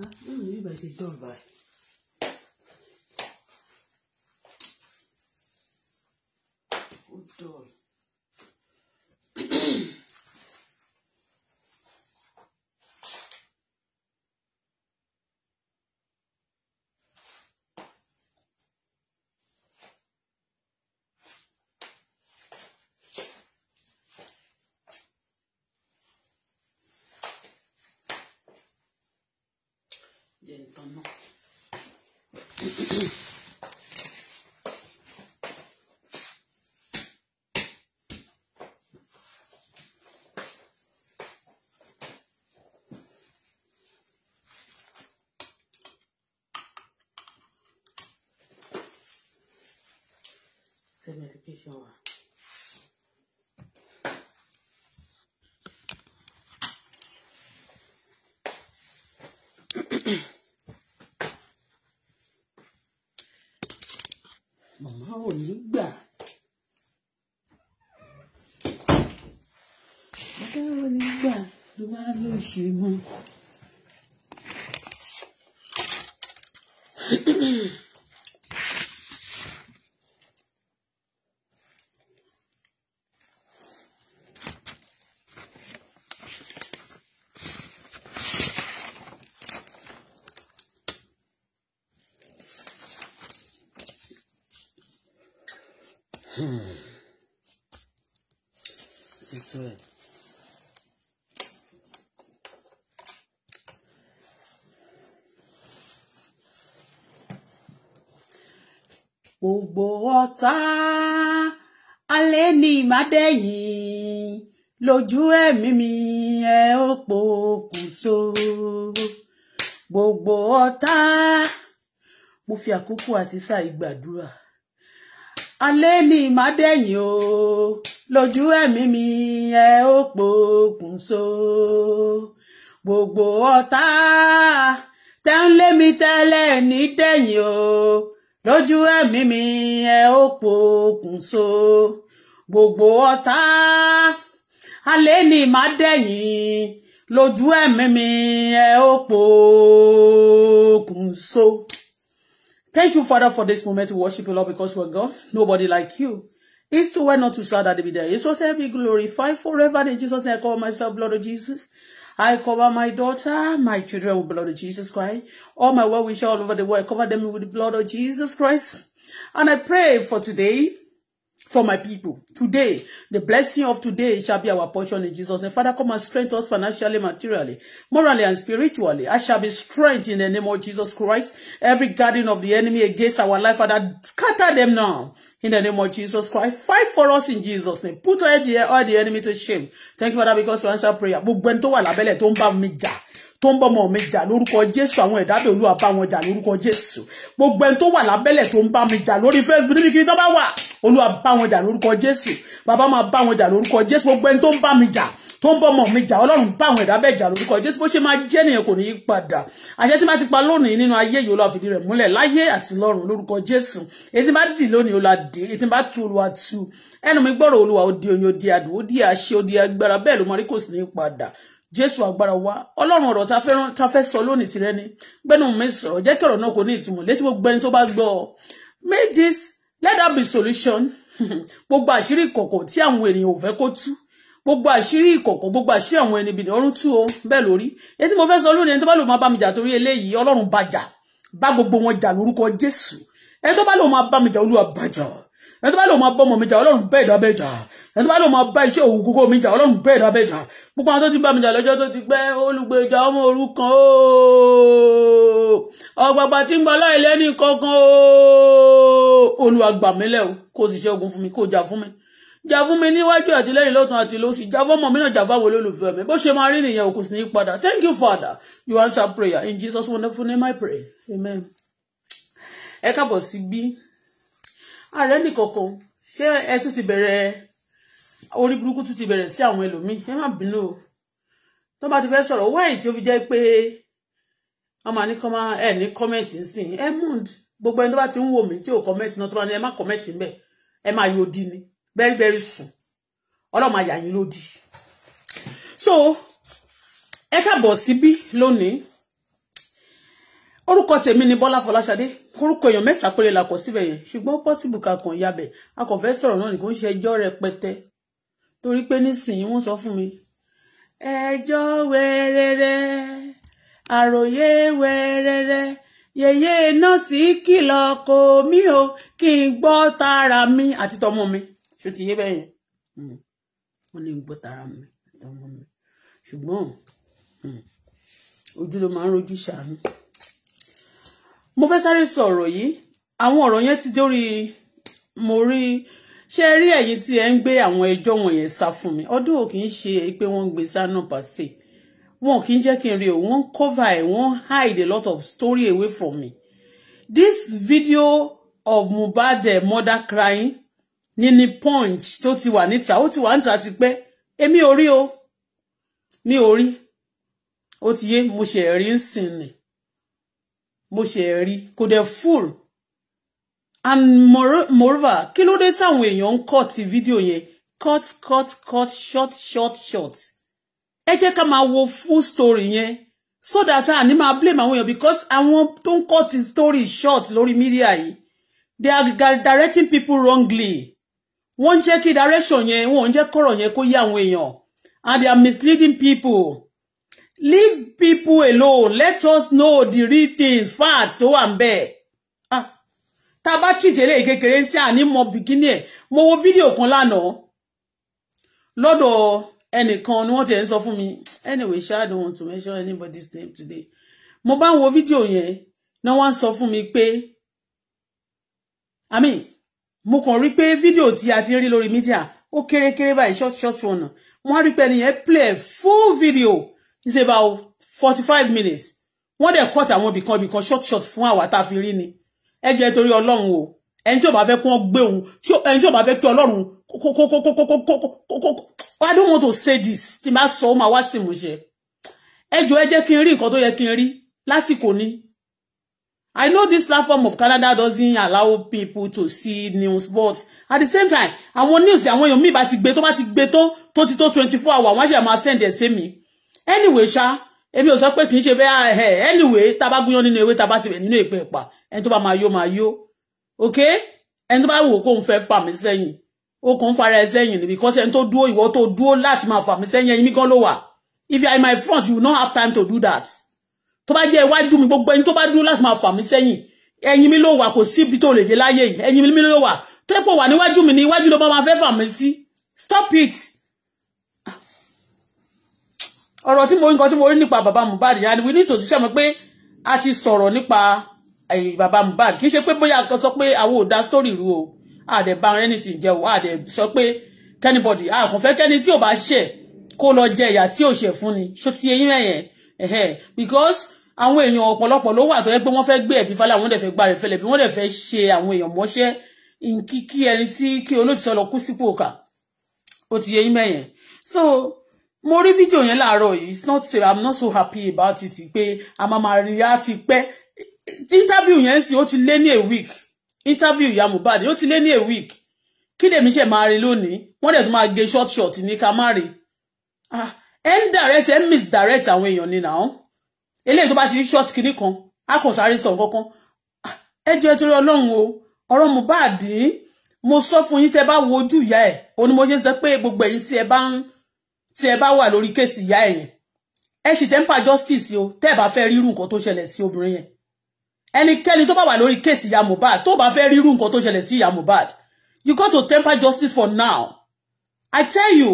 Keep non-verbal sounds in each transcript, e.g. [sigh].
Ah, lónìí ìgbà ṣe dán báyìí. ṣe medication wa. [coughs] màmá ò ní gbà. màmá ò ní gbà ló máa ń lóṣèlú. gbogbo ọ̀tá alẹ́ ní ìmádẹ́yìn lójú ẹ̀mí mi ẹ ó pokùnso gbogbo ọ̀tá mo fi àkókò àti sáà ìgbàdúrà alẹ́ ní ìmádẹ́yìn o lójú ẹ̀mí mi ẹ ó pokùnso gbogbo ọ̀tá tẹ́ tẹ́lẹ̀ ní dẹ́yìn o lójú ẹ̀mí mi ẹ ó pokùn so gbogbo ọ̀tá alẹ́ ni màá dẹ̀yìn lójú ẹ̀mí mi ẹ ó pokùn so. Thank you, Father, for this moment to worship you, Lord, because you are God. Nobody like you. It's too well not to sad that they be there. It's so be glorified forever in Jesus' name. I call myself, Lord of Jesus. I cover my daughter, my children with blood of Jesus Christ. All my well wishes all over the world, cover them with the blood of Jesus Christ. And I pray for today for my people. Today, the blessing of today shall be our portion in Jesus' name. Father, come and strengthen us financially, materially, morally, and spiritually. I shall be strength in the name of Jesus Christ. Every guardian of the enemy against our life, Father, scatter them now. In the name of Jesus Christ, fight for us in Jesus' name. Put all the, all the enemy to shame. Thank you, Father, because you answer prayer tó ń bọ́mọ mi jà lórúkọ Jésù àwọn ẹ̀dábẹ̀ olúwa bá wọn jà lórúkọ Jésù gbogbo ẹni tó wà lábẹ́lẹ̀ tó ń bá mi jà lórí Facebook níbi kiri tó bá wà olúwa bá wọn jà lórúkọ Jésù bàbá máa bá wọn jà lórúkọ Jésù gbogbo ẹni tó ń bá mi jà tó ń bọ́mọ mi jà ọlọ́run bá àwọn ẹ̀dá bẹ́ẹ̀ jà lórúkọ jésù bó ṣe máa jẹ́ nìyẹn kò ní í padà àṣẹ tí máa ti pa lónìí nínú ayé yìí olúwa fìdí rẹ̀ múlẹ̀ láyé àti lọ́run lórúkọ jésù èyí bá dì lónìí olúwa dé èyí bá tu olúwa tu ẹnu mi gbọ́rọ̀ olúwa ó di oyin ó di adùn ó di àṣẹ ó di agbára bẹ́ẹ̀ ló máa rí kò sí ní í padà jésù agbára wa ọlọ́run ọ̀rọ̀ ta fẹ́ sọ lónìí tirẹ̀ ni gbẹ́nu mi sọ̀rọ̀ jẹ́ kí ọ̀rọ̀ náà kò ní ìtumọ̀ létí gbogbo ẹni tó bá gbọ́ ọ may this let that be solution [laughs] gbogbo àṣírí ìkọ̀kọ̀ tí àwọn ènìyàn ò fẹ́ kó tú gbogbo àṣírí ìkọ̀kọ̀ gbogbo àṣírí àwọn ẹni bìnrin ọ̀run tú o bẹ́ẹ̀ lórí etí mo fẹ́ sọ lónìí ẹni tó bá lò máa bá mi jà torí eléyìí ọlọ́run bá bá gbogbo wọn jà lórúkọ jésù ẹni tó bá lò máa bá mi jà olúwa bá ẹni tó bá lò máa bọ́ mi jà ọlọ́run bẹ́ẹ̀ dá bẹ́ẹ̀ jà ẹni tó bá lò máa bá iṣẹ́ òwú kókó mi jà ọlọ́run bẹ́ẹ̀ dá bẹ́ẹ̀ jà gbogbo àwọn tó ti bá mi jà lọ́jọ́ tó ti pẹ́ olùgbèjà ọmọ òrukàn ooo ọgbàgbà tí ń gbọ́ láìlẹ́ni kankan ooo Olúwa o kó sì ṣe ogun fún mi kó jà fún mi jà fún mi níwájú àti lẹ́yìn lọ́tún àti lọ́sì jà fún ọmọ mi náà jà fáwọn olólùfẹ́ mi bó ṣe máa rí nìyẹn òkú sí ní padà thank you father you answer prayer in Jesus wonderful name I pray amen ẹ káàbọ̀ sí bí ààrẹ nìkọ̀kọ̀ ṣé ẹ tún ti bẹ̀rẹ̀ orí burúkú tún ti bẹ̀rẹ̀ sí àwọn ẹlòmíì ẹ má bínú o tó bá ti fẹ́ sọ̀rọ̀ wáyé tí ó fi jẹ́ pé wọ́n máa ní kọ́ máa ẹ̀ ní kọ́mẹ̀tì ń sìn ẹ mùd gbogbo ẹni tó bá ti ń wò mí tí ò kọ́mẹ̀tì náà tó bá ní ẹ má kọ́mẹ̀tì ń bẹ̀ ẹ máa yọ di ni very very soon ọlọ́run máa yà yín lódì so ẹ káàbọ̀ síbí lónìí orúkọ tèmi ni Bọ́lá Fọláṣadé orúkọ èèyàn mẹ́ta péré la kọ síbẹ̀ yẹn ṣùgbọ́n pọ́tìbù kankan yabẹ̀ a kò fẹ́ sọ̀rọ̀ náà nìkan ṣe ẹjọ́ rẹpẹtẹ torí pé nísìnyí wọ́n sọ fún mi ẹjọ́ wẹ́rẹ́rẹ́ àròyé wẹ́rẹ́rẹ́ yèyé nọ́ọ̀sì kìlọ̀ kò mí o kí n gbọ́ tara mi àti tọmọ mi ṣó ti yé bẹ́yẹn wọ́n hmm. ní n gbọ́ tara mi àti tọmọ mi ṣùgbọ́n hmm, ojú ló máa ń rojú ṣàánú mo fẹ́ sáré sọ ọ̀rọ̀ yìí àwọn ọ̀rọ̀ yẹn ti dórí mo rí ṣe rí ẹ̀yin tí ẹ ń gbé àwọn ẹjọ́ wọ̀nyẹn sá fún mi ọdún ò kì í ṣe pé wọ́n ń gbé sá pàṣẹ wọn kì í jẹ́ kí n rí o wọ́n cover ẹ̀ wọ́n hide a lot of story away from me this video of Mohbad eh, mother crying ní ní punch tó ti wà níta ó ti wà níta ti pẹ́ èmi ò rí o mi ò rí ó ti yé mo ṣe rí ń sìn ni mo ṣe rí kò dẹ̀ full and moreover kí ló dé táwọn èèyàn ń kọ́ ti fídíò yẹn cut cut cut short short short ẹ jẹ́ ká máa wo full story yẹn so that I ní máa blame àwọn èèyàn because àwọn tó ń cut ti story short lórí media yìí they are directing people wrongly wọ́n ń jẹ́ kí direction yẹn wọ́n ń jẹ́ kọ́rọ̀ yẹn kó yé àwọn èèyàn and they are misleading people leave people alone let us know the real things fact tó wà ń bẹ̀. Ah, tá a bá tìjẹ́ lè kékeré sí àní mọ bìkínì ẹ̀ mo wo fídíò kan lánàá lọ́dọ̀ ẹnìkan ni wọ́n ti ń sọ fún mi anyway ṣá I don't want to mention anybody's name today mo bá ń wo fídíò yẹn náà wọ́n sọ fún mi pé i mo kàn rí pé fídíò tí a ti ń rí lórí mídíà ó kéré kéré báyìí short short one wọ́n á rí pé ẹnìyẹn play full video it's about forty five minutes wọ́n dẹ̀ cut àwọn ibìkan ibìkan short short fún àwa tá a fi rí ni ẹ jẹ́ torí ọlọ́run o ẹni tí ò bá fẹ́ kí wọ́n gbé òun ẹni tí ò bá fẹ́ kí ọlọ́run I don't want to say this tí máa sọ ó máa wá sí ìmúṣẹ ẹ jọ̀ọ́ ẹ jẹ́ kí n rí nǹkan tó yẹ kí n ni I know this platform of Canada doesn't allow people to see news but at the same time àwọn news àwọn èèyàn míì bá ti gbé tó bá ti gbé tó tó ti tó twenty four hours wọ́n á ṣe send ẹ̀ sí mi anyway ṣá èmi ò sọ pé kì í ṣe bẹ́ẹ̀ ẹ̀ anyway tá a bá gúnyán nínú ewé tá a bá ti bẹ̀ nínú ìpẹ́ ìpà ẹni tó bá máa yó máa yó ok ẹni tó bá wò kó ń fẹ́ fà mí sẹ́yìn ó kàn ń fara ẹ sẹ́yìn ni because ẹni tó dúró ìwọ tó dúró láti máa fà mí sẹ́yìn ẹyin mi gan ló wà if you are in my front you will not have time to do that tó bá jẹ́ iwájú mi gbogbo ẹni tó bá dúró láti máa fà mí sẹ́yìn ẹyin mi ló wà kò sí ibi tó lè dé láyé yìí ẹyin mi ló wà tó yẹ wà níwájú mi ní iwájú ló bá máa fẹ́ fà mí sí stop it ọ̀rọ̀ tí mo nǹkan tí mo rí nípa bàbá Mohbad yẹn ni we need to ṣiṣẹ́ mi pé a ti sọ̀rọ̀ nípa bàbá Mohbad kì í ṣe pé bóyá nǹkan sọ pé àwọn ò da story rú o àdẹ̀ bá anything jẹ́ o àdẹ̀ sọ pé kẹ́nibọ̀dì àkànfẹ́ kẹ́ni tí ò bá ṣẹ̀ kó lọ jẹ ìyà tí ò ṣẹ̀ fún ni ṣó ti eyín ẹ̀yẹn ẹ̀hẹ́ because àwọn èèyàn ọ̀pọ̀lọpọ̀ ló wà tó yẹ pé wọ́n fẹ́ gbé ẹ̀bí falẹ̀ àwọn dẹ̀ fẹ́ gba rẹ̀ fẹlẹ̀ bí wọ́n dẹ̀ fẹ́ ṣe àwọn èèyàn mọ́ṣẹ́ kí ẹni tí kí olóòtú sọ lọ kú sípò kà ó ti eyín mẹ́yẹn so mo rí fídíò yẹn láàárọ̀ yìí it's not say i'm not so happy about it pé a máa máa rí a ti pẹ́ interview yẹn sì ó ti lé ní a week interview ìyá Mohbad ó ti lé ní a week kí lèmi ṣe máa rí lónìí wọ́n dẹ̀ tún máa gé short short ní ká má rí ẹ ah, ń direct End miss direct. àwọn èèyàn ni now eléyìí tó bá ti rí short kinní kan a kò sáré sọ kankan ah, ẹ jẹ́ torí Ọlọ́run o ọ̀rọ̀ Mohbad mo sọ fún yín tẹ́ bá wo ojú ìyá ẹ̀ onímọ̀ṣẹ́ sọ pé gbogbo ẹ̀yin tí ẹ bá ń tí ẹ bá wà lórí kéèsì ìyá ẹ̀yìn ẹ sì temper justice o tẹ́ ẹ bá fẹ́ rírú nǹkan tó ṣẹlẹ̀ sí obìnrin yẹn ẹnikẹ́ni tó bá wà lórí kéèsì ìyá Mohbad tó bá fẹ́ rírú nǹkan tó ṣẹlẹ̀ sí ìyá Mohbad you got to temper justice for now I tell you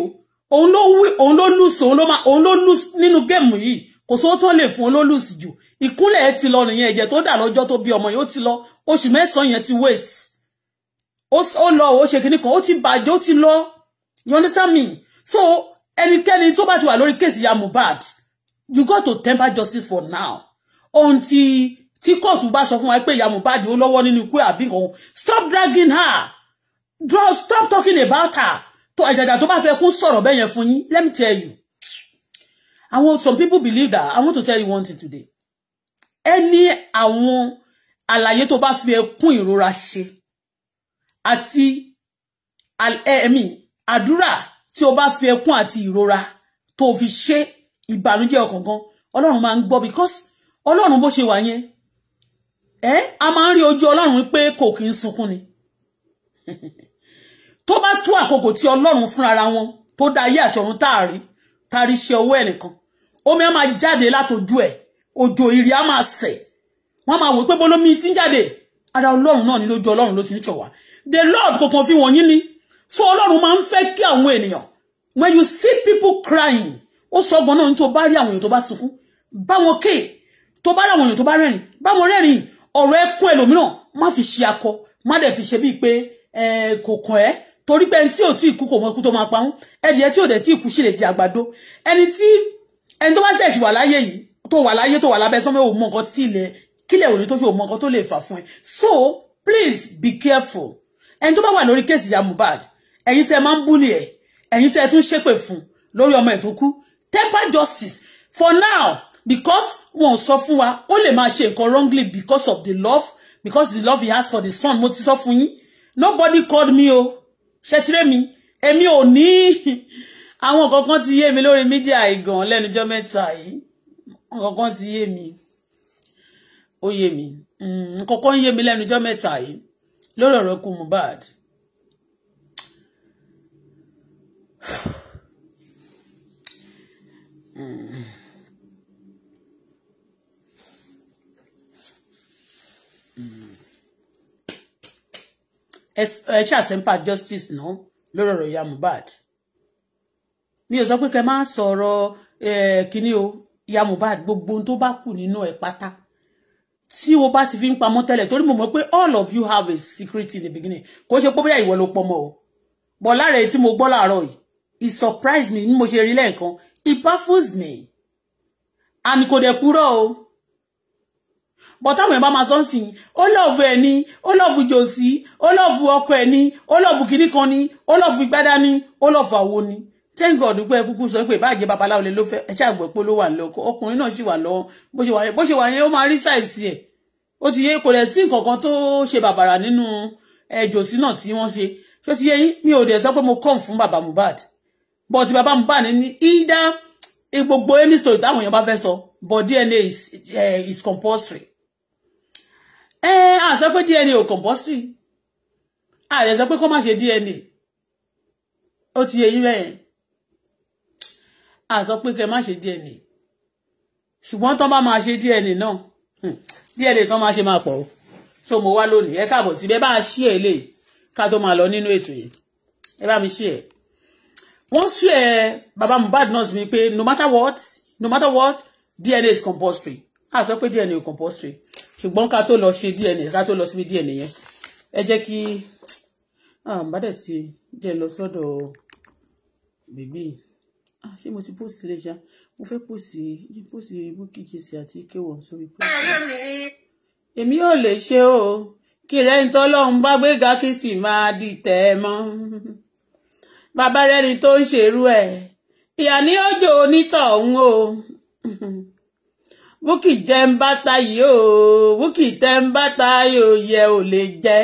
òun ló wí òun ló lùsù òun ló máa òun ló lùsù nínú géèmù yìí kò sówó tó lè fún òun ló lùsù jù ìkúnlẹ̀ ẹ ti lọ nìyẹn ẹ̀jẹ̀ tó dà lọ́jọ́ tó bí ọmọ yìí ó ti lọ oṣù mẹ́sàn-án yẹn ti waste ó lọ ó ṣe kinní kan ó ti bàjẹ́ ó ti lọ you understand me so ẹnikẹ́ni tó bá ti wà lórí kéèsì ya Mohbad you got to temper justice for now until tí court, bá sọ fún wa pé ya Mohbad ó lọ́wọ́ nínú ikú àbí kan stop dragging her Just stop talking about her tó àjàjà tó bá fẹ́ kún sọ̀rọ̀ bẹ́ẹ̀ yẹn fún yín let me tell you I want some people believe that I want to tell you one thing today ẹni àwọn àlàyé tó bá fi ẹkún ìrora ṣe àti ẹ̀mí àdúrà tí o bá fi ẹkún àti ìrora tó fi ṣe ìbànújẹ́ ọkàn gan ọlọ́run máa ń gbọ́ because ọlọ́run bó ṣe wà yẹn ẹ a máa ń rí ojú ọlọ́run pé kò kí ń sunkún ni [laughs] tó bá tó àkókò tí ọlọ́run fúnra wọn tó dá ayé àti ọ̀run táàrí táàrí ṣe ọwọ́ ẹ̀ omi á máa jáde látòjú ẹ̀ òjò ìrì á máa sẹ̀ wọ́n máa wò pé bọ́lómi ti ń jáde ara ọlọ́run náà ni lójú ọlọ́run ló ti ń ṣọ̀wá the lord kò kàn fi wọ̀nyí ni so ọlọ́run máa ń fẹ́ kí àwọn ènìyàn when you see people crying ó sọ ọgbọ́n náà ní tó bá rí àwọn èèyàn tó bá sunkún bá wọn ké tó bá rí àwọn èèyàn tó bá rẹ́rìn bá wọn rẹ́rìn ọ̀rọ̀ ẹkún ẹlòmíràn má fi ṣe akọ má dẹ̀ fi ṣe bíi pé kò kàn ẹ́ torí pé ẹni tí ò tí ì kú kò mọ ikú tó máa pa wọn ẹdìyẹ tí ò dẹ̀ tí ì kú sì lè jẹ àgbàdo ẹni tí ẹni tó bá ṣẹ̀ ti wà láyé yìí tó wà láyé tó wà lábẹ́ sọ́mọ́ ò mọ nǹkan tí ilẹ̀ kílẹ̀ òní tó ṣe ò mọ nǹkan tó lè fà fún ẹ so please be careful ẹni tó bá wà lórí kéèsì ya Mohbad ẹ̀yin tẹ́ máa ń búlì ẹ̀ ẹ̀yin tẹ́ tún ṣépè fún lórí ọmọ ẹ̀ tó kú temper justice for now because wọn ò sọ fún wa ó lè máa ṣe nǹkan wrongly because of the love because the love he has for the son mo ti sọ fún yín nobody called me o ṣẹtírẹ́ mi èmi ò ní [laughs] àwọn kankan ti yé mi lórí mídíà ìgàn lẹ́nujọ́ mẹ́ta yìí kankan ti yé mi ó yé mi kankan mm, yé mi lẹ́nujọ́ mẹ́ta yìí lórí ọ̀rọ̀ kù Mohbad Mm. ẹ ṣàṣẹ́ńpà justice náà lórí ọ̀rọ̀ ìyá Mohbad mi ò sọ pé kẹ máa sọ̀rọ̀ eh, kínní o ìyá Mohbad gbogbo ohun tó bá kù nínú ẹ̀ pátá tí o bá ti fi ń pamọ́ tẹ́lẹ̀ torí mo mọ̀ pé all of you have a secret in the beginning kò ṣe pé bóyá ìwọ ló pọmọ o bọ̀ lára èyí tí mo gbọ́ láàárọ̀ yìí it surprised me mo ṣe rí lẹ́ẹ̀kan it baffles me and kò dẹ̀ kúrò o but táwọn èèyàn bá máa sọ ń sìn ó lọ́ọ̀fù ẹ̀ ni ó lọ́ọ̀fù jòsí ó lọ́ọ̀fù ọkọ ẹ̀ ni ó lọ́ọ̀fù kìíní kan ni ó lọ́ọ̀fù ìgbádá ni ó lọ́ọ̀fù àwo ni thank God pé kúkú sọ pé ìbáàjẹ́ babaláwo lè ló fẹ́ ẹ ṣáà gbọ́ pé ló wà lọ́kọ ọkùnrin náà ṣì wà lọ́wọ́ bó ṣe wà yẹn bó ṣe wà yẹn ó máa rí sáìsì ẹ̀ ó ti yé kò rẹ̀ sí nǹkan kan tó ṣe bàbàrà nínú ẹ̀ jòsí náà tí wọ́n ṣe ṣé ti yẹ yín mi ò dẹ̀ sọ pé mo kàn fún bàbá Mohbad but bàbá Mohbad ní either gbogbo any story táwọn èèyàn bá fẹ́ sọ but DNA is, uh, is compulsory Eh, à sọ pé DNA ò compulsory à lè sọ pé kó má ṣe DNA ó ti yẹ yín a à sọ pé kẹ má DNA ṣùgbọ́n tó bá máa ṣe DNA náà hmm, DNA tó máa ṣe máa pọ̀ so mo wá lónìí ẹ káàbọ̀ síbẹ̀ bá a ṣí ẹ̀ lè ká tó máa lọ nínú ètò yìí ẹ bá mi ṣí wọ́n ṣe baba Mohbad knows me, mi no matter what no matter what DNA is compulsory Ah, so pé DNA is compulsory ṣùgbọ́n ká to lọ ṣe DNA ká tó lọ síbi DNA yẹn ẹ jẹ́ kí àǹbádẹ̀ ti jẹ́ lọ sọ́dọ̀ bèbí ṣé mo ti post lè ṣá mo fe post yìí post Bukky Jesse àti kéwọ̀n sórí post. èmi ò lè ṣe o to rẹ́ńtọ́ lọ́hún bá gbéga kí sì máa dìtẹ̀ mọ́ bàbá rẹni tó ń ṣerú ẹ̀ ìyá ní ọjọ́ onítọ̀ ọ̀hún o búkì jẹ́ ń bàtà yìí o búkì tẹ́ ń bàtà yóò yẹ ò lè jẹ́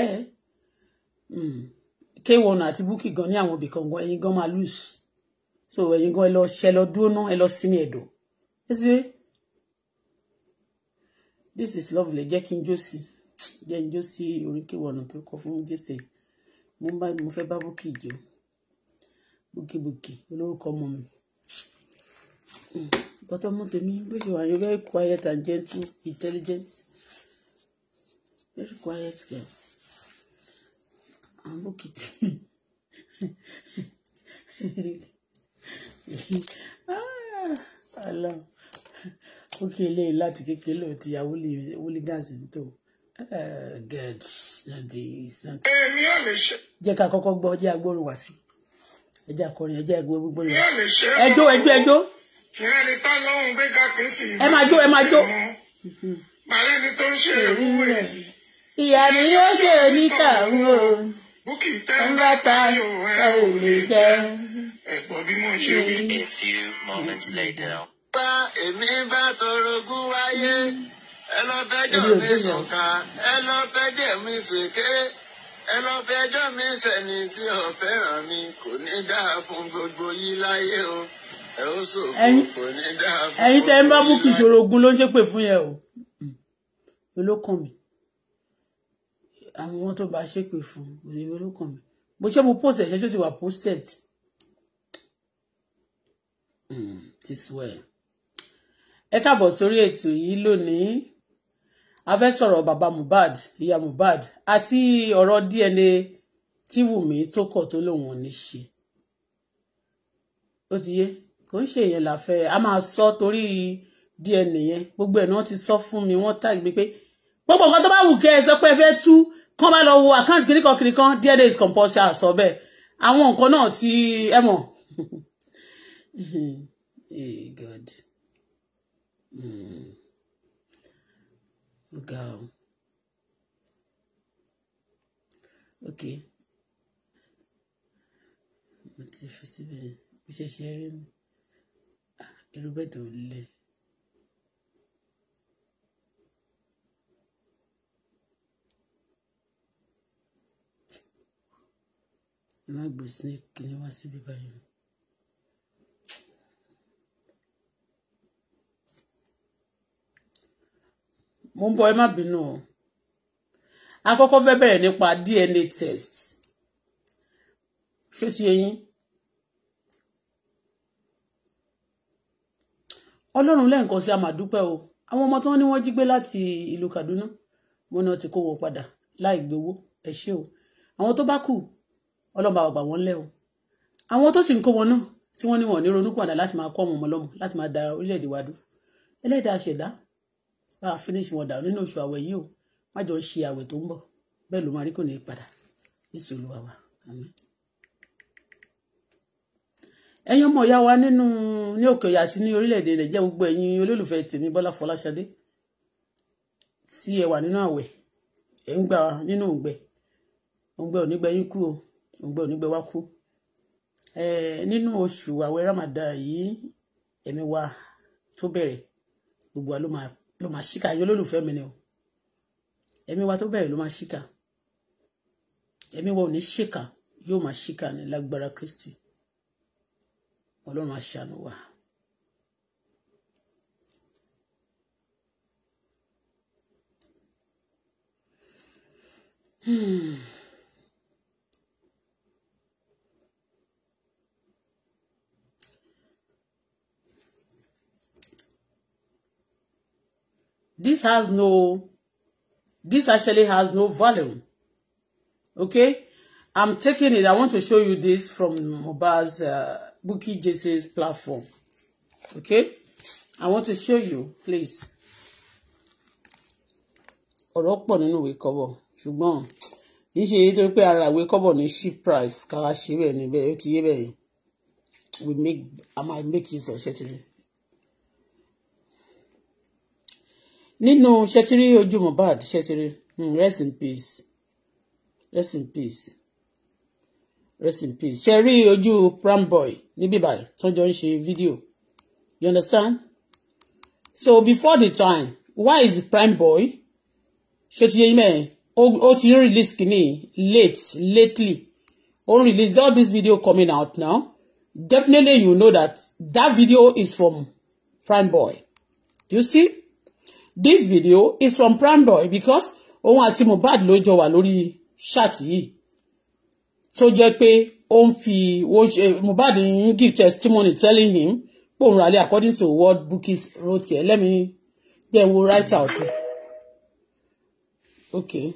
kéwọn àti búkì gan ní àwọn ibìkan gan ẹ̀yin gan máa lùs so ẹ̀yin gan ẹ lọ ṣẹ lọ dúró náà ẹ lọ sinmi ẹ̀dọ̀ ẹsì this is lovely jẹ́ kí n jó sí jẹ́ n jó sí orin kéwọn tó kọ fún jésè mo fẹ́ bá búkì jó bùkìbùkì olórúkọ ọmọ mi bọ́tọ́ hmm. mú tèmi bó ṣe wà ní very quiet and gentle intelligent very quiet girl and bùkì tèmi ọlọ́run ó kí eléyìí láti kékeré lóò ti yàwó lè gáàsì tó gẹ̀ẹ́dì nàdí ìsàn. èmi ò lè ṣe. jẹ́ ká kọ́kọ́ gbọ́ jẹ́ agbóhùn wàásù ẹjẹ akọrin ẹjẹ ẹgbẹ gbogbo rẹ ẹjọ ẹjọ ẹjọ. ìyá ni lọ́hùn gbéga kì í sì. ẹ máa jó ẹ máa jó. màlẹ́ ni tó ń ṣe èrú rẹ̀. ìyá mi yóò ṣe onítàrú o. búkì tẹ́ńbà ta ẹ ò lè jẹ. ẹ̀gbọ́n bí mo ṣe wí. a few moments later. bá èmi bá torogún wáyé ẹ lọ fẹjọ́ mi sùn ká ẹ lọ fẹjọ́ mi sèké ẹ lọ fẹjọ́ mi sẹ́ni tí ò fẹ́ràn mi kò ní dáa fún gbogbo yìí láyé o ẹ ó ṣòfò kò ní dáa fún gbogbo yìí láyé o. ẹ̀yin tẹ́ ń bá búkì ìṣòro ogun ló ń ṣépè fún yẹn o olókàn mi àwọn tó bá ṣépè fún òní olókàn mi mo ṣe mo post ẹ̀ṣẹ́ tó ti wà posted hmm, ti swell ẹ káàbọ̀ sórí ètò yìí lónìí a fẹ́ sọ̀rọ̀ bàbá Mohbad ìyá Mohbad àti ọ̀rọ̀ DNA tí Wùmí tó kọ̀ tó lòun ò ní ṣe ó ti yé kò ń ṣe èèyàn láfẹ́ a máa sọ torí DNA yẹn gbogbo ẹ̀ náà ti sọ fún mi wọ́n tag mi pé gbogbo nǹkan tó bá wù kẹ́ ẹ sọ pé ẹ fẹ́ tú kán bá lọ wo àkáǹtì kìnnìkan kìnnìkan DNA is compulsory àsọ bẹ́ẹ̀ àwọn nǹkan náà ti ẹ mọ̀ [laughs] eh, God. Mm ó ga ok mo ti fi síbẹ̀ mo ṣẹ̀ṣẹ̀ rí mi ah, irú bẹ́ẹ̀dì ò lè. ẹ má gbé snake kí wá síbí báyìí. mo ń bọ̀ ẹ má bínú o a kọ́kọ́ fẹ́ nípa DNA test ṣé ti eyín ọlọ́run lẹ́ǹkan sí a o àwọn ọmọ tí wọ́n ní wọ́n jí gbé láti ìlú Kaduna wọn náà ti kó wọn padà láì gbowó ẹ ṣé o àwọn tó bá kù ọlọ́ba àgbà wọn lẹ́ o àwọn tó sì ń kó wọn náà tí wọ́n ní wọn ní ronú padà láti máa kọ́ ọmọ ọmọ lọ́mọ láti máa da orílẹ̀ wa dúró ẹlẹ́dàá ṣẹ̀dá bá a finish wọn dànù nínú oṣù àwẹ̀ yìí o má jọ ṣe àwẹ̀ tó ń bọ̀ bẹ́ẹ̀ ló máa rí kò ní í padà Jésù Olúwa wa àmín. ẹ̀yin ọmọ ìyá wa nínú ní òkè ọ̀yà àti ní orílẹ̀-èdè nàìjíríà gbogbo ẹ̀yin olólùfẹ́ tèmi Bọ́lá Fọláṣadé tí ẹ wà nínú àwẹ̀ ẹ̀ ń gbà nínú òǹgbẹ òǹgbẹ onígbẹ yín kú o òǹgbẹ onígbẹ wá kú nínú oṣù àwẹ̀ Ramadan yìí ẹ̀mí wa tó bẹ̀rẹ̀ gbogbo wa ló máa lo máa ṣíkà ẹ̀yin olólùfẹ́ mi ni o ẹ̀mí wa tó bẹ̀rẹ̀ ló máa ṣíkà ẹ̀mí wa ò ní ṣèkà yóò máa ṣíkà ní lágbára Kristi ọlọ́run aṣàánú wa. Hmm. This has no, this actually has no volume. Okay? I'm taking it. I want to show you this from Mohbad's, uh, Bukky Jese's platform. Okay? I want to show you, please. ọ̀rọ̀ pọ̀ nínú ìwé kọ́bọ̀ ṣùgbọ́n kì í ṣe èyí tó pé ara ìwé kọ́bọ̀ ní ship price ká ṣe bẹ́ẹ̀ níbẹ̀ ó ti yé bẹ́ẹ̀ we make I might make use of ṣẹ́tìlẹ́. nínú ṣẹtírí ojú Mohbad ṣẹtírí hmm, rest in peace rest in peace rest in peace ṣe rí ojú PramBoy níbí báyìí tó jọ ń ṣe fídíò you understand so before the time why is PramBoy ṣe ti yẹ yín mẹ́rin ó ti ń release kìíní late lately ó ń release all this video coming out now definitely you know that that video is from PramBoy do you see this video is from PrimeBoy because òun àti Mohbad ló jọ wà lórí ṣáàtì yìí tó jẹ́ pé ó ń fi Mohbad ń give testimony telling him pé òun ralẹ̀ according to what Bukky wrote here let me then we write out okay. okay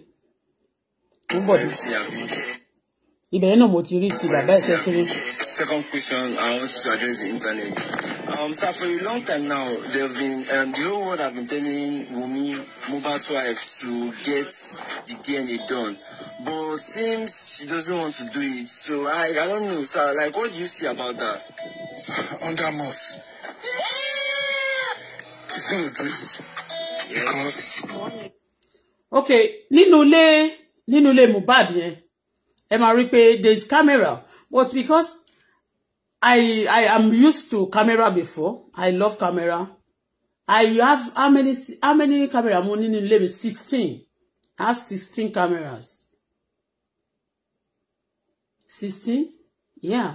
ibẹ̀ náà mo ti rí ti bàbá ẹ̀ṣẹ̀ ti rí. second question I want to address the internet um, sir for a long time now there have been um, the whole world have been telling Wunmi Mohbad's wife to get the DNA done but seems she doesn't want to do it so I I don't know sir like what do you see about that. sir under must he's gonna do it because. okay nínú ilé nínú ilé Mohbad yẹn. Yeah ẹ máa rí pé there is camera but because I I am used to camera before I love camera I have how many how many camera mo ní ní mi sixteen I have sixteen cameras sixteen yeah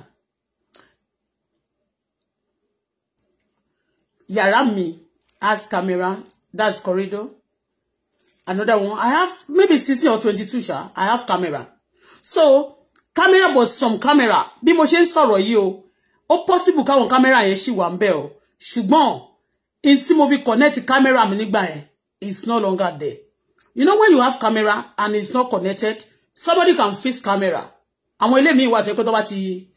yàrá mi has camera that's corridor another one I have maybe sixteen or twenty-two sha I have camera so camera was some camera bí mo ṣe ń sọ̀rọ̀ yìí o ó possible káwọn camera yẹn ṣì wà ń bẹ̀ o ṣùgbọ́n in tí mo fi connect camera mi nígbà yẹn it's no longer there you know when you have camera and it's not connected somebody can fix camera àwọn ilé mi wà tó yẹ pé tó bá ti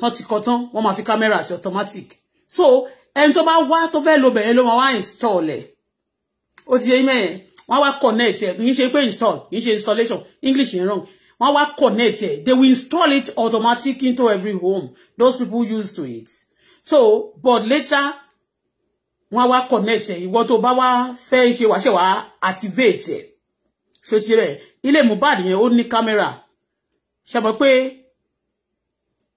tán ti kọ tán wọ́n máa fi camera sí automatic so ẹni tó bá wá tó fẹ́ lo bẹ̀rẹ̀ ló máa wá install ẹ̀ ó ti yẹ mẹ́rin wọ́n wá connect ẹ̀ kì í ṣe pé install kì í ṣe installation English yẹn wrong wọ́n wá connect ẹ̀ they will install it automatic into every home those people used to it so but later wọ́n wá connect ẹ̀ ìwọ tó bá wá fẹ́ ṣe wàṣẹ wá activate ẹ̀ ṣe ti rẹ̀ ilé Mohbad yẹn ó ní camera. ṣe mọ̀ pé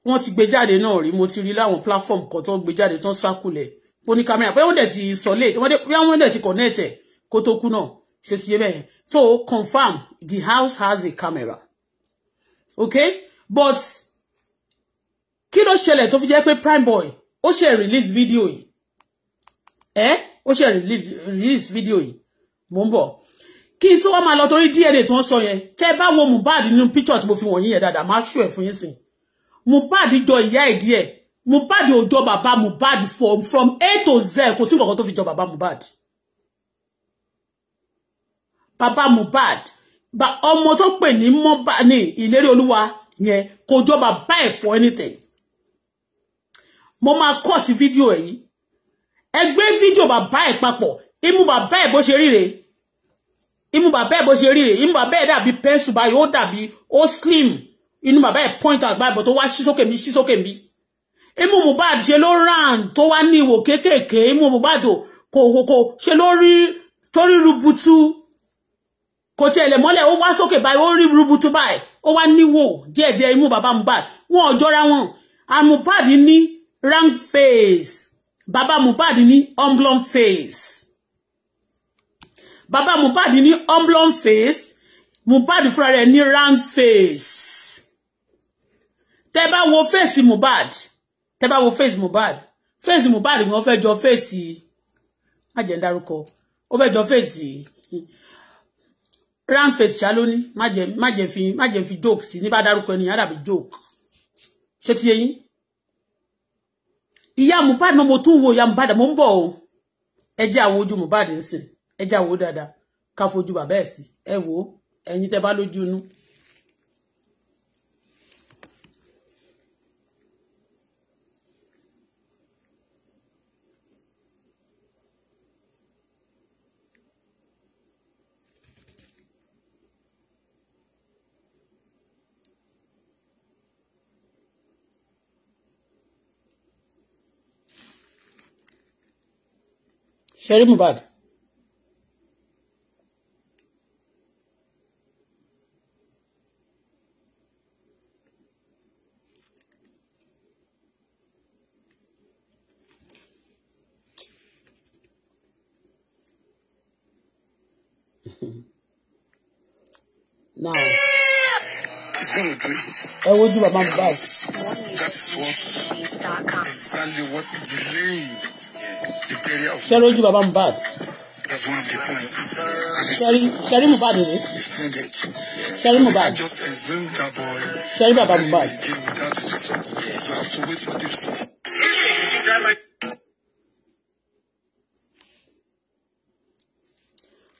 wọ́n ti gbé jáde náà rí mo ti rí láwọn platform kan tó gbé jáde tó ń sákulẹ̀ ó ní kámẹ́rà pé wọ́n dẹ̀ ti sọ late wọ́n dẹ̀ ti connect ẹ̀ kó tó kú náà ṣe ti yẹ so confirm the house has a camera okay but kí ló ṣẹlẹ̀ tó fi jẹ́ pé prime boy ó ṣe release video yìí ẹ eh? ó ṣe release video yìí mò ń bọ̀ kí n tó wá máa lọ torí DNA tó ń sọ yẹn tẹ́ bá wo Mohbad nínú picture tí mo fi wọ̀nyí yẹn dáadáa máa ṣù ẹ̀ fún yín sìn Mohbad jọ ìyá ẹ̀ díẹ̀ Mohbad ò jọ bàbá Mohbad from from A to Z kò sí nǹkan tó fi jọ bàbá Mohbad bàbá Mohbad ọmọ tó pè ní mọ́bà ní ìlérí olúwa yẹn kò jọ bàbá ẹ̀ for anything mo ma kọ́ọ̀tì fídíò ẹ̀ ẹ gbé fídíò bàbá ẹ̀ papọ̀ imú bàbá ẹ̀ bó ṣe ríre ṣe ríre imú point out to wa mi Mohbad ṣe ló ràn tó wá Mohbad kò kò ṣe ló kò ele mole mọ́lẹ̀ ó wá sókè báyìí ó rí rubutu báyìí ó wá níwò díẹ̀díẹ̀ imú bàbá Mohbad wọn ò jọra wọn and Mohbad ní round face baba Mohbad ní omblon face baba Mohbad ní omblon face Mohbad fúnra rẹ̀ ní round face tẹ́ bá wo face Mohbad tẹ́ bá wo face Mohbad face Mohbad ni wọ́n fẹ́ face má jẹ́ ń dárúkọ ó face ramface ṣálóní má jẹ́ fi má jẹ́ fi joke si ni ba dárúkọ ẹni yàrá bí joke ṣé ti iya ìyá Mohbad náà mo tún wo ìyá Mohbad mo ń bọ̀ o ẹ jẹ́ àwọn ojú Mohbad ń sìn ẹ jẹ́ àwọn ojú dáadáa ká fojú bàbá ẹ̀ sí ẹ wò ṣẹ́rí Mohbad now. It's gonna do it. Ẹ wojú bàbá Mohbad. That ṣé lójú bàbá Mohbad ṣẹ́rí Mohbad rèé ṣẹ́rí Mohbad ṣẹ́rí bàbá Mohbad.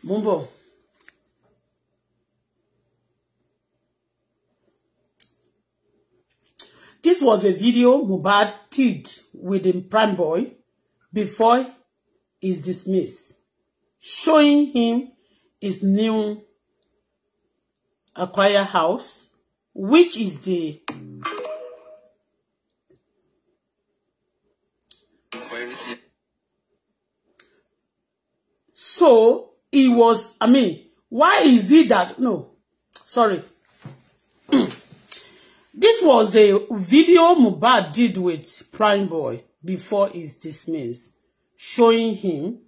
mo ń bọ̀. This was a video Mubad did with the prime boy before he's dismissed, showing him his new acquired house, which is the So he was, I mean, why is it that, no, sorry. [clears throat] This was a video Mubad did with Prime Boy before he's dismissed, showing him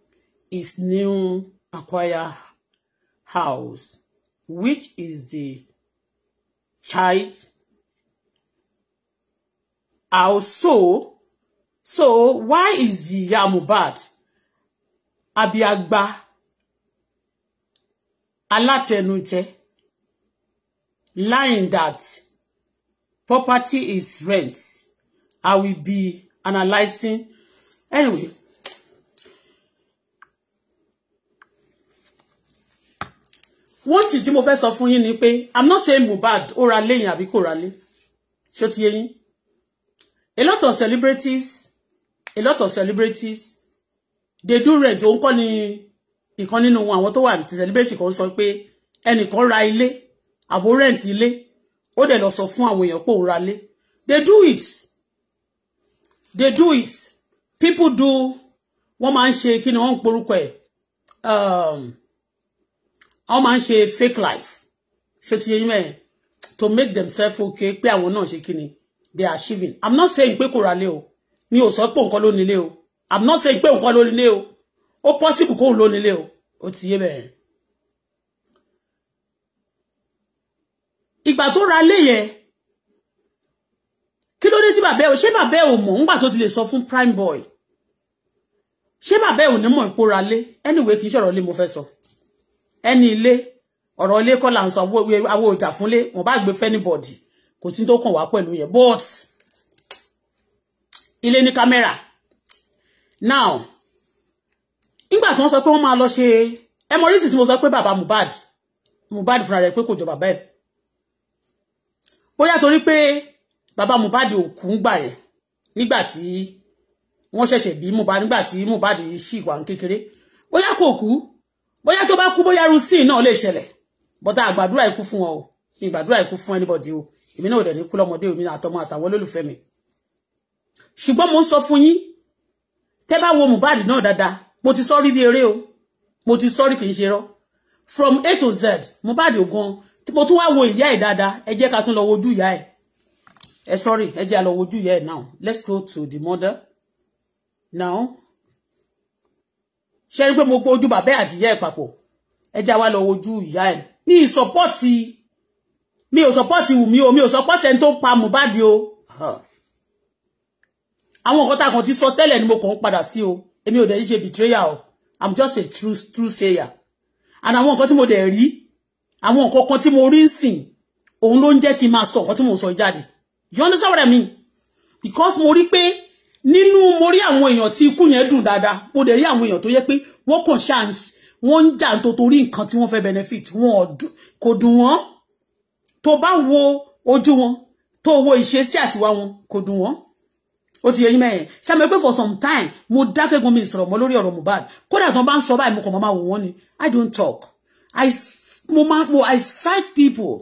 his new acquired house, which is the child also so why is Iya Mohbad abiagba Alatenute, lying that property is rent I will be analyzing. Anyway, what ti tí mo fẹ́ sọ fún yín i'm not saying Mohbad or ra léyìn àbí kò ra lé ṣé a lot of celebrities a lot of celebrities they do rent òun call me, ìkan nínú àwọn tó wà ti celebrity kan sọ pé Pay any ilé àbò rent ilé ó dẹ̀ lọ sọ fún àwọn èèyàn pé òun ra lé they do it they do it people do wọ́n máa ń ṣe kí ni wọ́n ń porúkọ ẹ̀ um, wọ́n máa ń ṣe fake life ṣé ti yẹ yín mẹ́rin to make themselves okay pé àwọn náà ṣe kí ni they are achieving i'm not saying pé kò ra lé o mi ò sọ pé nǹkan ló nílé o i'm not saying pé nǹkan ló nílé o ó possible kóun ló nílé o ó ti yé bẹ́ẹ̀. ìgbà tó ra lé yẹn kí ló dé tí bàbá ẹ ò ṣé bàbá ẹ ò mọ̀ ńgbà tó ti lè sọ fún prime boy ṣé bàbá ẹ ò ní mọ̀ ìpora lé anyway kì í ṣọ̀rọ̀ ilé mo fẹ́ sọ ẹni ilé ọ̀rọ̀ ilé kọ́ là ń sọ awo ìjà fúnlé wọn bá gbé fẹ́nibọ̀dì kò sí tó kàn wá pẹ̀lú yẹn but ilé ní kámẹ́rà now nígbà tí wọ́n sọ pé wọ́n máa lọ ṣe ẹ mọ rísì tí mo sọ pé bàbá Mohbad Mohbad fúnra rẹ̀ pé kò jọ bàbá ẹ̀ bóyá torí pé Baba mubadi ò kú e, yẹn nígbà tí wọ́n mubadi bí Mohbad nígbà tí Mohbad ṣì wà kékeré bóyá kò kú bóyá tó bá kú bóyá rusin náà lè ṣẹlẹ̀ bọ́tà àgbàdúrà ikú fún wọn o mi gbàdúrà ikú fún anybody o èmi náà ò dẹ̀ ní kú lọ́mọdé mi àtọmọ àtàwọn olólùfẹ́ mi ṣùgbọ́n mo ń sọ fún yín tẹ́ bá wo Mohbad náà dáadáa mo ti sọ rí bí o mo ti sọ rí kì í from A to Z mubadi ògan mo tún wá wo ìyá ẹ̀ dáadáa ẹ jẹ́ ká tún lọ wojú ìyá ẹ̀ ẹ eh, sorry ẹ jẹ́ would you hear now let's go to the mother now ṣe we pé mo gbọ́ ojú bàbá àti ìyá ẹ̀ papọ̀ ẹ jẹ́ àwa lọ wojú ìyá ẹ̀ ní ìsọpọ́ọ̀tì mi ò sọpọ́ọ̀tì Wùmí o mi ò sọpọ́ọ̀tì ẹni tó pa Mohbad o àwọn nǹkan a kàn ti sọ tẹ́lẹ̀ ni mo kàn ń padà sí o èmi ò dẹ̀ betrayal o i'm just a true true sayer and àwọn nǹkan tí mo dẹ̀ rí àwọn nǹkan kan tí mo rí ń sìn òun ló ń jẹ́ kí n máa sọ nǹkan tí mo sọ jáde you understand what I mean because mo rí pé nínú mo rí àwọn èèyàn tí ikú yẹn dùn dáadáa mo dẹ̀ rí àwọn èèyàn tó yẹ pé wọ́n kàn ṣáà wọ́n ń jà tó torí nǹkan tí benefit wọn kò dùn wọ́n tó bá wo ojú wọn tó wo ìṣesí àtiwá wọn kò dùn wọ́n ó ti yẹ yín mẹ́rin ṣá mi for some time mo dákẹ́ gan mi sọ̀rọ̀ mọ́ lórí ọ̀rọ̀ Mohbad kódà tó bá ń sọ báyìí mo kàn máa wò wọ́n ni I don't talk I mo ma mo I cite people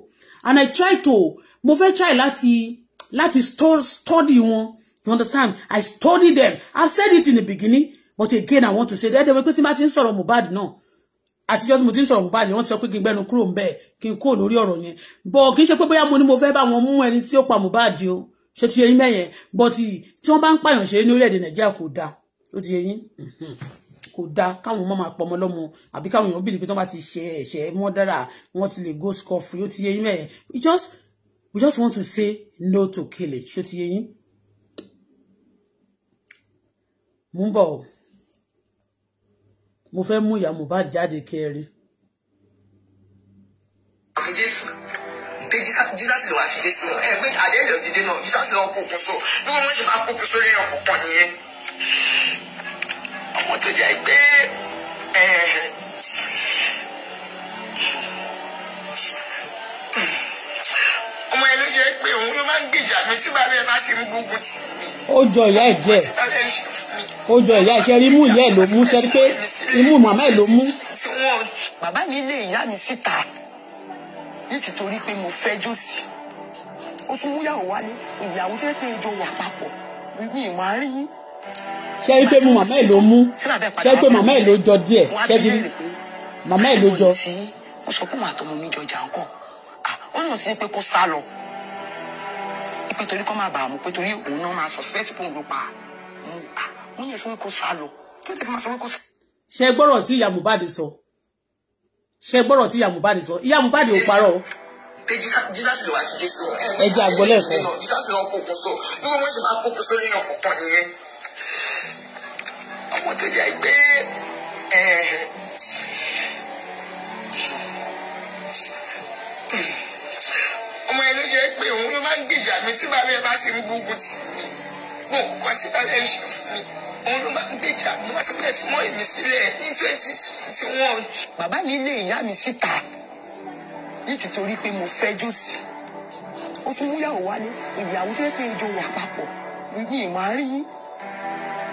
and I try to mo fẹ́ try láti láti study wọn you understand I study them I said it in the beginning but again I want to say that they were tí bá ti ń sọ̀rọ̀ Mohbad náà àtijọ́ tí mo ti ń sọ̀rọ̀ Mohbad wọ́n ti sọ pé kí n gbẹ́nu kúrò ń bẹ̀ kí n kúrò lórí ọ̀rọ̀ yẹn bọ̀ kì í ṣe pé bóyá mo ní mo fẹ́ bá wọn mú ẹni tí ó pa Mohbad o ṣe ti yẹyin mẹ́yẹn bọ́ ti tí wọ́n bá ń pààyàn ṣeré ní orílẹ̀-èdè Nàìjíríà kò dáa ó ti yẹyin mm-hmm. kò dáa káwọn ọmọ máa pọmọ lọ́mọ àbí káwọn èèyàn bìlì pé tí wọ́n bá ti ṣe ẹ̀ṣẹ̀ mọ́dára wọ́n ti lè go score free ó ti yẹyin mẹ́yẹn just we just want to say no to killage ṣó ti yé yín mú bọ̀ ọ́ mo fẹ́ mú ìyá Mohbad jáde kẹrí. Jésù pé Jésù ti wá fi Jésù ẹ pé àdéhùn dídé náà Jésù ti lọ kókó so bí wọ́n ṣe máa kókó so lẹ́yìn ọkọ̀ pọ̀ nìyẹn. àwọn tó jẹ́ pé pé òun ló máa ń gbèjà mi tí bàbá ẹ bá ti ń gbógun tì mí. ó jọ ìyá ẹ jẹ ó jọ ìyá ìṣe rí imú ìyá ẹ ló mú ṣe pé imú màmá ẹ ló mú. bàbá mi lé ìyá mi síta nítorí pé mo fẹ́ jòsì ó tún múyàwó wálé ìyàwó tó yẹ pé ìjọ wà papọ̀ mi ì máa rí yín ṣe rí pé mo màmá ẹ̀ ló mú ṣe rí pé màmá ẹ̀ ló jọ díẹ̀ ṣe ti màmá ẹ̀ ló jọ. wọ́n sọ pé màá tọmọ mi jọjà ńkọ́ ó yàn sí pé kó sá lọ pé torí kọ́ máa bà á mú pé torí òun náà máa suspect pé òun ló pa wọ́n yẹ sọ́wọ́ kó sá lọ kí ló dé fi máa sọ́wọ́ kó sá. ṣe gbọ́rọ̀ tí ìyá Mohbad sọ ṣe gbọ́rọ̀ tí ìyá Mohbad sọ ìyá Mohbad ò parọ́ o pé jesus ló wá sí jésù ẹ jẹ àgbọlẹ fún un jesus ló kó kóso bí wọn ṣe máa kó kóso lẹ́yìn ọkọọkan nìyẹn ọmọ tó jẹ pé yẹn ló jẹ́ pé òun ló máa ń gbèjà mi tí bàbá ẹ bá ti ń gbógun tì mí mo kọ́ tí bàbá ẹ ṣe fún mi òun ló máa ń gbèjà mi wọ́n ti bẹ̀ fún mọ́ èmi sílẹ̀ ní twenty twenty one. bàbá mi lé ìyá mi síta nítorí pé mo fẹ́ jòsì ó tún múyàwó wálé ìyàwó tó yẹ kí n jọ wà papọ̀ mi ì máa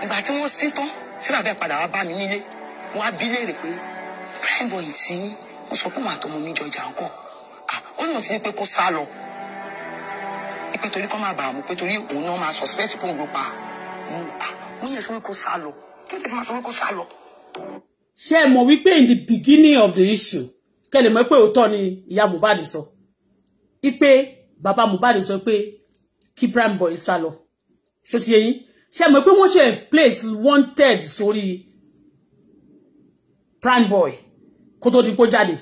ìgbà tí wọ́n sí tán tí bàbá ẹ̀ padà wá bá mi nílé wọ́n á bí léèrè pé prime boy tí ó sọ pé màá tọmọ mi jọjà ọkọ̀ ó lóun ti ní pé kó sá lọ pé torí kọ́ máa bàa mú pé torí òun náà máa suspect pé òun ló pa òun yẹn ah, sọ pé kó sá lọ kí ló máa sọ pé kó sá lọ. ṣé ẹ mọ̀ wípé in the beginning of the issue kẹ́ lè mọ̀ pé òótọ́ ni ìyá Mohbad sọ ipe bàbá Mohbad sọ pé kí prime boy sá lọ ṣó ti yé yín ṣé ẹ pé wọ́n ṣe place wanted sórí prime boy kó tó di pé jáde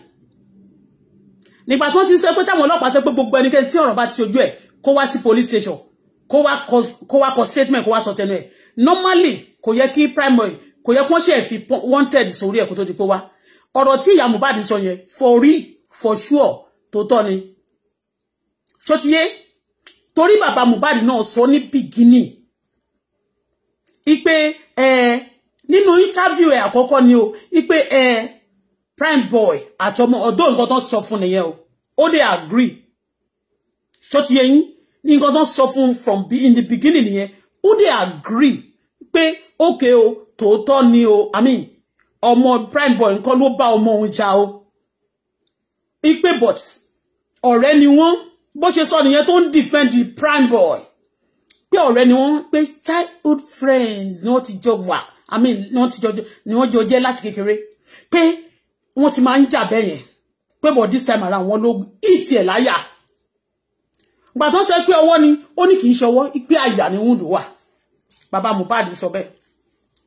nígbà tó ti ń sọ pé táwọn ọlọ́pàá sọ pé gbogbo ẹnikẹ́ni tí ọ̀rọ̀ bá ti ṣojú ẹ̀ kó wá sí police station kó wá kọ statement kó wá sọ tẹnu ẹ̀ normally kò yẹ kí primary kò yẹ kí ṣe fi wanted sórí ẹ̀ kó tó di pé wá ọ̀rọ̀ tí ìyá Mohbad sọ yẹn for real for sure tó tọ́ ni ṣótiyé torí bàbá Mohbad náà sọ ní beginning ipe ẹ eh, nínú interview ẹ àkọ́kọ́ ni o ipe ẹ. Eh, prime boy atomo ọ̀dọ̀ nǹkan tó sọ fún nìyẹn o ó dé agree ṣó ti yé yín ní nǹkan tó sọ fún from in the beginning nìyẹn ó dé agree Pe, okay o tòótọ́ ni o i mean omo prime boy nǹkan lo ba omo òun jà o ipe but ọ̀rẹ́ ni wọ́n bó ṣe sọ nìyẹn tó defend the prime boy Pe ọ̀rẹ́ ni wọ́n pe childhood friends ni wọ́n ti jọ i mean ni wọ́n ti jọ ni wọ́n jọ jẹ́ láti kékeré wọ́n ti máa ń jà bẹ́ẹ̀ yẹn pé but this time around wọ́n ló ìtì ẹ̀ láyà gbà tó sọ pé ọwọ́ ni ó ní kì í ṣọwọ́ pé àyà ni wúndù wà bàbá Mohbad sọ bẹ́ẹ̀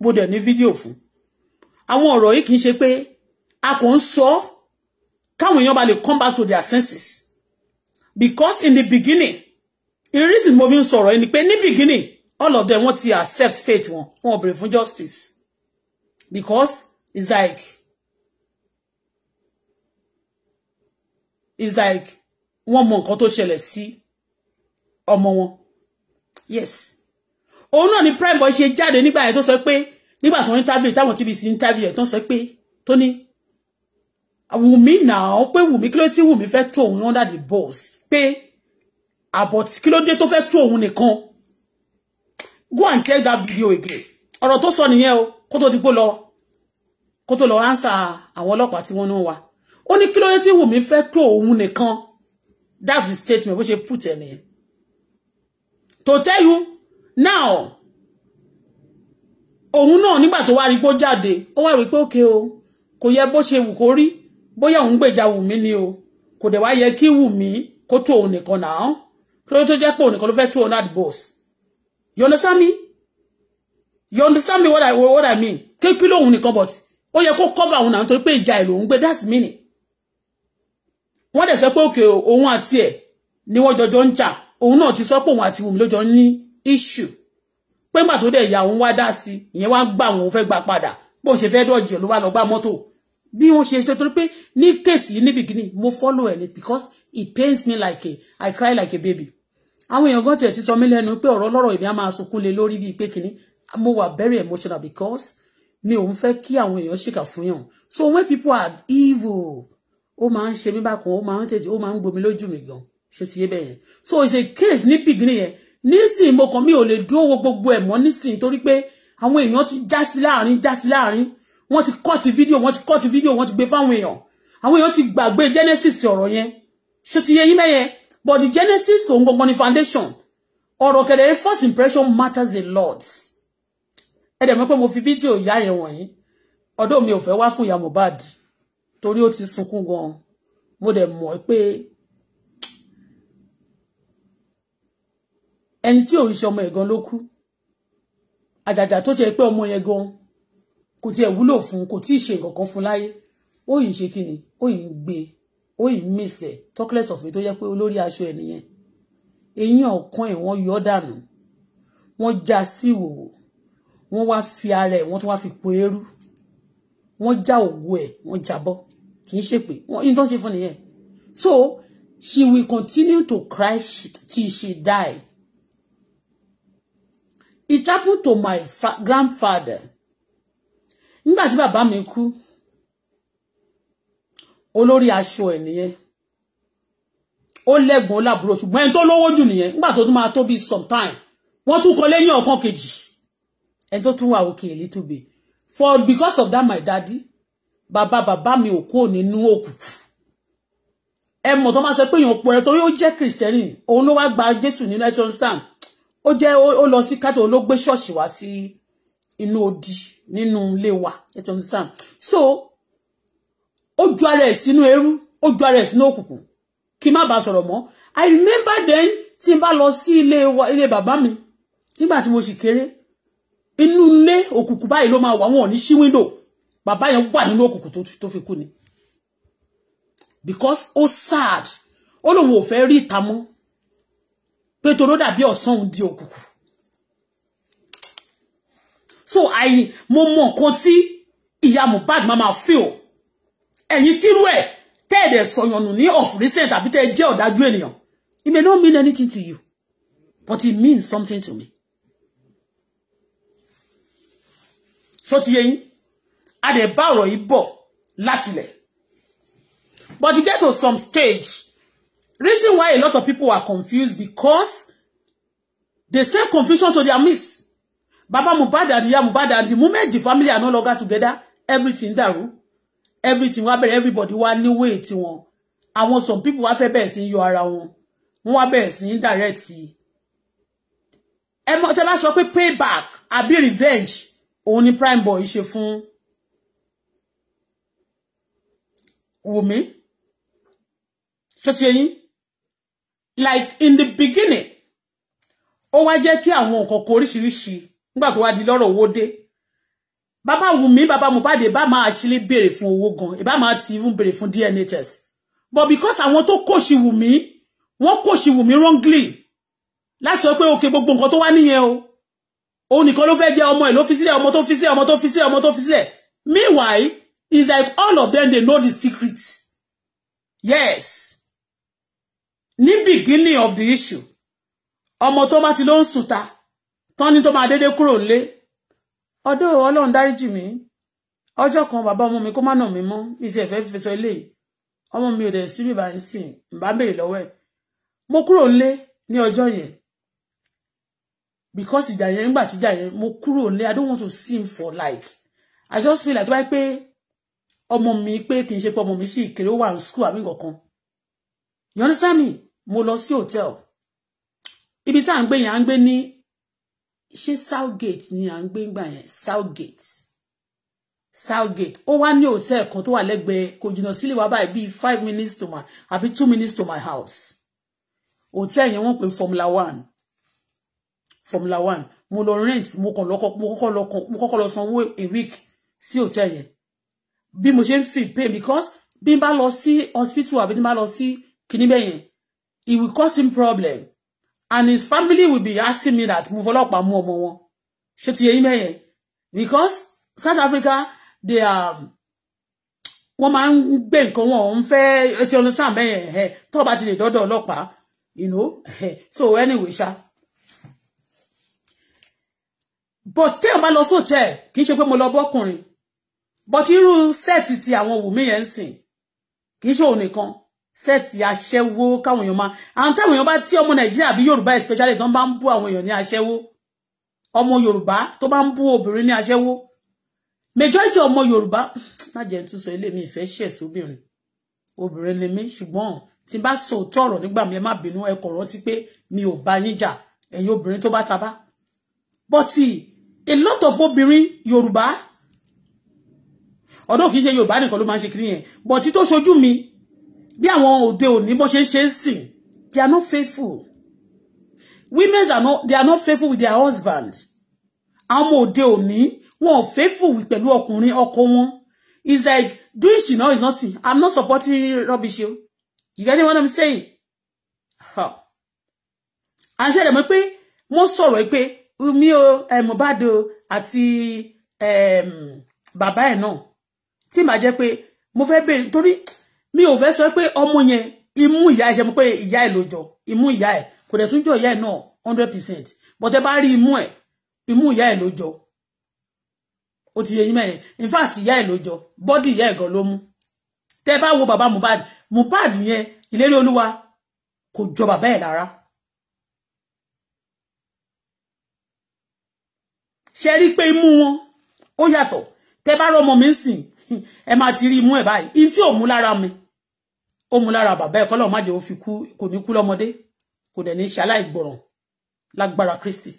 mo dẹ̀ ní fídíò fún àwọn ọ̀rọ̀ yìí kì í ṣe pé a kò ń sọ káwọn èèyàn bá lè come back to their senses because in the beginning in reason moving fi ń sọ̀rọ̀ ẹni beginning all of them want to accept faith wọn wọn ò béèrè justice because it's like it's like wọ́n mọ nǹkan tó ṣẹlẹ̀ sí ọmọ wọn yes òun náà ni prime boy ṣe jáde nígbà yẹn tó sọ pé nígbà tó ń interview táwọn TBC interview ẹ̀ tó ń sọ pé tó ní Wùmí náà pé Wùmí kí ló tí Wùmí fẹ́ tó òun under the bus pé àbọ̀ kí ló dé tó fẹ́ tó òun nìkan go and check that video again ọ̀rọ̀ tó sọ nìyẹn o kó tó di pé lọ kó tó lọ ánsà àwọn ọlọ́pàá tí wọ́n ní wà ó ní kí ló dé tí Wùmí fẹ́ tó òun nìkan that's the statement bó ṣe put ẹ̀ nìyẹn to tell you now òun náà nígbà tó wá rí pé ó jáde ó wá rí pé òkè o kò yẹ bó ṣe wù kó rí bóyá òun gbèjà Wùmí ni o kò dẹ̀ wá yẹ kí Wùmí kó tó òun nìkan náà kí ló dé tó jẹ́ pé òun nìkan ló fẹ́ tó òun àdìbòs you understand me you understand me what I, what I mean kí kí lóhun nìkan but ó yẹ kó cover òun náà nítorí pé ìjà ẹ̀ lòún gbé that's meaning wọ́n dẹ̀ sọ pé òkè òun àti ẹ̀ ni wọ́n jọjọ ń jà òun náà ti sọ pé òun àti Wùmí ló ní issue pé ńgbà tó dẹ̀ ya òun wá dá sí ìyẹn wá gbà òun fẹ́ gbà padà bó ṣe fẹ́ dọ̀jì ló wá lọ gbá mọ́tò bí wọ́n ṣe ṣe torí pé ní kéèsì ní bìgínì mo follow ẹ̀ because it pains me like a I cry like a baby àwọn èèyàn gan tiẹ̀ ti sọ mí lẹ́nu pé ọ̀rọ̀ ọlọ́rọ̀ èmi á máa sunkún lé lórí bíi pé kínní mo wà very emotional because mi ò ń fẹ́ kí àwọn èèyàn ṣìkà fún yàn so when people are evil ó máa ń ṣe mí bákan ó máa ń tètè ó máa ń gbomi lójú mi gan ṣe ti yé bẹ́ẹ̀ yẹn so it's a case ní pìgìrì yẹn nísìnyí mo kàn mi ò lè dúró wo gbogbo ẹ̀ mọ́ nísìnyí torí pé àwọn èèyàn ti já sí láàrin já sí láàrin wọ́n ti kọ́ ti fídíò wọ́n ti kọ́ ti fídíò wọ́n ti gbé fáwọn èèyàn àwọn èèyàn ti gbàgbé genesis ọ̀rọ̀ yẹn ṣe ti yé yín mẹ́yẹn but the genesis òun gangan ni foundation ọ̀rọ̀ kẹ̀dẹ̀rẹ́ first impression matters a lot ẹ̀dẹ̀ mọ́ pé mo fi fídíò ìyá yẹn wọ̀nyí ọ̀dọ̀ mi ò fẹ́ wá fún ìyá Mohbad torí ó ti sunkún gan mo dẹ̀ mọ̀ pé ẹni tí ò rí ṣe ọmọ ẹ̀ gan ló kú àjàjà tó jẹ́ pé ọmọ yẹn gan kò tiẹ̀ wúlò fún kò tíì ṣe nǹkan kan fún láyé ó yìí ṣe kíni ó yìí gbé ó yìí mísẹ̀ talkless of tó jẹ́ pé olórí aṣọ ẹ̀ eyín ọ̀kan ẹ̀ wọ́n yọ dànù wọ́n já sí ìwòwò wọ́n wá fi ara ẹ̀ wọ́n tún wá fi po eérú wọ́n já òwú ẹ̀ wọ́n já kì í ṣèpè wọn yìí tó ṣe fún nìyẹn so she will continue to cry till she die it happened to my grandfather nígbà tí bàbá mi kú olórí aṣọ ẹ̀ nìyẹn ó lẹ́gbọ̀n ó lábúrò ṣùgbọ́n ẹni tó lówó jù nìyẹn nígbà tó tún máa tó sometime wọ́n tún kọ lẹ́yìn ọ̀kan kejì ẹni tó tún wà òkè a little bit for because of that my daddy bàbá bàbá mi ò kúrò nínú òkùnkùn ẹ mọ̀ tó máa sọ pé èèyàn pọ̀ ẹ torí ó jẹ́ kìrìsìtẹ́nì òun ló wá gba jésù ní united stand ó jẹ́ ó lọ sí kátó ló gbé ṣọ́ọ̀ṣì wá sí inú odi nínú ilé wa united understand so ó ju ara ẹ̀ sínú eérú ó ju ara ẹ̀ sínú òkùnkùn kí má bàa sọ̀rọ̀ mọ́ i remember then tí n bá lọ sí ilé wa ilé bàbá mi nígbà tí mo sì kéré inú ilé òkùnkùn báyìí ló máa wà wọn ò ní ṣí wíńdò bàbá yẹn wà nínú òkùnkùn tó fi kú ni because ó sad ó lòun ò fẹ́ rí ìta mọ́ pé toró dàbí ọ̀sán òun di òkùnkùn so àyìn mo mọ nǹkan tí ìyá Mohbad máa máa feel ẹ̀yin tírú ẹ̀ tẹ́ ẹ̀dẹ̀ sọ̀yànnù ní of recent àbí tẹ́ ẹ jẹ́ ọ̀dájú ènìyàn it may not mean anything to you but it means something to me. ṣó ti yé yín a dẹ̀ bá ọ̀rọ̀ yìí bọ̀ látilẹ̀ but you get to some stage reason why a lot of people are confused because they send confusion to their miss. Baba Mohbad and Iya Mohbad and the moment the family are no longer together everything dàrú everything wá bẹ̀rẹ̀ everybody wá ní way tiwọn àwọn some people wá fẹ́ bẹ̀rẹ̀ sí yọ ara wọn wọ́n wá bẹ̀rẹ̀ sí direct ẹ mọ̀ tẹ́ bá sọ pé payback àbí revenge òun ni prime boy ṣe fún Wùmí ṣé ti yín like in the beginning ó wá jẹ́ kí àwọn nǹkan kan oríṣiríṣi nígbà tó wá di lọ́rọ̀ owó dé bàbá Wùmí bàbá Mohbad bá máa actually béèrè fún owó gan ìbá máa ti even béèrè fún DNA test but because àwọn tó kòṣì Wùmí wọ́n kòṣì Wùmí wrongly láti sọ pé òkè gbogbo nǹkan tó wá nìyẹn o òun nìkan ló fẹ́ jẹ́ ọmọ ẹ̀ ló fi sílẹ̀ ọmọ tó fi sílẹ̀ ọmọ tó fi sílẹ̀ ọmọ tó fi sílẹ̀ meanwhile It's like all of them, they know the secret. Yes. Ní beginning of the issue, ọmọ tó bá ti lọ Suta. sùta, to ní tó máa dédé kúrò nílé. Ọdọ́ Ọlọ́run dáríjì mí. Ọjọ́ kan bàbá ọmọ mi kó má nà mí mọ́, mi ti ẹ̀fẹ́ fi sọ eléyìí. Ọmọ mi ò dẹ̀ sí bíbá ń sìn, bá béèrè lọ́wọ́ Mo kúrò nílé ní ọjọ́ yẹn. Because ìjà yẹn ńgbà tíjà yẹn, mo kúrò nílé, I don't want to see him for like. I just feel like tó bá ọmọ mi pé kì í ṣe pé ọmọ mi sì kéré ó wà ní school àbí nǹkan you understand me mo lọ sí hotel ibi tá à ń gbé yẹn à ń gbé ní ṣé Southgate ni à ń gbé gbà yẹn Southgate Southgate ó wá ní hotel kan tó wà lẹ́gbẹ̀ẹ́ kò jìnnà sílé wa báyìí bíi five minutes to my àbí two minutes to my house hotel yẹn wọ́n pè Formula One Formula One mo lọ rent mo kàn lọ́kọ̀ kọ́kọ́ lọ sanwó a week sí hotel yẹn bí mo ṣe ń feel pain because bí n bá lọ sí hospital àbí bí n bá lọ sí kinní bẹ́ẹ̀ yẹn it will cause him problem and his family will be asking me that mo fọlọ́pàá mú ọmọ wọn ṣé ti yẹ yín bẹ́ẹ̀ because South Africa they are wọ́n máa ń gbé nǹkan wọn òun fẹ́ ti ọdún sáà bẹ́ẹ̀ yẹn tó o bá ti lè dọ́dọ̀ ọlọ́pàá you know so anyway ṣá but tẹ́ ọ̀ bá lọ sóòtẹ́ kì í ṣe pé mo lọ bọ́kùnrin but irú sẹ́ẹ̀tì ti àwọn wùmí yẹn ń sìn kì í ṣe òun nìkan sẹ́ẹ̀tì aṣẹ́wó káwọn èèyàn máa àwọn táwọn èèyàn bá tí ọmọ nàìjíríà bí yorùbá especially tó bá ń bú àwọn èèyàn ní aṣẹ́wó ọmọ yorùbá tó bá ń bú obìnrin ní aṣẹ́wó majority ọmọ yorùbá má jẹ́ tún sọ ilé mi ìfẹ́ ṣẹ̀ sóbìnrin obìnrin ni mí ṣùgbọ́n tí n bá sọ òótọ́ ọ̀rọ̀ nígbà mi ẹ má bínú ẹ kọ̀ rántí pé mi ò bá yín jà ẹ̀yin obìnrin tó bá ta bá but a lot of obìnrin yorùbá ọdún kìí ṣe yorùbá nìkan ló máa ń ṣe kiri yẹn bọ̀ tí tó ṣojú mi bí àwọn òde òní bó ṣe ń ṣe ń sìn they are not faithful women are not they are not faithful with their husband àwọn ọmọ òde òní wọn ò faithful pẹ̀lú ọkùnrin ọkọ wọn Is like doing shina is nothing am not supporting rubbish o you get what I am saying huh. and ṣe lè mọ̀ pé mo sọ̀rọ̀ pé mi ò eh, Mohbad àti bàbá ẹ̀ náà tí màá jẹ́ pé mo fẹ́ bèrè nítorí mi ò fẹ́ sọ pé ọmọ yẹn imú ìyá ẹ̀ ṣe mo pé ìyá ẹ̀ ló imú ìyá ẹ̀ kò dẹ̀ tún jọ ìyá ẹ̀ náà hundred percent bọ́tẹ́ bá rí imú ẹ̀ imú ìyá ẹ̀ ló jọ ti yẹ yín mẹ́rin in fact ìyá ẹ̀ ló jọ bọ́dì ìyá ẹ̀ gan ló mú tẹ́ bá wo bàbá Mohbad Mohbad yẹn ìlérí olúwa kò jọ bàbá ẹ̀ rárá. ṣe rí pé imú wọn ó yàtọ̀ tẹ́ bá rọmọ mi ń sìn [laughs] ẹ m'a ti rí imú ẹ̀ báyìí in tí ò mú lára mi ó mú lára bàbá ẹ̀ kọ́lọ́ má jẹ́ ó fi kú kò ní kú lọ́mọdé kò dẹ̀ ní ṣe aláìgbọràn lágbára Kristi.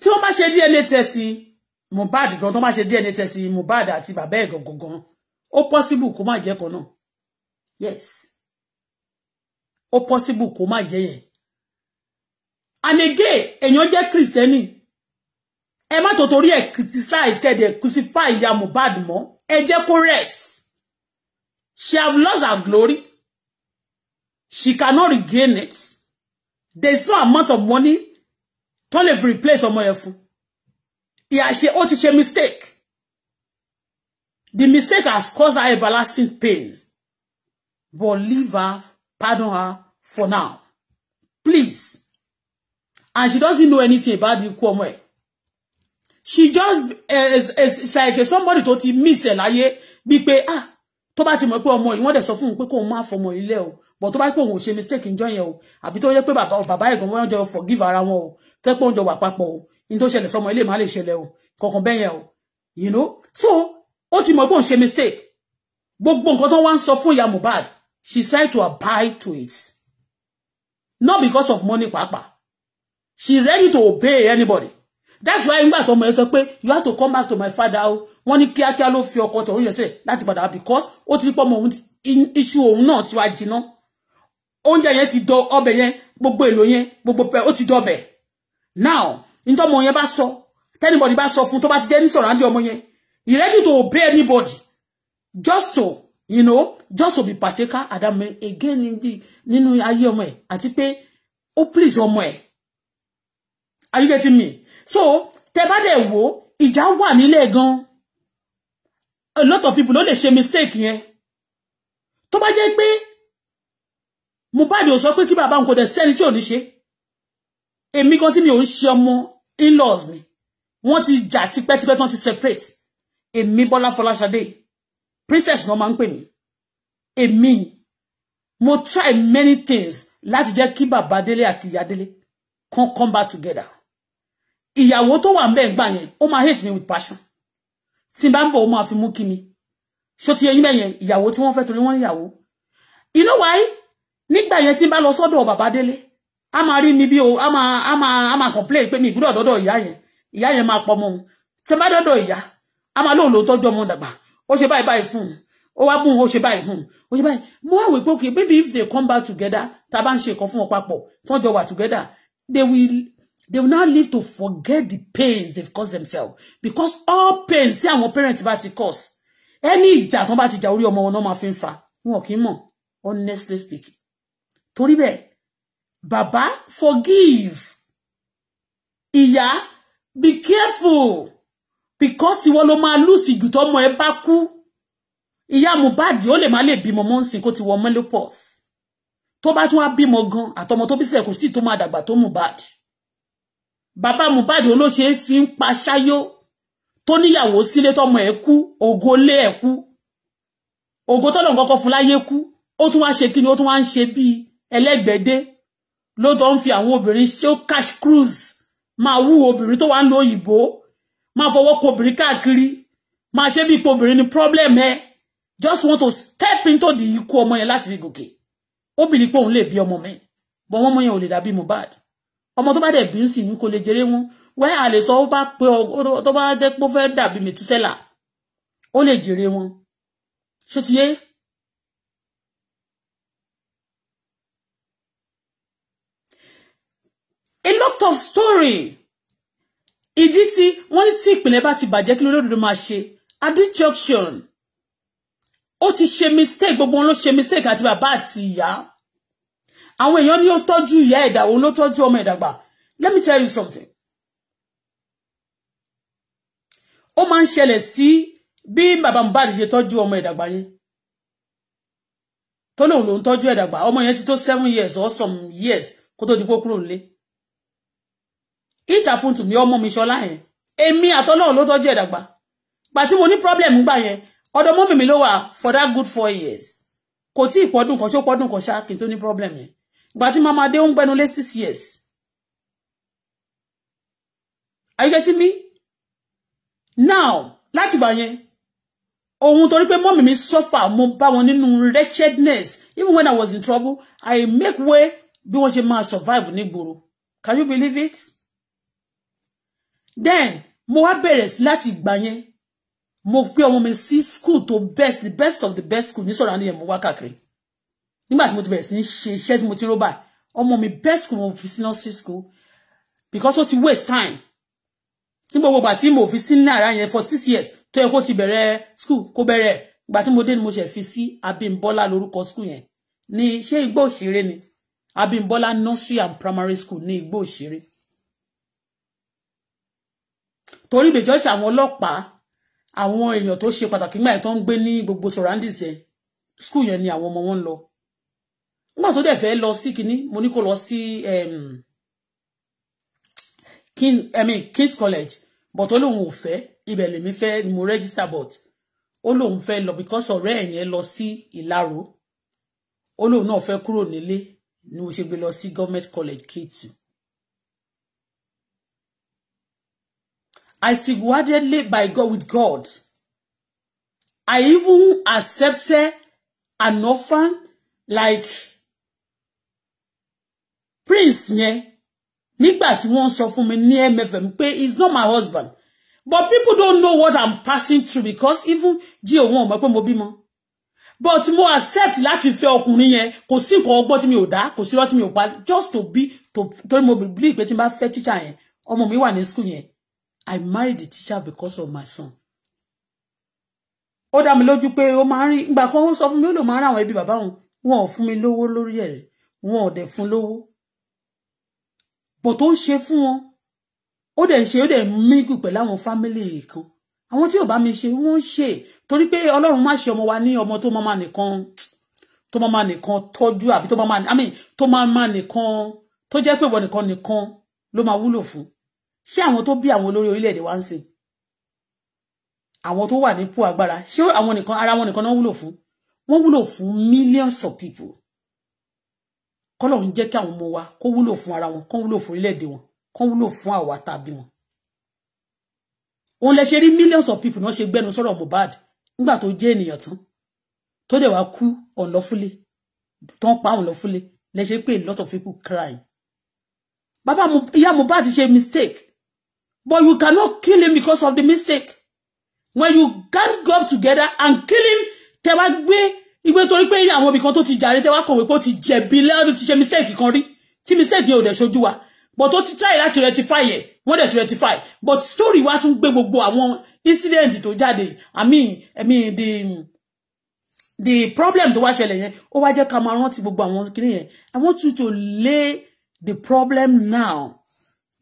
tí wọ́n m'a ṣe DNA test Mohbad gan tó má ṣe DNA test Mohbad àti bàbá ẹ̀ gangan gan ó possible kó má jẹ́ kan náà yes ó possible kó má jẹ́ yẹn and again èèyàn jẹ́ kristẹni ẹ má tó torí ẹ̀ criticize kẹ́dẹ̀ crucify ya Mohbad mọ́ ẹ jẹ́ kó rest she have lost her glory she cannot regain it there is no amount of money to lè replace ọmọ yẹn fún ìyá she ó ti she mistake the mistake has caused her everlasting pains but leave her pardon her for now please and she doesn't know anything about the ọmọ ẹ̀ she just eh, is is like somebody told him, miss ẹ̀ láyé bíi pé ah tó bá ti mọ̀ pé ọmọ yìí wọ́n dẹ̀ sọ fún un pé kóun má fọmọ ilé o but to bá pé òun ò ṣe mistake ǹjọ́ yẹn o àbí tó yẹ pé bàbá bàbá ẹ̀gbọ́n wọn jọ forgive ara wọn o tó pé òun jọ wà papọ̀ o ní tó ṣẹlẹ̀ sọmọ ilé má lè ṣẹlẹ̀ o kankan bẹ́ẹ̀ yẹn o you know so ó ti mọ̀ pé òun ṣe mistake gbogbo nǹkan tó wá ń sọ fún ìyá Mohbad she tried to abide to it not because of money papa she ready to obey anybody that's why nígbà tó ọmọ yẹn sọ you have to come back to my father o wọ́n ní kíákíá ló fi ọkọ tọ̀hún yẹn sẹ̀ láti padà because ó ti pọ́ ọmọ òun iṣu òun náà ti wá jiná oúnjẹ yẹn ti dọ ọbẹ̀ yẹn gbogbo èlò yẹn gbogbo pẹ ó ti dọbẹ̀ now nítorí ọmọ yẹn bá sọ tẹ́nibọ̀dì bá sọ fún tó bá ti jẹ́ ní sọ̀rọ̀ àndí ọmọ yẹn he ready to obey anybody just to you know just to be partaker Adam, again in the nínú ayé ọmọ ẹ̀ àti pé ó please ọmọ ẹ̀ are you getting me so tẹ bá dẹ̀ wò ìjà wà nílẹ̀ gan a lot of people ló lè ṣe mistake yẹn To bá jẹ́ pé Mohbad ò sọ pé kí bàbá òun kò dẹ̀ sẹ́ni tí ò ní ṣe èmi gan tí mi ò ń ṣe ọmọ in-laws mi wọ́n ti jà tipẹ́tipẹ́ tí wọ́n ti separate èmi Bọ́lá Fọláṣadé princess no man ń pè mí èmi mo try many things láti jẹ́ kí bàbá délé àti ìyá délé kan come back together ìyàwó tó wà ńbẹ̀ gbà yẹn ó máa hate me with passion tí n bá ń bọ̀ ó máa fi mú kí mi ṣó ti eyín bẹ́yẹn ìyàwó tí wọ́n fẹ́ torí wọ́n níyàwó you know why nígbà yẹn tí n bá lọ sọ́dọ̀ bàbá délé a máa rí mi bí o a máa a máa a máa complain pé mi ìgbúdọ̀ dọ́dọ̀ ìyá yẹn ìyá yẹn máa pọ̀ mọ́ òun tí n bá dọ́dọ̀ ìyá a máa lóòlò tọ́jú ọmọ dàgbà ó ṣe báyìí báyìí fún un ó wá bùn ó ṣe báyìí fún un ó ṣe báyìí mo wá wípé okay maybe if they come back together tá a bá ń ṣe nǹkan fún wọn papọ̀ tán wà together they will they will now live to forget the pains they've caused themselves because all pains sí àwọn parents bá ti cause ẹni ìjà tó bá ti jà orí ọmọ wọn náà máa fi ń fa wọn kì í mọ̀ honestly speaking torí bẹ́ẹ̀ bàbá forgive ìyá be careful because ìwọ ló máa lose ìgì tọmọ ẹ bá kú ìyá Mohbad ó lè má lè bímọ mọ́ nsìn kó ti wọ menopause tó bá tún wá bímọ gan àtọmọ tó bí sílẹ̀ kò sí tó máa dàgbà tó bad. Baba Mohbad olóṣè fi ń pa ṣáyó tó níyàwó sílé tọmọ ẹ̀ kú ògo lé ẹ̀ kú ògo tọ́lọ̀ kọ́kọ́ fún láyé kú ó tún wá ṣe kí ni ó tún wá ń ṣe bíi ẹlẹ́gbẹ̀dẹ́ fi àwọn obìnrin ṣe cash cruise máa wú obìnrin tó wà ń lo òyìnbó máa fọwọ́ kó obìnrin káàkiri máa ṣe bí ipò obìnrin ni problem ẹ just want to step into the ikú ọmọ yẹn láti fi gòkè obìnrin pé òun lè bí ọmọ mi bọ́ ọmọ yẹn ò lè dàbí Mohbad ọmọ tó bá dẹ̀ bínú sí mi kò lè jèrè wọn wẹ́ àlè sọ bá pé tó bá jẹ́ pé ó fẹ́ dàbí mẹtúsẹ́là ó lè jèrè wọn ṣó ti yé. a lot of story ìdí tí wọ́n ní tí ìpìlẹ̀ bá ti bàjẹ́ kí lórí òdodo máa ṣe at this junction ó ti ṣe mistake gbogbo wọn ló ṣe mistake àti bàbá àti ìyá àwọn èèyàn ní ó tọ́jú ìyá ẹ̀dá òun ló tọ́jú ọmọ ẹ̀dàgbà let me tell you something ó máa ń ṣẹlẹ̀ sí bí bàbá Mohbad ṣe tọ́jú ọmọ ẹ̀dàgbà yẹn tó lóun lòun tọ́jú ẹ̀dàgbà ọmọ yẹn ti tó seven years or some years kó tó di pé kúrò nílé it happen to me ọmọ mi ṣọlá yẹn èmi àtọ́lọ́run ló tọ́jú ẹ̀dàgbà pàtí mo ní problem gbà yẹn ọ̀dọ̀ mọ́mì mi ló wà for that good four years kò tí ì pọ́dún kan ṣó pọ́dún kan ṣá kí n tó ní problem yẹn ìgbà tí mama dé ó ń six years are you getting me now láti gbà yẹn òun torí pé mọ́mì mi suffer mo bá wọn nínú wretchedness even when I was in trouble I make way bí wọ́n ṣe máa survive nígboro can you believe it then mo wá bẹ̀rẹ̀ sí láti ìgbà yẹn mo gbé ọmọ mi sí school to best the best of the best school ní sọ̀rọ̀ àníyàn mo wá káàkiri nígbà tí mo ti bẹ̀rẹ̀ sí ṣe iṣẹ́ tí mo ti rọ́bà ọmọ mi best school mo fi sí nursery school because ó ti waste time ní gbogbo ìgbà tí mo fi sí náírà yẹn for six years tó yẹ kó ti bẹ̀rẹ̀ school kó bẹ̀rẹ̀ ìgbà tí mo dé ni mo ṣe fi sí Abímbọ́lá lórúkọ school yẹn ní ṣé igbó òṣèré ni Abímbọ́lá nursery and primary school ní igbó òṣèré torí ìbèjọ́ ṣe àwọn ọlọ́pàá àwọn èèyàn tó ṣe pàtàkì nígbà yẹn tó ń gbé ní gbogbo surroundings yẹn school yẹn ni àwọn ọmọ wọn ń lọ nígbà tó dẹ̀ fẹ́ lọ sí kínní mo ní kó lọ sí King's College but ó lóun ò fẹ́ ibẹ̀ lèmi fẹ́ ni mo register but ó lóun fẹ́ lọ because ọ̀rẹ́ ẹ̀ yẹn lọ sí Ìlaro ó lóun náà fẹ́ kúrò nílé ni mo ṣe gbé lọ sí government college Kétu. I single-handedly by God with God. I even accepted an offer like prince yẹn nígbà ti wọ́n sọ fún mi ní MFM pé he's not my husband but people don't know what I'm passing through because even jí òun ọmọ pé mo bímọ but mo accept láti fẹ́ ọkùnrin yẹn kò sí nǹkan ọgbọ́n tí mi ò dá kò sí irọ́ tí mi ò pa just to be to torí mo believe pé tí n bá teacher yẹn ọmọ mi wà ní school yẹn I married the teacher because of my son ó dá mi lójú pé ó máa ń rí ìgbà kan ó sọ fún mi ó lò máa ń rán àwọn ẹbí bàbá òun wọn mi lówó lórí ẹ̀ wọn ò dẹ̀ fún lówó bọ̀ tó ń ṣe fún wọn ó dẹ̀ ń ṣe ó dẹ̀ ń mígù pẹ̀lú àwọn fámílì kan àwọn tí ò bá mi ṣe wọ́n ń ṣe torí pé ọlọ́run má ṣe ọmọ wa ní ọmọ tó máa ma nìkan tó máa ma nìkan tọ́jú àbí tó máa ma àmì tó máa ma nìkan tó jẹ́ pé ìwọ nìkan nìkan ló máa wúlò fún ṣé àwọn tó bí àwọn olórí orílẹ̀-èdè wa ń sìn àwọn tó wà nípò agbára ṣé àwọn nìkan ara wọn nìkan náà wúlò fún wọ́n wúlò fún millions of people kọ́lọ́run jẹ́ kí àwọn ọmọ wa kó wúlò fún ara wọn kó wúlò fún orílẹ̀-èdè wọn kó wúlò fún àwa tàbí wọn. òun lè ṣe rí millions of people náà ṣe gbẹ́nu sọ̀rọ̀ Mohbad nígbà tó jẹ́ ènìyàn tán tó dẹ̀ wá kú ọ̀nlọ́fúnlé tó ń pa àwọn ọ̀nlọ́fúnlé lè ṣe pé a lot of people cry. bàbá ìyá Mohbad ṣe mistake but you cannot kill him because of the mistake when you gang up together and kill him tẹ wá gbé ìgbé torí pé àwọn ibìkan tó ti jàre tẹ́wá kọ̀wé pé ó ti jẹ̀bi lẹ́yìn ti ṣe mistake kan rí tí mistake yẹn ò dẹ̀ ṣojú wa but ó ti try láti rectify ẹ̀ wọ́n dẹ̀ ti rectify but story wa tún gbé gbogbo àwọn incident tó jáde i mean i mean the the problem tó wá ṣẹlẹ̀ yẹn ó wá jẹ́ ká máa rántí gbogbo àwọn kiri yẹn i want you to lay the problem now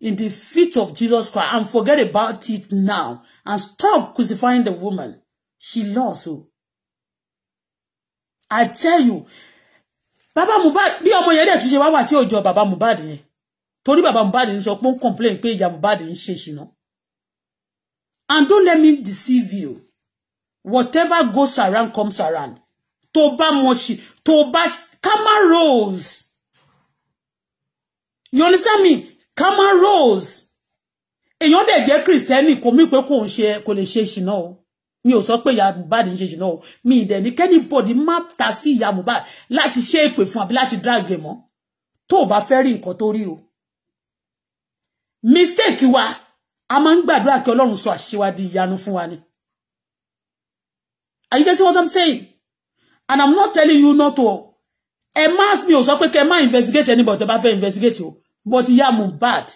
in the feet of Jesus Christ and forget about it now and stop crucifying the woman she lost o. Oh. So. I tell you Baba Mubad, bí ọmọ yẹn dẹ̀ tún ṣe wá wà tí ò Baba Mubad. Mohbad Tori Baba Mubad Mohbad ń sọ pé ó ń complain pé ìyá Mohbad ń ṣe ṣìnà and don't let me deceive you whatever goes around comes around tó bá mọ̀ ṣì tó bá you understand me Camaros. rolls èèyàn dẹ̀ jẹ́ kristẹni kò mí pé kò ń ṣe kò lè ṣe ṣìnà o mi ò sọ pé ìyá Mohbad ń ṣe jù náà mi ìdẹ̀ ní kẹ́nìbọ̀dì má ta sí ìyá Mohbad láti ṣe èpè fún àbí láti drag mọ́ tó o bá fẹ́ rí nǹkan tó rí o mistake wa a máa ń gbàdúrà kí Ọlọ́run sọ àṣewádìí ìyanu fún wa ni are you getting what I'm saying and I'm not telling you not to ẹ má mi ò sọ pé kẹ má investigate anybody tó bá fẹ́ investigate o but ìyá Mohbad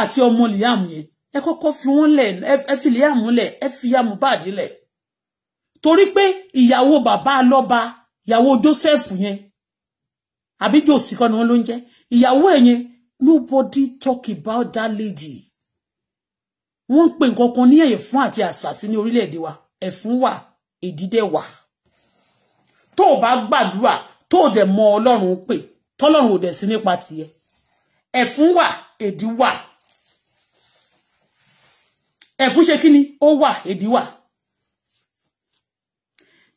àti ọmọ Liam yẹn ẹ kọ́kọ́ fi wọ́n lẹ̀ ẹ fi Liam lẹ̀ ẹ fi ya Mohbad lẹ̀ torí pé ìyàwó bàbá lọ́ba ìyàwó Joseph yẹn àbí jòsí kọ́ ni wọ́n ló ń jẹ́ ìyàwó ẹ̀ yẹn nobody talk about that lady wọ́n ń pè nǹkan kan ní ẹ̀fún àti àṣàsí ní orílẹ̀-èdè wa ẹ̀fún wà èdídẹ̀ wà tó o bá gbàdúrà tó o dẹ̀ mọ ọlọ́run pè tọ́lọ́run ò dẹ̀ sí nípa tiẹ̀ ẹ̀fún wà èdí wà ẹ̀fún ṣe kí ni ó wà ebi wà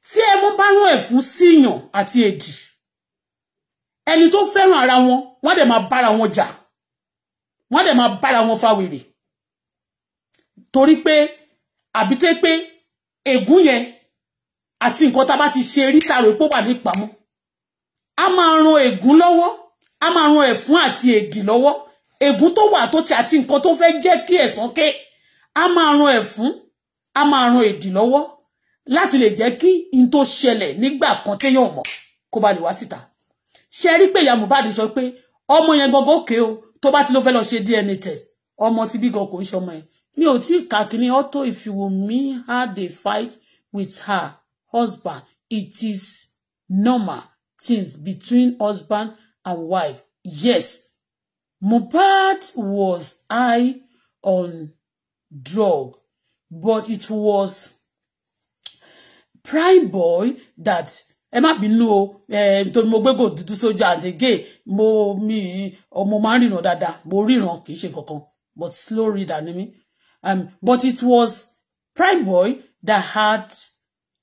tí ẹmu bá rán ẹ̀fún síyàn àti èdì ẹni tó fẹ́ràn ara wọn wọ́n dẹ̀ máa bára wọn jà wọ́n dẹ̀ máa bára wọn fa wèrè torí pé àbí tó pé ègún yẹn àti nǹkan tá a bá ti ṣe rí sáré pó wà ní ìpamọ́ a máa ran ègún lọ́wọ́ a máa ran ẹ̀fún àti èdì lọ́wọ́ ègún tó wà tó ti àti nǹkan tó fẹ́ jẹ́ kí ẹ̀sán ké. Okay? a máa ran ẹ̀fún a máa ran èdì lọ́wọ́ láti lè jẹ́ kí n tó ṣẹlẹ̀ nígbà kan téèyàn mọ̀ kó ba lè wá síta ṣe rí pé ìyá Mohbad sọ pé ọmọ yẹn gangan òkè o tó bá ti ló fẹ́ lọ ṣe DNA test ọmọ tí bí gan kò ń ṣọmọ yẹn mi ò tí kà kíní Auto Ifiwunmi had a fight with her husband it is normal things between husband and wife yes Mohbad was high on drug, but it was Prime Boy that Emma má bínú o nítorí mo do so sójú àti gay mo me or máa ń ríran dáadáa mo ríran kì í ṣe but slow reader ni um, but it was Prime Boy that had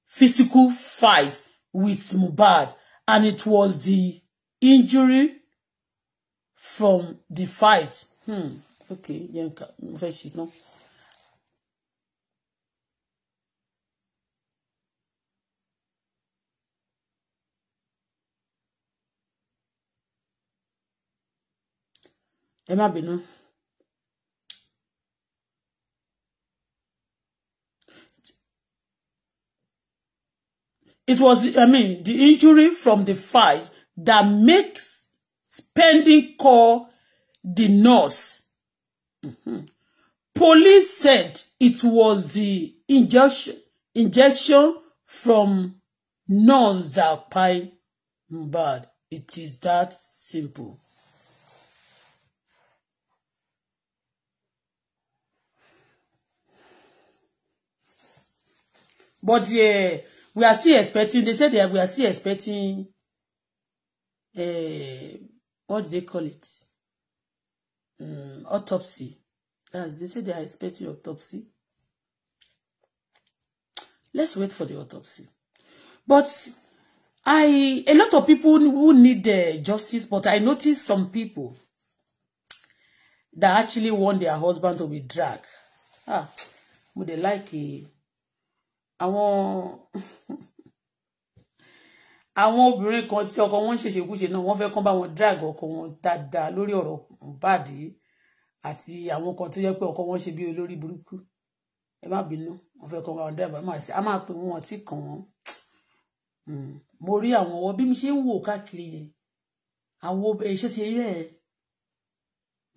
physical fight with Mubad, and it was the injury from the fight. Hmm. Okay, Yeah. No. ẹ má bínú. It was, I mean, the injury from the fight that makes spending call the nurse. Mm-hmm. Police said it was the injection injection from nurse that Mohbad. It is that simple. But uh, we are still expecting, they said that we are still expecting, uh, what do they call it? Um, autopsy. That's, they said they are expecting autopsy. Let's wait for the autopsy. But I, a lot of people who need uh, justice, but I noticed some people that actually want their husband to be dragged. Ah, would they like it? àwọn [laughs] àwọn obìnrin kan tí ọkọ wọn ń ṣèṣekúṣe náà wọ́n fẹ́ kán bá wọn drag ọkọ wọn dáadáa lórí ọ̀rọ̀ bàdí àti àwọn kan tó jẹ́ pé ọkọ wọn ṣe bí olórí burúkú ẹ má bínú wọ́n fẹ́ kán bá wọn drag a máa pè wọn tí kàn wọn hmm, mo rí àwọn ọwọ́ bí mi ṣe ń wò káàkiri yẹn àwọn iṣẹ́ ti yẹ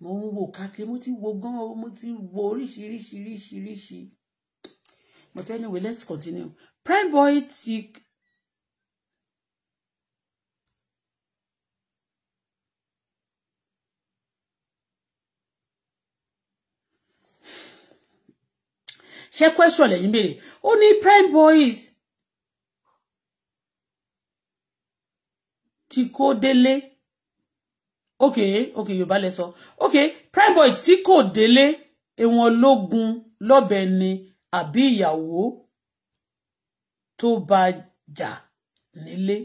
mo ń wò káàkiri mo ti wo gan mo ti wo oríṣiríṣiríṣiríṣi But anyway, let's continue. Prime boy ti ṣe question lẹ́yìn béèrè only prime boys. tí kò Okay, okay, you balance lẹ sọ prime boy tí kò délé ẹ̀wọ̀n lógún lọ́bẹ ni àbí ìyàwó tó bá jà nílé.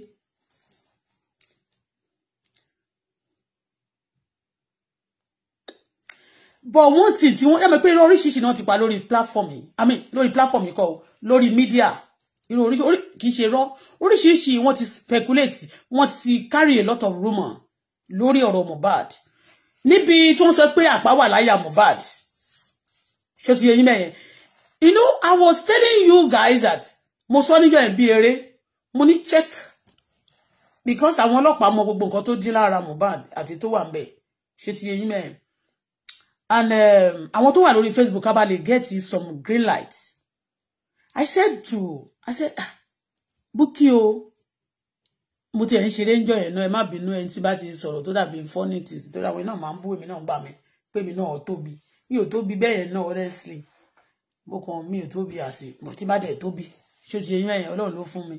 but wọ́n ti tí wọ́n yàmẹ́ pé irú oríṣiríṣi náà ti pa lórí platform yìí i mean lórí platform yìí kọ́ o lórí media irú oríṣiríṣi kì í ṣe rọ́ oríṣiríṣi wọ́n ti speculate wọ́n ti carry a lot of rumour lórí ọ̀rọ̀ Mohbad níbi tí wọ́n sọ pé àpá wà láyà Mohbad ṣé o ti yẹ yín mẹ́yẹn you know i was telling you guys that mo sọ níjọ́ ẹ̀ bí eré mo ní check because àwọn ọlọ́pàá mọ gbogbo nǹkan tó dín lára Mohbad àti tó wà ń bẹ̀ ṣe ti yẹ yín mẹ́rin and um, àwọn to wà lórí Facebook ká bá get some green lights. i said to i said ah, Bukky o mo ti ẹ̀ ń ṣeré ńjọ́ yẹn náà ẹ má bínú ẹni tí bá ti sọ̀rọ̀ tó dàbí funny things We na náà máa ń bú èmi náà gbà mí pé èmi náà tóbi mi ò tóbi bẹ́ẹ̀ yẹn náà honestly bó kan mi ò tóbi àsìkò tí bá dẹ̀ tóbi ṣé o ti yẹn yẹn ọlọ́run ló fún mi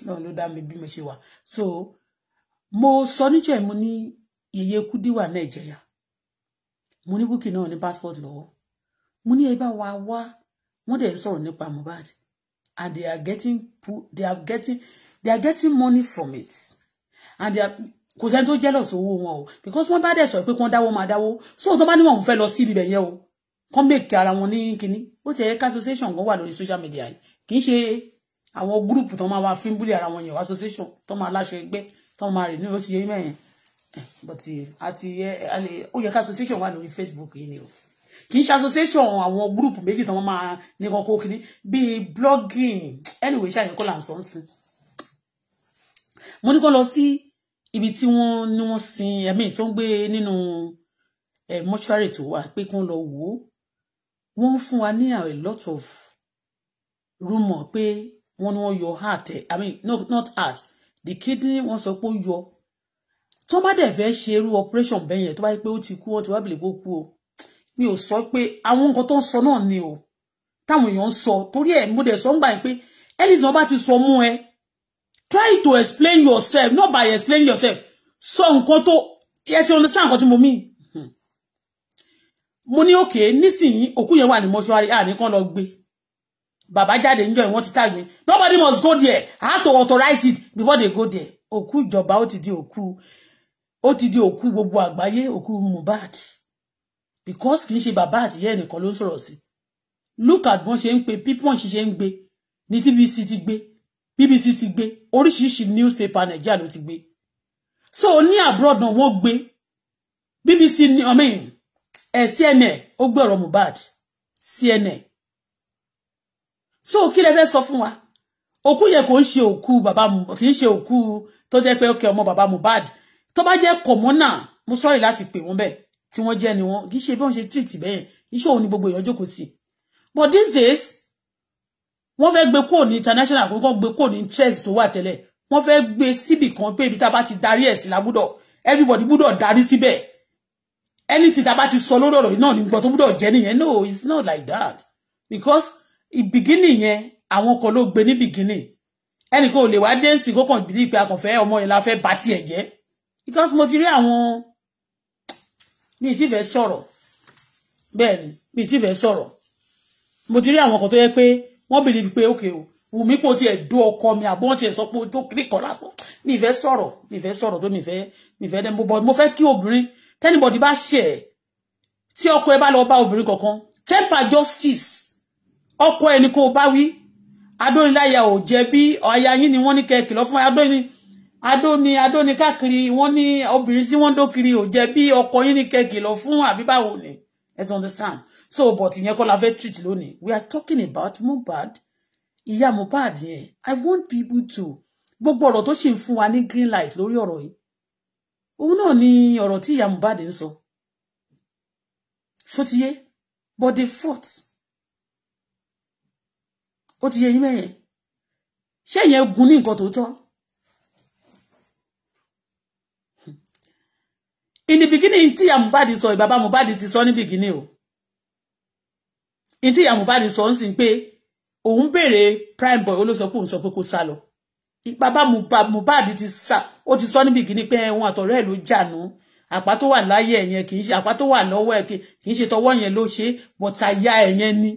ọlọ́run ló dá mi bí mo ṣe wà so mo sọ níjọ́ ẹ̀ mo ní Yèyé Kúdí wà Nàìjíríà mo ní Bukky náà ní passport lọ́wọ́ mo ní ẹ bá wa wá wọ́n dẹ̀ sọ̀rọ̀ nípa Mohbad and they are getting they are getting they are getting money from it and they are kò sẹ́ni tó jealous owó wọn o because wọ́n bá dẹ̀ sọ pé kí wọ́n dáwó máa dáwó so tó bá ní wọn ò fẹ́ lọ sí ibibẹ̀ yẹn o kán mèkì ara wọn ní kínní ó ti ẹ̀ka association kan wà lórí social media yìí kì í ṣe àwọn gúrùpù tó máa wá fún búlẹ̀ ara wọn yẹn wá association tó máa láṣọ ẹgbẹ́ tó máa rìn ní oṣù yẹn mẹ́rin but àti eh, eh, ó yẹ ká association wà lórí Facebook yìí ni o kì í ṣe association àwọn gúrùpù méjì tó máa ní kọ́kọ́ kínní bíi blogging anyway ṣáà yẹn kó là ń sọ ń sìn mo ní kó lọ sí ibi tí wọ́n ní wọ́n sin ẹ̀mí tó ń gbé nínú eh, mọ́ṣúárì tó wà pé kí lọ wò ó wọ́n ń fún wa ní a lot of rumour pé wọ́n ní wọ́n yọ heart i mean no, not heart the kidney wọ́n sọ pé ó yọ tó bá dẹ̀ fẹ́ ṣe irú operation bẹ́ẹ̀ yẹn tó bá yẹ pé ó ti kú wọ́n ti wá bìlẹ̀ kó kú o mi ò sọ pé àwọn nǹkan tó ń sọ náà ni o táwọn èèyàn ń sọ torí ẹ̀ mo dẹ̀ sọ ń gbà pé ẹni tí ti sọ mú ẹ try to explain yourself not by explain yourself sọ nǹkan tó ẹ ti understand nǹkan tí mo mean mo ní òkè nísìnyí òkú yẹn wà ní mọ́ṣúárì àní kan lọ gbé bàbá jáde níjọ́ ìwọ́n ti tag nobody must go there i have to authorize it before they go there òkú ìjọba ó ti di òkú ó ti di òkú gbogbo àgbáyé òkú Mohbad because kì í ṣe bàbá àtìyẹ́ ẹnìkan ló ń sọ̀rọ̀ sí look at bọ́n ṣe ń pe pípọ́n ṣiṣẹ́ ń gbé ní BBC ti gbé BBC ti gbé oríṣiríṣi newspaper Nàìjíríà ló ti gbé so ní abroad náà wọ́n gbé BBC ni I mean ẹ eh, CNN ó gbọ́rọ̀ Mohbad CNN so kí lẹ fẹ́ sọ fún wa òkú yẹn kò ń ṣe òkú bàbá kì í ṣe òkú tó jẹ́ pé ó kẹ ọmọ bàbá Mohbad tó bá jẹ́ kọ̀mọ́nà mo sọ́rí láti pè wọ́n bẹ́ẹ̀ tí wọ́n jẹ́ ni wọ́n kì í ṣe bí wọ́n ṣe tírìtì bẹ́ẹ̀ iṣẹ́ gbogbo èèyàn jókòó sí but these days wọ́n fẹ́ gbé kúrò ní international ko ko gbé ko ní interest to wà tẹ́lẹ̀ wọ́n fẹ́ gbé síbì kan pé ibi tá a bá ti darí ẹ̀ sí lábúdọ̀ everybody gbúdọ̀ darí síbẹ̀ anything tá a bá ti sọ lórí ọ̀rọ̀ yìí náà ní gbọ́ tó gbọ́dọ̀ jẹ́ no it's not like that because ìbìgínì yẹn àwọn kan ló gbé ní bìgínì ẹnì kan ò lè wá dé believe kókàn bíi pé akànfẹ́ ọmọ yẹn la fẹ́ bá tiẹ̀ jẹ́ because mo ti rí àwọn mi ti fẹ́ sọ̀rọ̀ bẹ́ẹ̀ ni mi ti fẹ́ sọ̀rọ̀ mo ti rí àwọn kan tó yẹ pé wọ́n believe pé okay o wùmí kò tiẹ̀ Do ọkọ mi àbọ̀n tiẹ̀ sọ pé tó kíkọ́ lásán mi fẹ́ sọ̀rọ̀ mi fẹ́ sọ̀rọ̀ tó mi fẹ́ mi fẹ́ dẹ́ mo bọ́ mo fẹ́ kí obìnrin tẹ́nibọ̀dì bá ṣe ẹ̀ tí ọkọ ẹ bá lọ bá obìnrin kankan temper justice ọkọ ẹ ni kò bá wí adóniláyà ò jẹ̀bi aya yín ni wọ́n ní kẹ́ẹ̀kì lọ fún adóni adóni adóni káàkiri wọ́n ní obìnrin tí wọ́n ń dókiri ò jẹ̀bi ọkọ yín ní kẹ́ẹ̀kì lọ fún àbí ni let's understand so but ìyẹn kọ́ la fẹ́ treat lónìí we are talking about Mohbad ìyá Mohbad yẹn i want people to gbogbo ọ̀rọ̀ tó sì ń fún wa ní green light lórí ọ̀rọ̀ yìí òun náà ni ọ̀rọ̀ tí ìyá Mohbad ń sọ ṣótiyé but they fought ó ti yẹ yín mẹ́yẹn ṣé ìyẹn gun ní nǹkan tòótọ́ in the beginning tí ìyá Mohbad sọ ìbàbá Mohbad ti sọ ní beginning o in tí ìyá Mohbad sọ ń sìn pé òun béèrè prime boy ó ló sọ pé òun sọ pé kó sá lọ bàbá Mohbad ti sá ó ti sọ níbi kíní pé ẹ̀wọ̀n àtọ̀rẹ́ ẹ̀ ló jànú àpá tó wà láyé ẹ̀ yẹn kì í ṣe àpá tó wà lọ́wọ́ ẹ̀ kì ṣe tọwọ́ yẹn ló ṣe bọ̀tà ya ni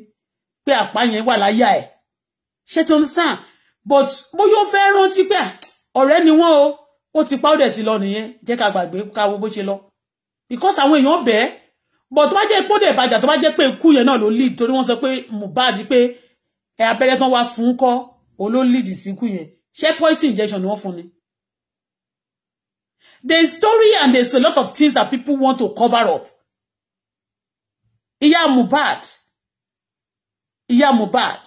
pé àpá yẹn wà láyà ẹ̀ ṣé tó ń sàn but bóyá ó fẹ́ rántí pé ọ̀rẹ́ ni wọ́n o ó ti pa ó dẹ̀ ti lọ nìyẹn jẹ́ ká gbàgbé ká wo bó ṣe lọ because àwọn èèyàn bẹ́ẹ̀ but tó bá jẹ́ pé ó dẹ̀ bàjá tó bá jẹ́ pé ikú yẹn náà ló lead torí wọ́n sọ pé Mohbad pé ẹ̀ abẹ́rẹ́ tán wá fún kọ́ olólìdì síkú yẹn ṣé poison injection ni wọ́n fún ni. there story and there is a lot of things that people want to cover up. ìyá Mohbad ìyá Mohbad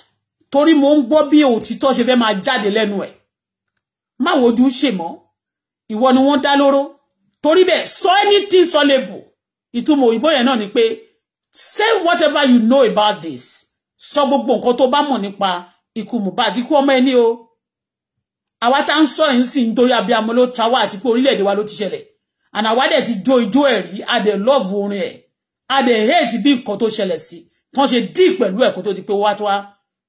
torí mo ń gbọ́ bí òtítọ́ ṣe fẹ́ máa jáde lẹ́nu ẹ̀ má wojú ṣe mọ́ ìwọ ni wọ́n dá lóró torí bẹ́ẹ̀ sọ anything soluble ìtumọ̀ òyìnbó yẹn náà ni pé say whatever you know about this sọ gbogbo nǹkan tó bá mọ̀ nípa ikú Mohbad ikú ọmọ ẹni o àwa tá ń sọ yìí sì ń torí abiyamọ ló ta wá àti pé orílẹ̀-èdè wa ló ti ṣẹlẹ̀ àná àwa dẹ̀ ti jó ijó ẹ̀ rí a dẹ̀ lọ́ọ̀bù orin ẹ̀ a dẹ̀ hate bí nǹkan tó ṣẹlẹ̀ sí tán ṣe dí pẹ̀lú ẹ̀ kó tó di pé wá tó wá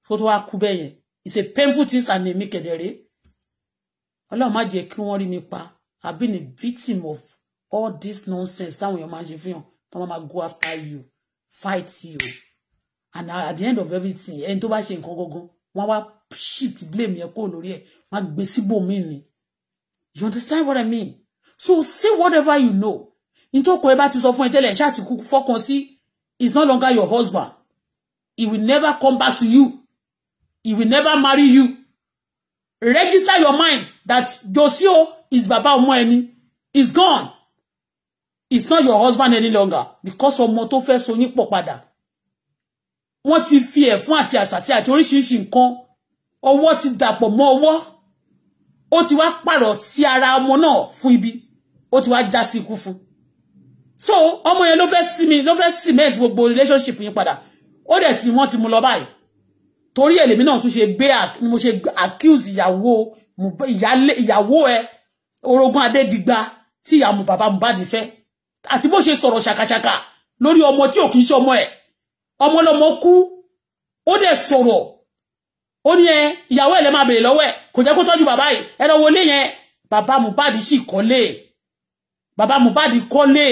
kó tó wá kú bẹ́yẹn it's a painful thing and èmi kẹ̀dẹ̀rẹ́ ọlọ́run má jẹ́ kí wọ́n rí mi pa I've been a victim of all this nonsense táwọn èèyàn máa ń ṣe fihàn tó máa go after you fight you and at the end of everything ẹni tó bá ṣe nǹkan gangan wọ́n wá shift blame yẹn kúrò lórí ẹ̀ má gbé síbòmíì ni you understand what I mean so say whatever you know ntọ́kọ̀ ẹ bá ti sọ fún ẹ tẹ́lẹ̀ ṣáà ti kú fọkàn sí is no longer your husband he will never come back to you he will never marry you register your mind that josio is baba ọmọ ẹni is gone it's not your husband any longer because ọmọ tó fẹ́ so yín pọ̀ padà wọ́n ti fi ẹ̀fún àti àṣàṣe àti oríṣiríṣi nǹkan ọwọ́ ti dàpọ̀ mọ́ ọwọ́ ó ti wá pààrọ̀ sí ara ọmọ náà fún ibi ó ti wá já sí ikú fún so ọmọ yẹn ló fẹ́ sí mi ló fẹ́ cement gbogbo relationship yín padà ó dẹ̀ tí wọ́n ti mú lọ báyìí torí èlèmi náà tún ṣe gbé ni mo ṣe accuse ìyàwó ìyàwó ẹ orogún adédigba tí ìyàmú bàbá Mohbad fẹ́ àti bó ṣe sọ̀rọ̀ ṣàkàṣàkà lórí ọmọ tí ò kì í ṣe ọmọ ẹ̀ ọmọ lọmọ kú ó dẹ̀ sọ̀rọ̀ ó ní eh, ẹ ìyàwó ẹ̀ lẹ́ máa bèrè lọ́wọ́ ẹ̀ kò jẹ́ kó tọ́jú bàbá yìí ẹ lọ wọlé yẹn bàbá Mohbad sì kọ́lé bàbá Mohbad kọ́lé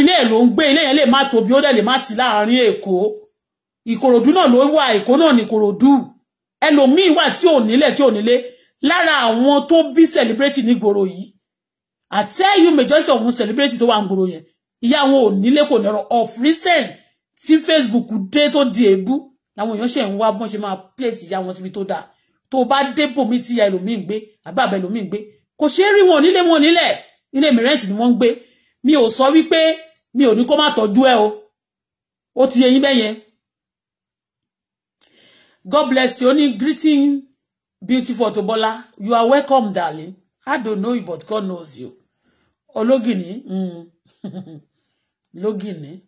ilé ẹ̀ ló ń gbé ilé yẹn lè má tóbi ó dẹ̀ lè má sí láàárín Èkó Ìkòròdú náà ló wà Èkó náà ní Ìkòròdú ẹlòmíín wà tí ò nílẹ̀ tí ò nílé lára àwọn tó bí celebrate nígboro yìí àti ẹyù majority of tó wà ngboro yẹn ìyá wọn ò nílé kò nẹrọ of recent tí Facebook dé tó di èébú làwọn èèyàn ṣe ń wá bọ́n ṣe máa pèsè ìyá wọn síbi tó dáa tó bá débò mi ti ya ẹlòmíì ń gbé àbá àbẹ ẹlòmíì ń gbé kò ṣeé rí wọn nílé wọn nílẹ̀ ilé mi rẹ́ǹtì ni wọ́n ń gbé mi ò sọ wípé mi ò ní kó má tọ́jú ẹ o ó ti yẹ yín bẹ́yẹn God bless you. Only greeting, beautiful Tobola. You are welcome, darling. I don't know you, but God knows you. Ologini. Mm. Logini. [laughs]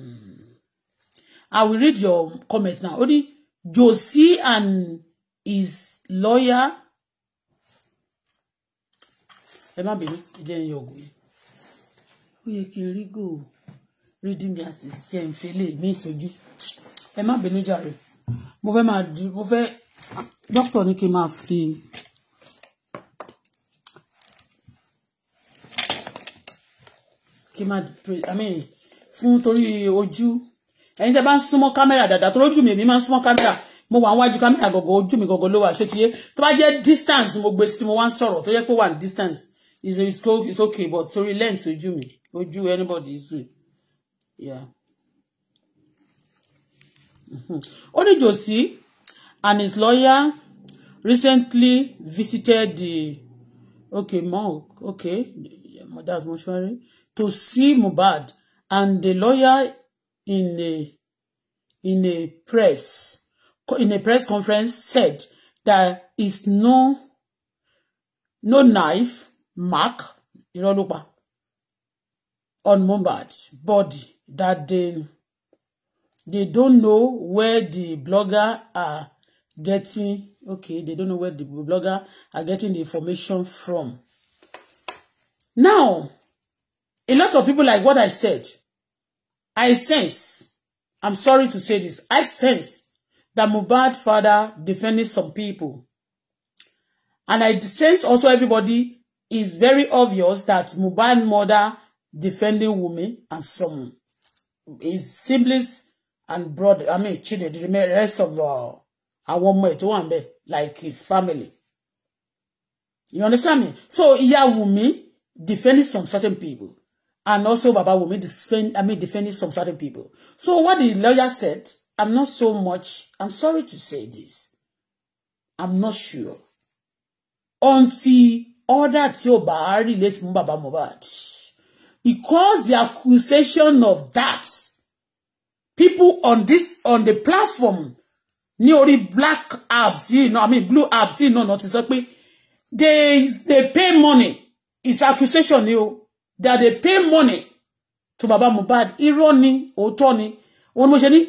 Hmm. I will read your comment now. Only Josie and his lawyer. Emma, má bínú, jẹ́ ń yọ̀gùn yìí. Ó yẹ reading glasses Can feel it. mí ìsojú. Ẹ má bínú jàre. Mo my máa Move mo fẹ́, dókítà ní kí n máa fi. Kí I mean fún torí ojú ẹ̀yin tẹ́ bá ń súnmọ́ kámẹ́rà dáadáa torí ojú mi èmi máa ń súnmọ́ kámẹ́rà mo wà níwájú kámẹ́rà gọ̀gọ̀ ojú mi gọ̀gọ̀ ló wà ṣé ti yé tó bá jẹ́ distance ni mo gbé sí mo wá ń sọ̀rọ̀ tó jẹ́ pé wà distance is is is okay but torí lens ojú mi ojú anybody is good yeah. Mm-hmm. ó ní jòsí and his lawyer recently visited the okay morgue okay that's mortuary to see Mohbad and the lawyer in a in a press in a press conference said there is no no knife mark irolupa on Mohbad's body that they they don't know where the blogger are getting okay they don't know where the blogger are getting the information from now a lot of people like what I said I sense, I'm sorry to say this, I sense that Mubad father defending some people. And I sense also everybody is very obvious that Mubad mother defending women and some his siblings and brother, I mean children, the rest of uh, àwọn ọmọ ẹ̀ tó wà like his family. You understand me? So yeah, Wunmi defending some certain people and also Baba will Wunmi defend, I mean, defending some certain people. So what the lawyer said, I'm not so much, I'm sorry to say this. I'm not sure. Until order tí ó bá relate mú Baba Mohbad. Because the accusation of that, people on this, on the platform, nearly black apps You know, I mean blue apps yìí, no, not exactly. they, they pay money. It's accusation ni o that they pay money to baba Mohbad irọ́ ni òótọ́ ni òun ni mo ṣe ní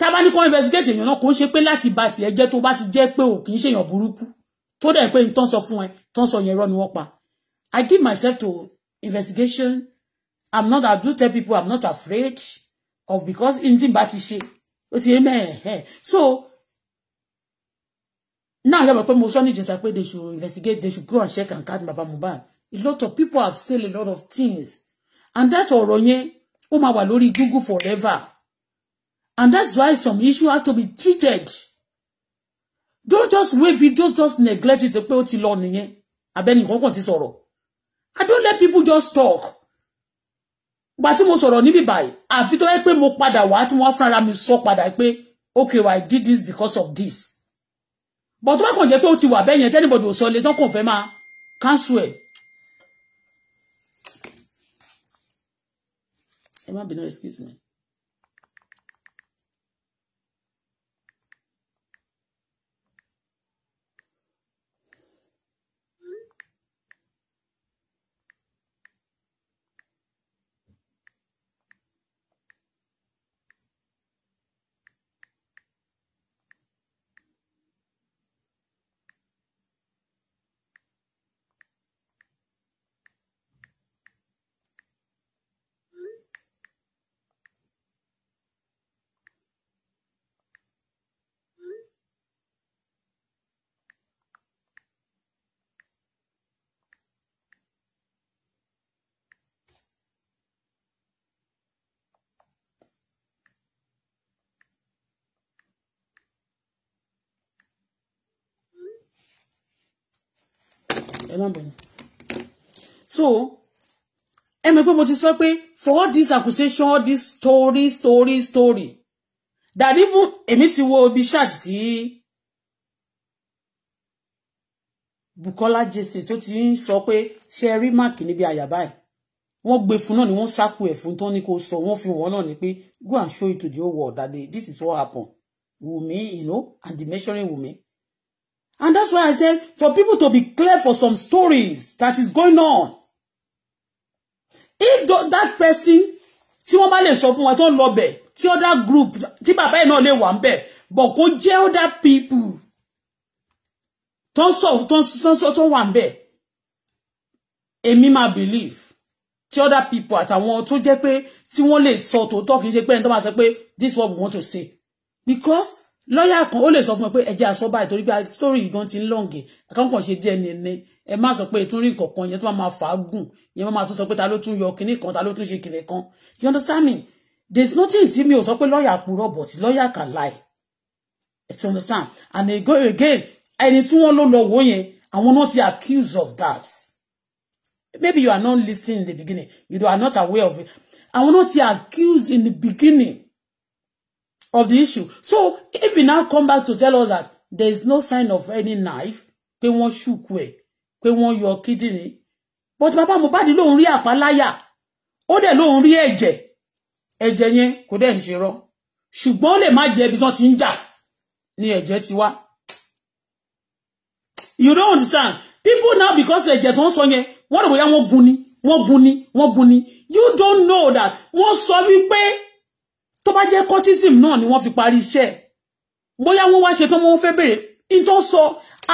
tábà ní kó investigate èèyàn náà kò ń ṣe pé láti bá tiẹ̀ jẹ́ tó bá ti jẹ́ pé ò kì í ṣèyàn burúkú tó dẹ̀ pé tán sọ fún ẹ tán sọ yẹn irọ́ ni wọ́n pa I give myself to investigation I'm not I do tell people I'm not afraid of because ndin bá ti ṣe ó ti yé mẹ́ẹ̀ẹ́ so now yọ̀bọ̀ pé mo sọ ní ìjẹta pé they should investigate they should go and check and catch baba Mohbad a lot of people have said a lot of things and that ọ̀rọ̀ yẹn ó máa wà Google forever and that's why some issue have to be treated don't just wave it just just neglect it pé ó ti lọ nìyẹn abẹ́nìkan ti sọ̀rọ̀ I don't let people just talk gba tí mo sọ̀rọ̀ níbí báyìí àfi tó yẹ pé mo padà wá tí wọ́n fúnra mi sọ padà pé okay well, I did this because of this but tó bá kàn jẹ́ pé ó ti wà bẹ́ẹ̀ yẹn tẹ́nibọ̀dì ò sọ lè tán kàn fẹ́ máa cancel ẹ má bínú excuse me. so ẹ mọ̀ pé mo ti sọ pé for all this accusation all this story story story that even èmi ti wo ibi ṣáàt tí Bukola Jesse tó ti ń sọ pé ṣe rí máàkì níbi àyàbá ẹ̀ wọ́n gbé fún náà ni wọ́n sáku ẹ̀ fún tán ní kó sọ wọ́n fi wọ́n náà ni pé go and show it to the whole world that this is what happen Wunmi you know and the measuring Wunmi And that's why I said for people to be clear for some stories that is going on. If that person tí wọ́n bá lè sọ fún wa tó ń lọ bẹ̀ other group tí bàbá ẹ̀ náà lè wà ń but kó jẹ́ other people tó ń sọ tó ń sọ tó wà ń bẹ̀ believe tí other people àtàwọn tó jẹ́ pé tí wọ́n lè sọ tòótọ́ kì í ṣe pé ẹni tó máa sọ pé this what we want to say because lọ́yà kan ó lè sọ fún ẹ pé ẹjẹ́ aṣọ báyìí torí pé story yìí gan ti ń lọ́ǹgẹ̀ e. àkọ́kọ́ ṣe díẹ̀ ní ẹni ẹ má sọ pé ètò orí kọ̀ọ̀kan yẹn tó máa fà á gùn yẹn máa tún sọ pé ta ló tún yọ kinní kan ta ló tún ṣe kinní kan you understand me there is nothing tí mi ò sọ pé lọ́yà purọ́ but lọ́yà can lie you understand and again ẹni tí wọ́n ló lọ wò yẹn àwọn náà ti accuse of that maybe you are not listening in the beginning you are not aware of it àwọn náà ti accuse in the beginning of the issue so if he now come back to tell us that there is no sign of any knife pé wọ́n ṣùkú We, pé wọ́n yọ kídìnrín but bàbá Mohbad lòun rí àpáláyà ó dẹ̀ lòun rí ẹ̀jẹ̀ ẹ̀jẹ̀ yẹn kò dẹ̀ ń ṣe rọ ṣùgbọ́n ó lè má jẹ́ ibi tí wọ́n ti ń ni eje ti wá you don't understand people now because eje tí wọ́n sọ yẹn wọ́n rò bóyá wọ́n gun ni wọ́n gun ni wọ́n gun ni you don't know that wọ́n sọ wípé tó bá jẹ́ cortism náà ni wọ́n fi parí iṣẹ́ bóyá wọ́n wá ṣe tán wọ́n fẹ́ bèrè in tó ń sọ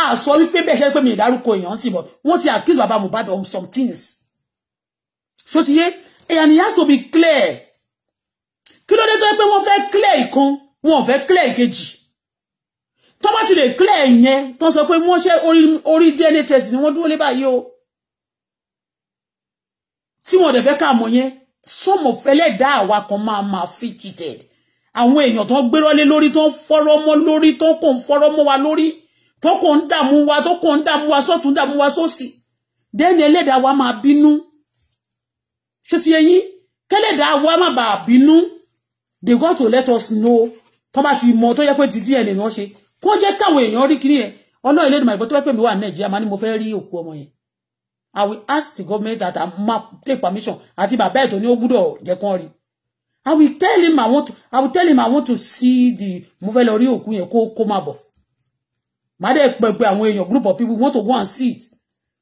àsọ wípé bẹ́ẹ̀ ṣe pé mi ìdárúkọ èèyàn sì bọ̀ wọ́n ti accuse bàbá Mohbad of some things ṣótiyé èèyàn ni has to be clear kí ló dé tó yẹ pé wọ́n fẹ́ clear ìkan wọn ò fẹ́ clear ìkejì tó bá ti lè clear ìyẹn tó sọ pé wọ́n ṣe orí DNA test ni wọ́n dúró lé báyìí o tí wọn ò dẹ̀ fẹ́ ká mọ̀ yẹn some of ẹlẹ́dàá àwa kan máa máa feel cheated àwọn èèyàn tó ń gbérọ́lé lórí tó ń fọ́rọ́ mọ́ lórí tó ń kàn fọ́rọ́ mọ́ wa lórí tó kàn ń dààmú wa tó kàn ń dààmú wa sọ́tún dààmú wa sósì dẹ́ni ẹlẹ́dàá wa máa bínú ṣé ti yẹyìn kẹlẹ́dàá wa má bàa bínú they got to let us know tó bá ti mọ tó yẹ pé dídí ẹ̀ nìyẹn ṣe kó jẹ́ káwọn èèyàn rí kiri yẹn ọlọ́run ilé ìdìbò tó pẹ́ pè mí wà nàìjíríà máa ní mo fẹ́ rí òkú ọmọ yẹn I will ask the government that I map take permission àti bàbá ẹ̀ tó ní ó gbúdọ̀ jẹ́ kán rí I will tell him I want to I will tell him I want to see the mo fẹ́ lọ rí òkú yẹn kó kó má bọ̀ màá dẹ̀ pẹ̀pẹ̀ àwọn èèyàn group of people want to go and see it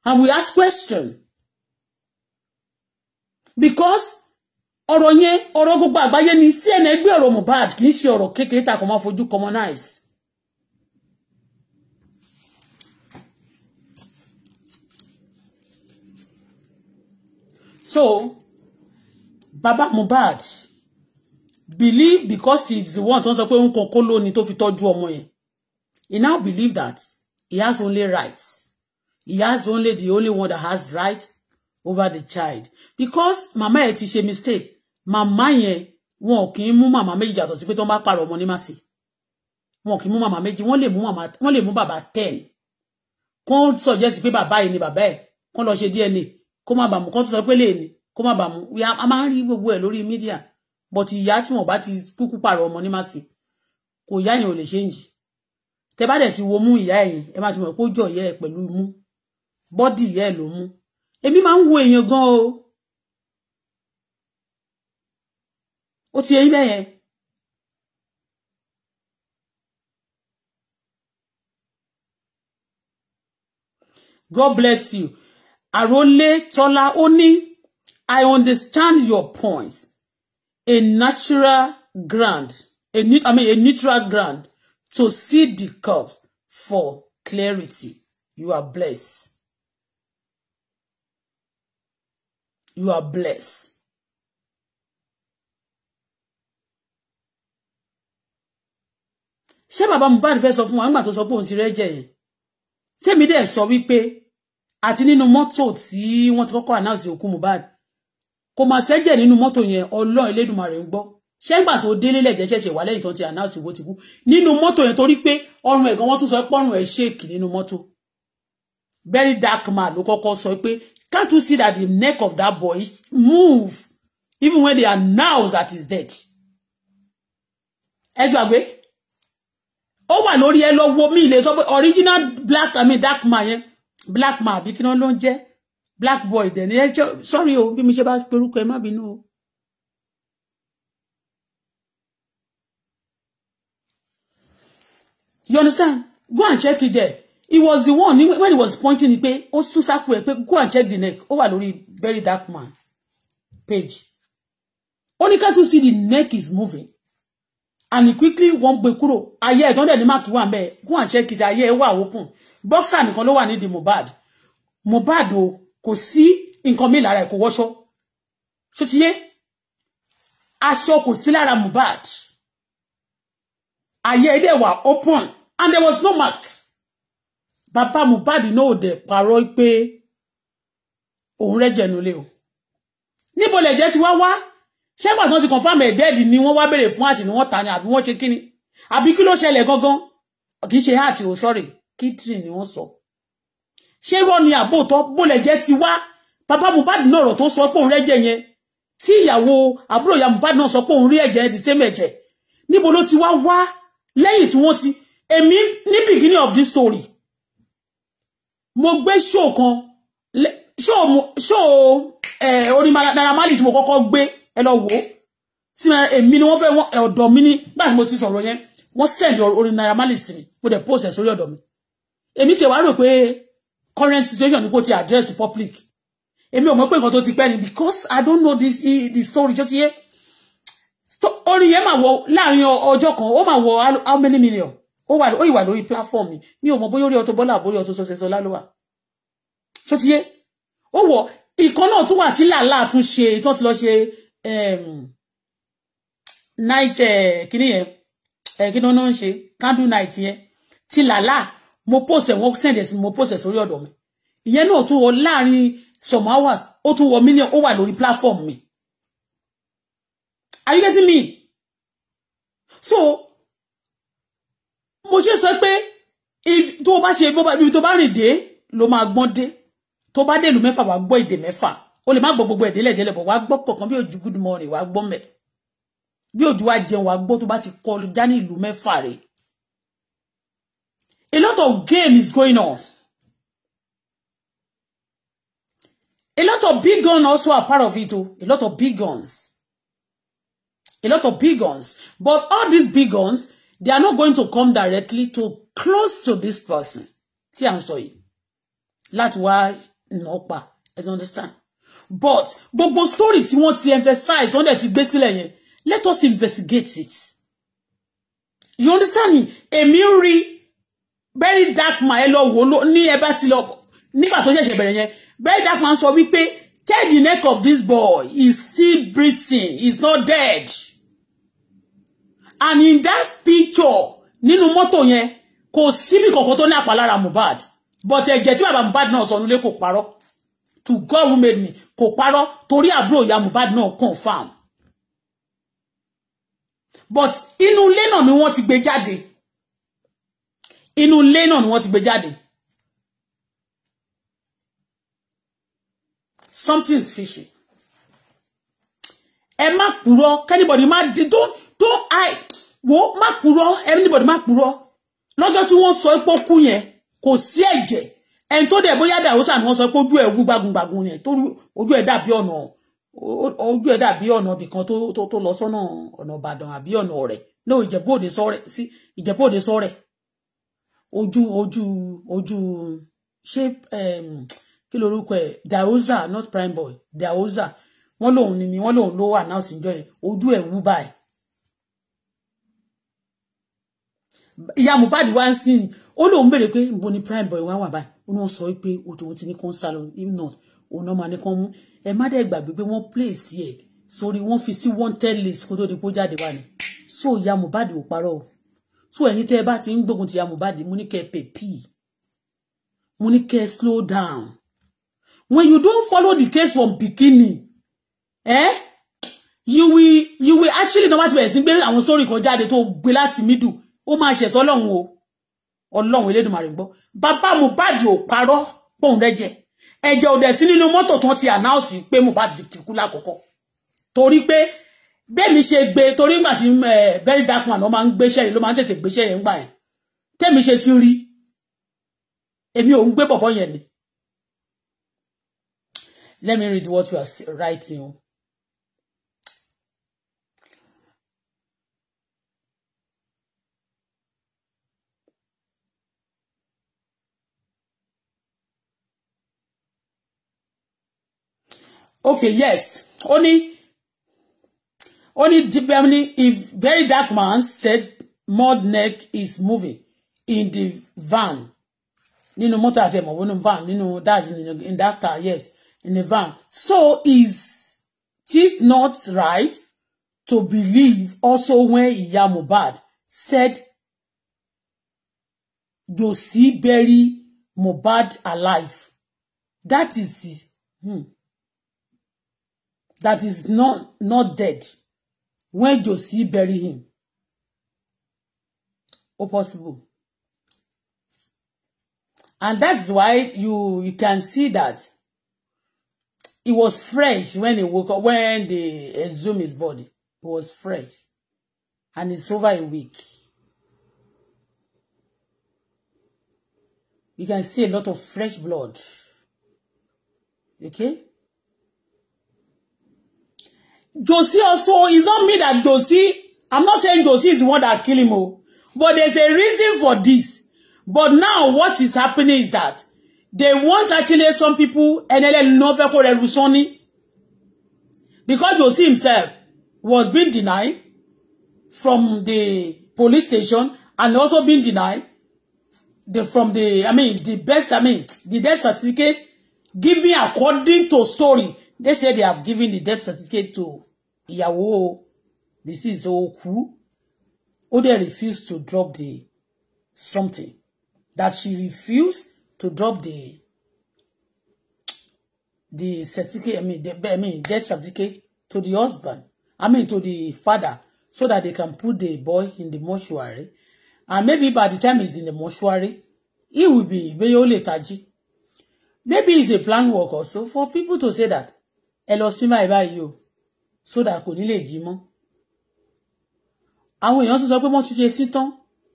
and we ask question because ọ̀rọ̀ yẹn ọ̀rọ̀ gbogbo àgbáyé ni CNN gbé ọ̀rọ̀ Mohbad kì í ṣe ọ̀rọ̀ kékeré tá máa fojú commonize so baba Mubad believe because he's the one tó ń sọ pé òun kan kó lónìí tó fi tọ́jú he now believe that he has only rights he has only the only one that has rights over the child because Mama yẹn ti mistake Mama ye, wọn ò kì í mú màmá méjì yàtọ̀ sí pé tó ń bá pààrọ̀ ọmọ ní màsì wọn kì í mú màmá méjì wọ́n lè ten kó suggest pé bàbá yìí ni bàbá ẹ̀ kó lọ ṣe DNA kó má bàa mú kó tó sọ pé lè ní kó má bàa mú a máa ń rí gbogbo ẹ̀ lórí mídíà but ìyá tí wọn bá ti kúkú pààrọ̀ ọmọ ní màsì kò ìyá yẹn ò lè ṣéǹjì tẹ bá dẹ̀ ti wo mú ìyá ẹ̀yìn ẹ máa ti mọ̀ pé ó jọ ìyá ẹ̀ pẹ̀lú imú bọ́dì ìyá ẹ̀ ló mú èmi máa ń wo èèyàn gan o ó ti eyín bẹ́ẹ̀ yẹn God bless you Arole Tola Oni, I understand your point. A natural ground, a, I mean a neutral ground to see the curves for clarity. You are blessed. You are blessed. ṣé Baba, Mohbad fẹ́ sọ fún wa nígbà tó sọ pé on ti rẹ́jẹ̀ yẹn tèmi dẹ̀ sọ wípé àti nínú mọ́tò tí wọ́n ti kọ́kọ́ announce òkú Mohbad kò mà sẹ́jẹ̀ nínú mọ́tò yẹn Ọlọ́run Elédùmarè ń gbọ́ ṣẹ́gbà tó délé lẹ̀jẹ̀ ṣẹ̀ṣẹ̀ wà lẹ́yìn tó ti announce owó ti kú nínú mọ́tò yẹn torí pé ọrùn ẹ̀gan wọ́n tún sọ pé ọrùn ẹ̀ ṣèkì nínú mọ́tò very dark man ló kọ́kọ́ sọ pé can't you see that the neck of that boy move even when they announce that is dead ẹ gbàgbé ó wà lórí ẹ lọ wo mí ilé sọ pé original black I mean dark man yẹn black man àbí kí náà ló ń jẹ́ black boy dẹ̀ ní ẹjọ́ sọ́rí o bí mi ṣe bá perúkọ ẹ má bínú o. you understand go and check it there he was the one when he was pointing pé ó tún sáku ẹ pé go and check the neck ó wà lórí very dark man page Only can ká see the neck is moving and he quickly wọ́n gbé kúrò ayé ẹ̀ tó ń dẹ̀ ní máàkì wà mẹ́ẹ̀ go and check it ayé ẹ̀ wà open boxer nìkan ló wà di Mohbad Mohbad o kò sí nǹkan míì lára ẹ̀ kò wọṣọ ti yé aṣọ kò sí lára Mohbad àyè ilé wà open and there was no mark bàbá Mohbad náà dẹ̀ parọ́ pé òun rẹ́jẹ̀ nulẹ̀ o níbo lẹ̀jẹ̀ ti wá wá ṣé gbàtàn ti confam ẹ̀ dẹ́ẹ̀dì ni wọ́n wá béèrè fún àti ni wọ́n ta ni àbí wọ́n ṣe kíni àbí kí ló ṣẹlẹ̀ gangan kì í heart o sorry kídìrín ni wọ́n so. ṣé rọ ni àbóòtọ́ bólẹ̀ jẹ́ ti wá bàbá Mohbad náà ọ̀rọ̀ tó so pé òun rẹ́jẹ̀ yẹn tí ìyàwó àbúrò ìyá Mohbad náà so pé òun rí ẹ̀jẹ̀ the same ẹ̀jẹ̀ níbo ló ti wá wá lẹ́yìn tí wọ́n ti èmi ní beginning of this story mo gbé ṣó kan ṣó eh, orí Naira Marley tí mo kọ́kọ́ gbé ẹ lọ wò ó tí èmi ni wọ́n fẹ́ ọ̀dọ̀ mi ní báyìí mo ti sọ̀rọ̀ yẹn wọ́n send orí Naira Marley sí mi mo dẹ̀ post ẹ̀ sórí ọ̀dọ̀ mi Emi ti wá rò pé current situation nípo ti address public Emi ò mọ̀ pé nǹkan tó ti pẹ́ ni because i don't know this the story ṣé ti ori orin yẹn máa wọ láàrin ọjọ́ kan o ma wo how many million ó wà ó ìwà lórí platform mi mi ò mọ̀ bóyá orí bola Bola àbórí Auto Success Ọlálọ́wà ṣé ti yé ó wọ ìkan náà tún wà tí làálà tún ṣe tán ti lọ ṣe ehm, night kìnìyẹn eh, kí ni eh, wọn náà ń ṣe candle night yẹn ti làálà mo post ẹ̀ wọ́n send ẹ̀ mo post ẹ̀ sori ọ̀dọ̀ mi ìyẹn náà tún wọ láàrin some hours o tún wọ million ó wà lórí platform mi are you getting me so mo ṣe sọ pé tó bá ṣe ibi tó bá rìn dé ló máa gbọ́n dé tó bá dèlù mẹ́fà wàá gbọ́ èdè mẹ́fà o le ma gbọ́ gbogbo ẹ̀dẹ́lẹ̀ ẹ̀dẹ́lẹ̀ bọ̀ wàá gbọ́ kọ̀ọ̀kan bí ojú good morning wàá gbọ́ mẹ́ bí ojú wa jẹun wàá gbọ́ tó bá ti kọjá ní ìlú mẹ́fà rèé A lot of game is going on. A lot of big guns also are part of it too. Oh. A lot of big guns. A lot of big guns. But all these big guns, they are not going to come directly to close to this person. See, I'm sorry. That's why no pa. I don't understand. But but but story You want ti emphasize on that ti gbé sílẹ̀ Let us investigate it. You understand me? A rí very dark man ẹ lọ wò ní ẹ bá ti lọ nígbà tó ṣẹ̀ṣẹ̀ bẹ̀rẹ̀ yẹn very dark man sọ wípé check the neck of this boy he's still breathing he's not dead and in that picture nínú mọ́tò yẹn kò síbi kankan tó ní àpàlára Mohbad but ẹ̀jẹ̀ tí bàbá Mohbad náà sọ nílé kò parọ́ to God who made me kò parọ́ torí àbúrò ìyá Mohbad náà confam but inú ilé náà ni wọ́n ti gbé jáde inú ilé náà ni wọ́n ti gbé jáde something's fishy ẹ má purọ́ kẹ́nìbọ̀dì má di tó tó àì wò má purọ́ ẹnìbọ̀dì má purọ́ lọ́jọ́ tí wọ́n sọ epo kú yẹn kò sí ẹ̀jẹ̀ ẹni tó dẹ̀ bóyá dàwọ́sà ni wọ́n sọ pé ojú ẹ̀ wú gbagungbagun yẹn tó ojú ẹ̀ dàbí ọ̀nà ojú ẹ̀ dàbí ọ̀nà ibìkan tó lọ sọ́nà ọ̀nà Ìbàdàn àbí ọ̀nà ọ̀rẹ́ náà Ìjẹ̀bú Òde sọ́rẹ̀ sí Ìjẹ̀bú ojú ojú ojú ṣé kí lorúkọ ẹ̀ daoza not prime boy daoza wọ́n lòun ni mi wọ́n lòun ló wà náà síjọ́ yẹn ojú ẹ̀ wú báyìí. ìyá Mohbad wá ń sìn ó lóun béèrè pé níbo ni prime boy wá wà báyìí ó náà sọ pé òtún ti ní kó ń sá lọ if not òun náà máa ní kó ń mú ẹ má dẹ́ gbàgbé pé wọ́n place ẹ̀ sórí wọ́n fi sí ten list kó tó di pé ó jáde wá ni so ìyá Mohbad ò parọ́ o so ẹ̀yin tẹ́ ẹ bá ti ń gbógun ti ya Mohbad mo ní kẹ́ ẹ pèpì mo ní kẹ́ ẹ slow down when you don't follow the case from beginning eh? you will you will actually know what ti bẹ̀rẹ̀ sí gbé àwọn story kan jáde tó gbé láti middle ó máa ṣẹ̀sọ́ ọlọ́run o ọlọ́run elédùnmarè gbọ́ bàbá Mohbad ò parọ́ pòun rẹ́jẹ̀ ẹ̀jẹ̀ ò dẹ̀ sí nínú mọ́tò tó ti announce pé Mohbad ti kú lákòókò torí pé bẹ́ẹ̀mi ṣe gbé torí ìgbà tí very eh, dark man ló máa ń gbéṣẹ́ yẹn ló máa ń tètè gbéṣẹ́ yẹn gbà yẹn tẹ́mi ṣe ti rí èmi ò ń gbé bọ̀bọ̀ yẹn ni. Let me read what you are writing. Okay, yes. Only ó ní dibemni if very dark man said mud neck is moving in the van nínú mọ́tò àti ẹ̀mọ̀ wọnú van nínú that in, in that car yes in the van so is this not right to believe also when ìyá Mohbad said dosi bury Mohbad alive that is hmm, that is not not dead when Josie bury him. Oh, possible. And that's why you, you can see that it was fresh when he woke up, when they exhumed his body. It was fresh. And it's over a week. You can see a lot of fresh blood. Okay? Josie also, it's not me that Josie, I'm not saying Josie is the one that killed him, all, oh. but there's a reason for this. But now what is happening is that they want actually some people, Enele Noveko Rusoni because Josie himself was being denied from the police station and also being denied the from the, I mean, the best, I mean, the death certificate given according to story They say they have given the death certificate to ìyàwó deceased òkú. Ode refused to drop the something. That she refused to drop the the certificate, I mean, the, I mean, death certificate to the husband. I mean, to the father, so that they can put the boy in the mortuary. And maybe by the time he's in the mortuary, he will be Mayole Taji. Maybe it's a plan work also for people to say that ẹ lọ sí máa báyìí o sódà kò ní lè jí mọ́ àwọn èèyàn tún sọ pé wọ́n ti ṣe sí tán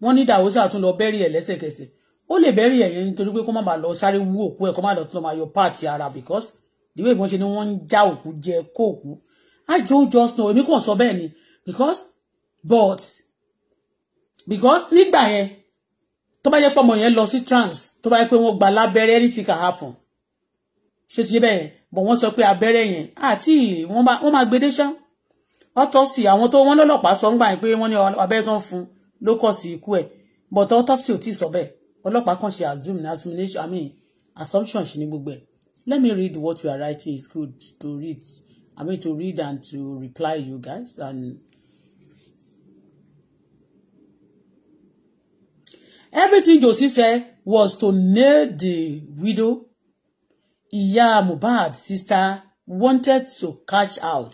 wọ́n ní dàwọ́sí àtún lọ bẹ́rì ẹ̀ lẹ́sẹ̀kẹsẹ̀ ó lè bẹ́rì ẹ̀yẹn nítorí pé kó má bàa lọ sáré wú òkú ẹ̀ kó má lọ tún lọ máa yọ páàtì ara because the way wọ́n ṣe ni wọ́n ń já òkú jẹ kó òkú I don't just know èmi kàn sọ bẹ́ẹ̀ ni because but because nígbà yẹn tó bá jẹ́ pé ọmọ yẹn lọ sí trance tó bá jẹ́ pé wọ́n gba lábẹ́rẹ́ anything can happen ṣé ti yé bẹ́ẹ̀ yẹn bọ̀ wọ́n sọ pé abẹ́rẹ́ yẹn àti wọ́n máa gbé dé ṣá autopsy àwọn tó wọ́n lọ́lọ́pàá sọ ń gbà yín pé wọ́n ní abẹ́rẹ́ tó ń fún ló kọ̀ sí ikú ẹ̀ but autopsy ò tí ì sọ bẹ́ẹ̀ ọlọ́pàá kan ṣe assume na assimilation i mean assumption ṣì ní gbogbo ẹ̀ let me read what you are writing is good to read i mean to read and to reply you guys and everything Josie said was to nail the widow ìyá Mohbad sister wanted to cash out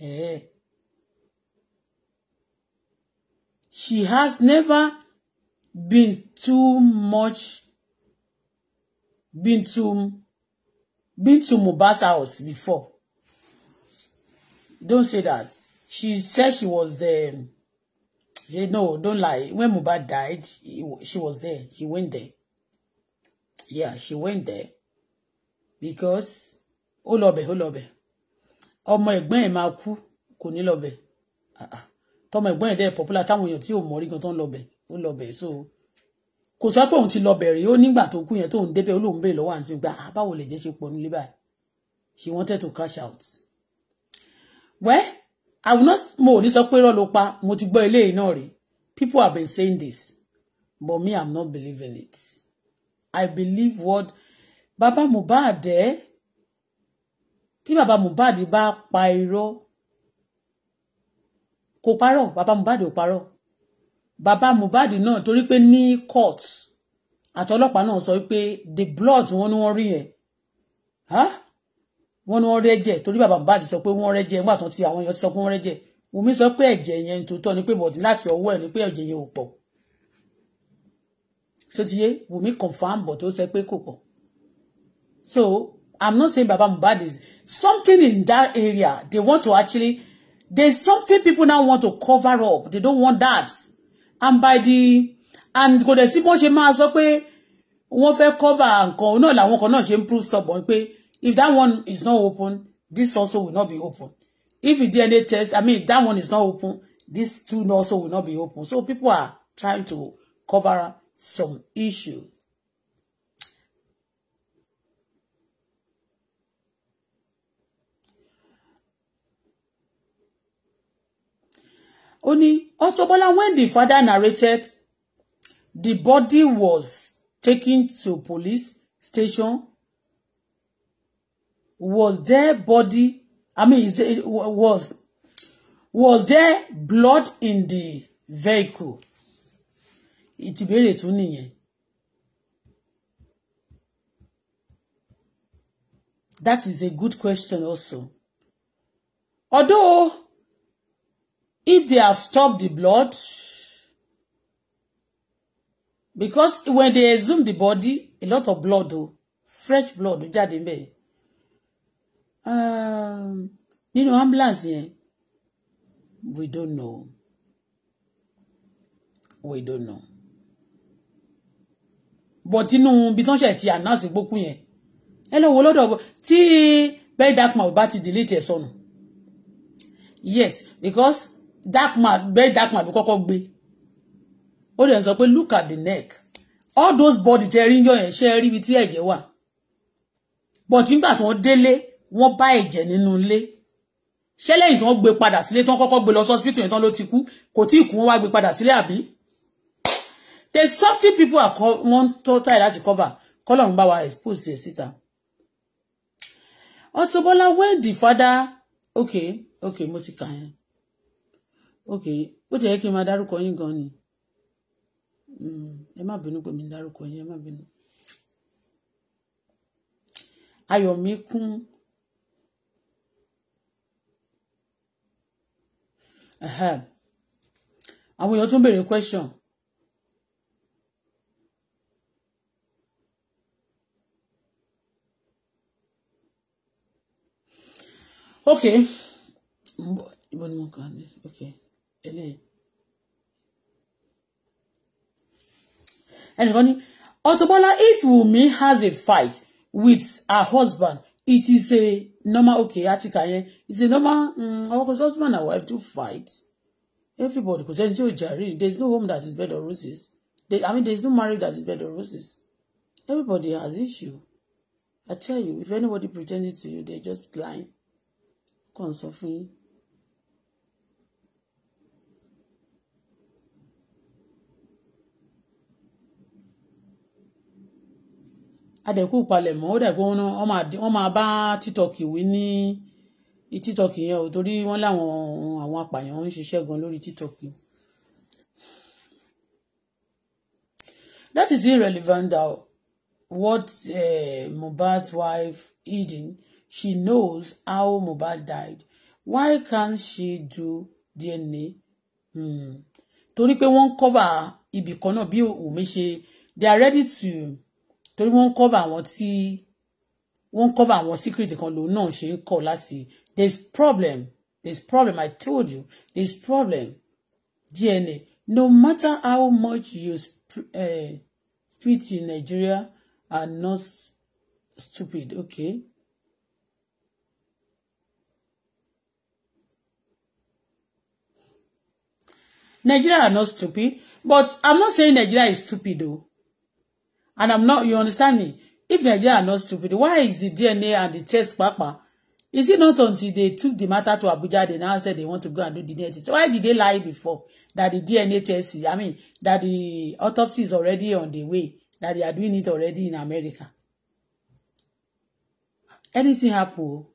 eh. she has never been too much been to been to Mohbad's house before don't say that she said she was there. Um, say no don't lie when Mohbad died he, she was there she went there yeah she went there because ó lọbẹ̀ ó lọbẹ̀ ọmọ ẹ̀gbọ́n ẹ̀ máa kú kò ní lọbẹ̀ tọmọ ẹ̀gbọ́n ẹ̀ dẹ́ popular táwọn èèyàn tí ò mọ̀ rí gan tó ń lọbẹ̀ ó lọbẹ̀ so kò sọ pé òun ti lọbẹ̀ rí ó nígbà tó kú yẹn tóun débẹ̀ ó lóun béèrè lọ́wọ́ àǹtí gba báwo lè jẹ́ ṣe pọ̀ nílé báyìí she wanted to cash out well I will not mo ò ní sọ pé rọ́ ló pa mo ti gbọ́ eléyìí náà rí people have been saying this but me I'm not believing it I believe what bàbá Mohbad ẹ tí bàbá Mohbad bá pa irọ́ kò parọ́ bàbá Mohbad ò parọ́ bàbá Mohbad náà torí pé ní court àtọlọ́pàá náà sọ pé the blood wọn ni wọ́n rí yẹn wọ́n ní wọ́n rẹ́jẹ̀ torí bàbá Mohbad sọ pé wọ́n rẹ́jẹ̀ nígbà tó ti àwọn èèyàn ti sọ pé wọ́n rẹ́jẹ̀ Wùmí sọ pé ẹ̀jẹ̀ yẹn tó tọ́ ni pé bọ̀dí láti ọwọ́ ẹ̀ ni pé ẹ̀jẹ̀ yẹn ò pọ̀ sotiye Wùmí confam bọ̀ tó sẹ pé kò pọ̀ So I'm not saying Baba Mohbad is something in that area. They want to actually, there's something people now want to cover up. They don't want that. And by the, and kò dẹ̀ sí bọ́n ṣe máa sọ pé wọ́n fẹ́ cover nǹkan náà làwọn kan náà ṣe ń prove stubborn pé if that one is not open, this also will not be open. If the DNA test, I mean, that one is not open, this too also will not be open. So people are trying to cover some issue. ó ní Auto Bola when the father narrated the body was taken to police station was there body I mean is there, was was there blood in the vehicle ìtìbéèrè tún nìyẹn that is a good question also although if they have stopped the blood, because when they exhume the body, a lot of blood, though, fresh blood, jáde ńbẹ̀. Um, nínú ambulance yẹn, we don't know. We don't know. But you know, tán ṣe ti announce gbókú yẹn, ẹ lọ wo lọ́dọ̀ tí bẹ́ẹ̀ dark man ò bá ti delete Yes, because dark man very dark man bí kọ́kọ́ gbé ó dẹ̀ sọ pé look at the neck all those body tearing rí yọ yẹn ṣe rí ibi tí ẹ̀jẹ̀ but nígbà tí wọ́n délé wọ́n bá ẹ̀jẹ̀ nínú ilé ṣé lẹ́yìn tí wọ́n gbé padà sílé tí wọ́n kọ́kọ́ gbé lọ sọ́sìpítù yẹn tán ló ti kú kò tí ì kú wọ́n wá gbé padà sílé àbí people are call wọ́n tó that láti cover Call on wa expose the síta. Auto Bola when the father okay okay mo ti kà ok bó ti yẹ kí n máa dárúkọ yín gan ni hmm, ẹ má bínú pé mi ń dárúkọ yín ẹ má bínú. ayọ̀mí kún àwọn èèyàn tún béèrè question. Ok, ibo ni mo kàn ní okay eléyìí ẹnìkan ní Auto Bola if Wunmi has a fight with her husband it is a normal okay atika yẹn it's a normal mm, our um, husband and wife do fight everybody kò sẹ́ni tí ò jàre there is no home that is bed of roses there, I mean there is no marriage that is bed of roses everybody has issue I tell you if anybody pretending to you they just lying kàn sọ fún yín. adẹ̀kú palẹ̀mọ́ ó dẹ̀ pé máa bá títọ́kì wí ní títọ́kì yẹn o torí wọ́n láwọn àwọn apààyàn ń ṣiṣẹ́ gan lórí títọ́kì. that is irrelevant that what uh, Mohbad's wife Eden she knows how Mohbad died why can't she do DNA? Hmm. torí pé wọ́n cover ibì kan náà bí òun ṣe they are ready to torí wọ́n ń cover àwọn tí wọ́n ń cover àwọn secret kan lòun náà ṣe ń kọ̀ láti there is problem there is problem I told you there is problem DNA no matter how much you uh, in Nigeria are not stupid okay. Nigeria are not stupid but I'm not saying Nigeria is stupid though and i'm not you understand me if nigeria are not stupid why is the dna and the test papa is it not until they took the matter to abuja they now said they want to go and do the dna test why did they lie before that the dna test i mean that the autopsy is already on the way that they are doing it already in america anything happen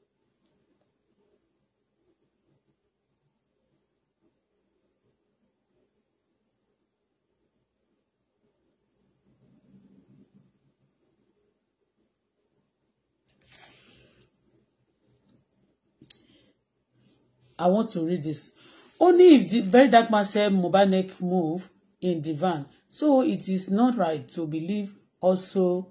I want to read this. Only if the very dark man said Mubarak move in the van, so it is not right to believe also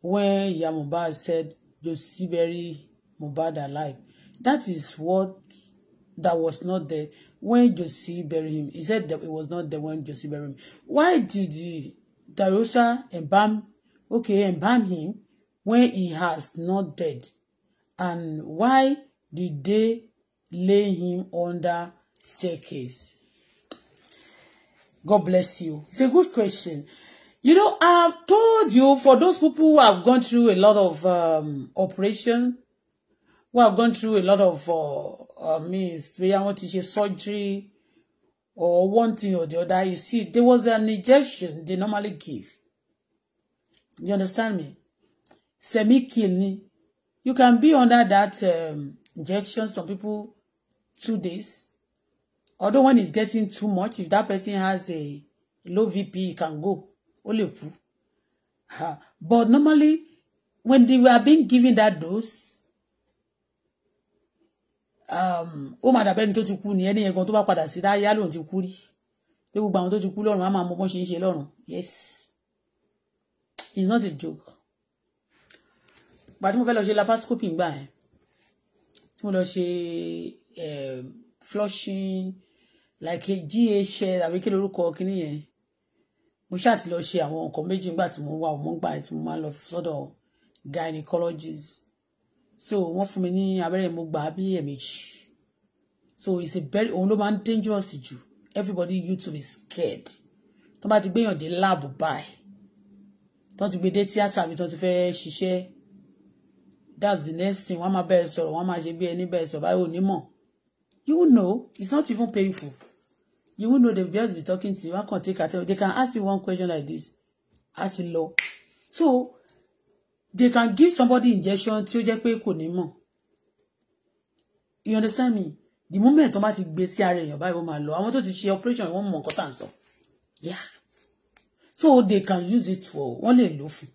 when Iya Mohbad said Josey bury Mohbad alive. That is what that was not there when Josie buried him. He said that it was not there when Josie buried him. Why did the Darosa embalm, okay, embalm him when he has not dead? And why did they lay him under staircase. God bless you. It's a good question. You know, I've told you for those people who have gone through a lot of um, operation, who have gone through a lot of uh, uh, means, they want to say surgery or one thing or the other. You see, there was an injection they normally give. You understand me? Semi-kidney. You can be under that um, injection. Some people two days. Although one is getting too much, if that person has a low VP, he can go. Olepu. But normally, when they were being given that dose, um, o ma da ni tó ti kú ni ẹni yẹn gan tó bá padà sí dáyà lòun ti kú rí pé gbogbo àwọn tó ti kú lọ́run á máa mọ bọ́n ṣe ń ṣe yes it's not a joke But mo fẹ́ lọ ṣe laparoscopy gbà yẹn tí mo lọ ṣe Um, flushing like ga share àbí kí lorúkọ kíní yẹn mo ṣáà ti lọ ṣe àwọn nǹkan méjì nígbà tí mo wà ọmọ gbà tí mo máa lọ sọ́dọ̀ gynecologist so wọ́n fún mi ní abẹ́rẹ́ mo gbà bí ẹ̀mejì so it's a very òun ló máa ń dangerous jù everybody you to be scared tó bá ti gbéyàn dé lab báyìí tó ti gbé dé tíátà mi tó ti fẹ́ ṣiṣẹ́ that's the next thing wọ́n máa bẹ̀rẹ̀ sọ̀rọ̀ wọ́n máa ṣe bí ẹni bẹ̀rẹ̀ sọ̀rọ̀ báyìí ò ní mọ̀ You will know. It's not even painful. You will know they'll just be talking to you. One can take They can ask you one question like this. As in law. So, they can give somebody injection tí ó jẹ́ pé kò You understand me? The moment automatic bá ti gbé sí ara èèyàn báyìí wọ́n máa lọ. Àwọn operation one more cut tá à Yeah. So they can use it for only lè lò fún.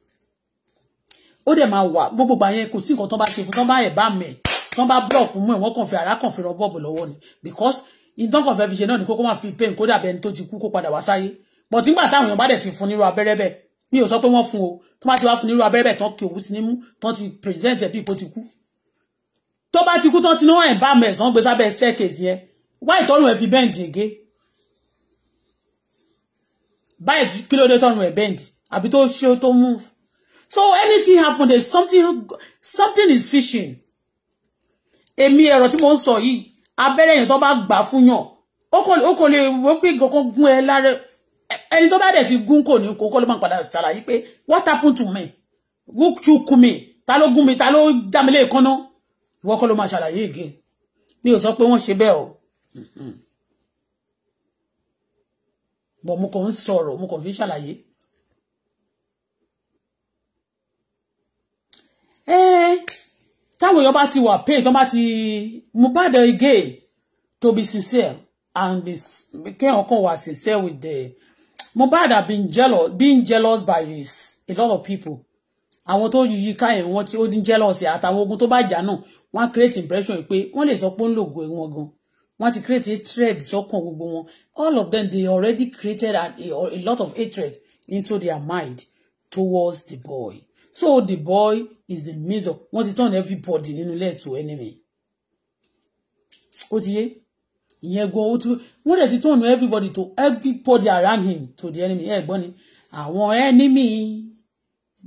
Ó dẹ̀ máa wà gbogbo gbà yẹn kò sí nǹkan tó bá ṣe fún tó bá ẹ̀ bá mẹ̀ wọ́n bá block mú ẹ̀ wọ́n kàn fi ara kàn fi rọ bọ́ọ̀bù lọ́wọ́ ni because ìdán kàn fẹ́ fi ṣe náà ni kókó máa fi pain kó dàbẹ́ ẹni tó ti kú kó padà wá sáyé but nígbà táwọn èèyàn bá dẹ̀ ti fún nírú abẹ́rẹ́ bẹ́ẹ̀ mi ò sọ pé wọ́n fún o tó bá ti wá fún nírú abẹ́rẹ́ bẹ́ẹ̀ tán kí òwú sí ní mú tán ti present ẹ̀ bí ipò ti kú tó bá ti kú tán ti náà ẹ̀ bá mẹ̀ tán gbé sábẹ́ staircase yẹn wá ìtọ́rùn ẹ̀ fi bend again báyìí kí ló dé tọ́rùn ẹ̀ bend àbí tó ṣe tó move so anything happen there something something is fishing èmi ẹ̀rọ tí mo ń sọ yìí abẹ́rẹ́ yẹn tó bá gbà fún yàn ó kò lè wọ́n pé kankan gún ẹ lára ẹni tó bá dẹ̀ ti gún kò ní kó kó ló máa padà ṣàlàyé pé what happened to me who shook me ta ló gún mi ta ló dá mi léèkánná ìwọ kọ́ ló máa ṣàlàyé again mi ò sọ pé wọ́n ṣe bẹ́ẹ̀ o bọ̀ mo kàn ń sọ̀rọ̀ mo kàn fi ń ṣàlàyé. Eh, táwọn èèyàn bá ti wà pay tó bá ti Mohbad again to be sincere and be kéèyàn kàn wà sincere with the Mohbad have been jealous being jealous by his a lot of people àwọn tó yí ká ẹ̀ wọ́n tí ó dín jealous àtàwọn ogun tó bá jà náà wọ́n á create impression pé wọ́n lè sọ pé ó ń lògùn ẹ̀wọ̀n gan wọ́n ti create hatred sọ́kàn gbogbo wọn all of them they already created a, a lot of hatred into their mind towards the boy so the boy is the middle wọ́n ti turn everybody nínú ilé ètò enemy ó ti yé ìyẹn gan ó tún wọ́n dẹ̀ ti turn everybody to everybody around him to the enemy ẹ̀ gbọ́n ni àwọn enemy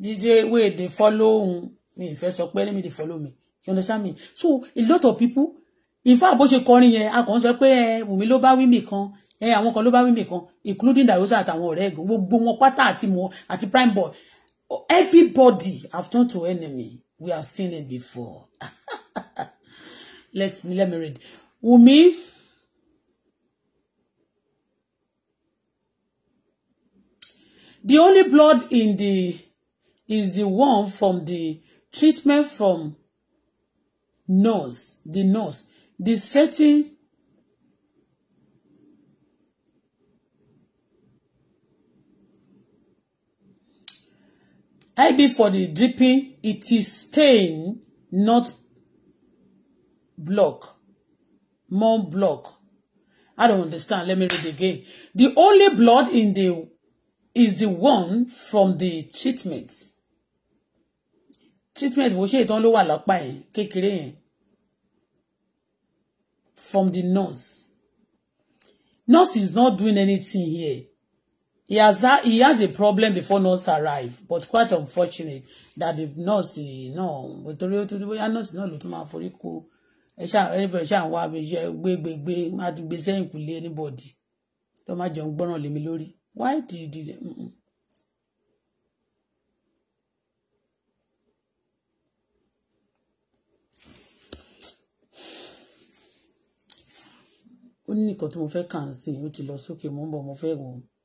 dídé wey dey follow me. mi ìfẹ́ sọ pé enemy dey follow me you understand me so a lot of people in fact bó ṣe kọrin yẹn a kàn sọ pé ẹ wùmí ló bá wí mi kan ẹ àwọn kan ló bá wí mi kan including dayosa àtàwọn ọ̀rẹ́ ẹ̀gbọ́n gbogbo wọn pátá àti mọ àti prime boy everybody have turned to enemy we have seen it before [laughs] let's let me read Wumi the only blood in the is the one from the treatment from nurse the nurse the setting IB for the dripping, it is stain, not block. More block. I don't understand. Let me read again. The only blood in the is the one from the treatment. Treatment wo ṣe don't know, what lápá yẹn kékeré yẹn from the nurse. Nurse is not doing anything here he has ha he has a problem before nurse arrive but quite unfortunate that the nurse náà torí ó tún bóyá nurse náà ló tún máa forí kó ẹ ṣáà ẹ fẹ́ ṣáà wá gbégbégbé má tún gbé sẹ́yìn kùlé anybody tó má jẹun gbọ́ràn lèmi lórí why did you do that. Mm -mm. ó ní nǹkan tí mo fẹ́ kà ń sìn ó ti lọ sókè mo ń bọ̀ mo fẹ́ wò ó.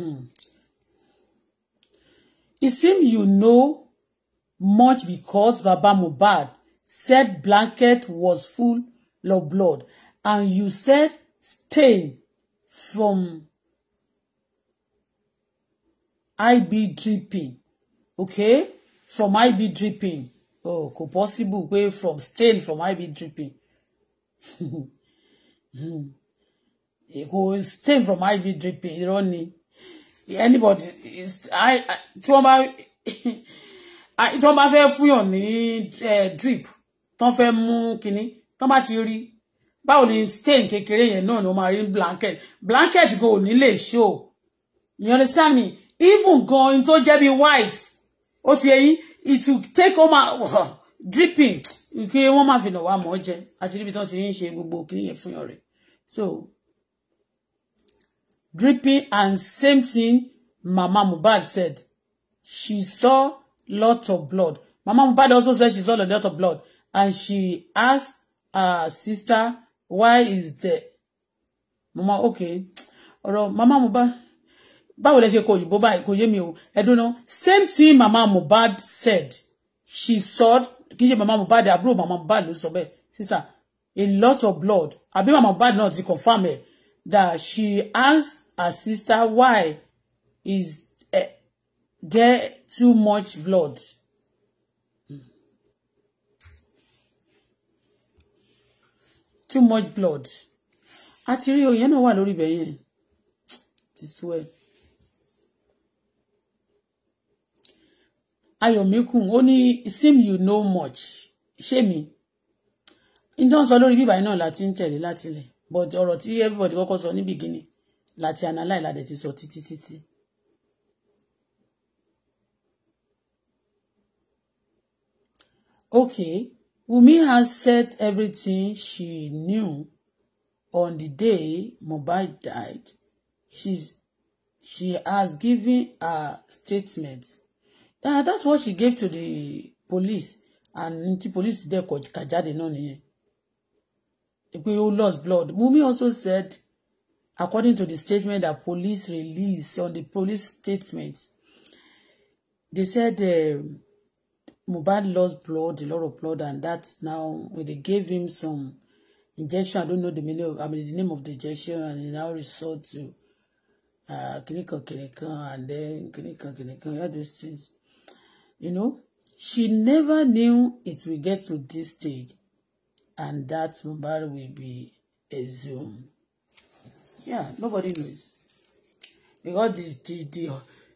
Hmm. It seems you know much because Baba Mubad said blanket was full of blood and you said stain from IB dripping. Okay? From IB dripping. Oh, kò possible way from stain from IB dripping. [laughs] Hmm. Kò stain from IB dripping, irọ́ anybody is I tí wọ́n bá [laughs] tí wọ́n bá fẹ́ fúyàn ní drip tán fẹ́ mú kinní tán bá ti rí báwo ni stain kékeré yẹn náà ni wọ́n máa rí blanket blanket go ní lè show you understand me even gan tó jẹ́ bí white ó ti ẹyin it will take over [laughs] dripping kí wọ́n má fi nà wá mọ́ jẹ àti níbi tán ti ń ṣe gbogbo kinní yẹn fúyàn rẹ̀ so dripping and same thing Mama Mohbad said. She saw lot of blood. Mama Mohbad also said she saw a lot of blood. And she asked her sister, why is the... Mama, okay. Ọ̀rọ̀ Mama Mohbad, báwo lẹ ṣe kọ òyìnbó báyìí kò yé mi o. I don't know. Same thing Mama Mohbad said. She saw, kì í ṣe Mama Mohbad, àbúrò Mama Mohbad ló sọ bẹ́ẹ̀. Sister, a lot of blood. Àbí Mama Mohbad náà ti confirm ẹ̀ that she asked her sister why is eh, there too much blood. Too much blood. àti rí oyè náà wà lórí ibẹ̀ yẹn ti sú ẹ̀. ayọ̀míkùn seem you know much Shame me. In tó ń sọ lórí bíbáyìí náà láti ń tẹ̀lé látilẹ̀ but ọ̀rọ̀ tí everybody kọ́kọ́ sọ ní beginning láti analyze la dẹ̀ ti sọ títí títí. okay Wunmi has said everything she knew on the day Mohbad died she's she has given her statement uh, that's what she gave to the police and ti police dẹ̀ kọ̀ kà jáde náà nìyẹn We lost blood. Mumi also said, according to the statement that police released on the police statement, they said uh, Mohbad lost blood, a lot of blood, and that's now when they gave him some injection. I don't know the name of, I mean, the name of the injection, and he now resort to uh, clinical, and then clinical, clinical. all these things. You know, she never knew it will get to this stage and that mobile will be a Zoom. Yeah, nobody knows. Because the, the, the,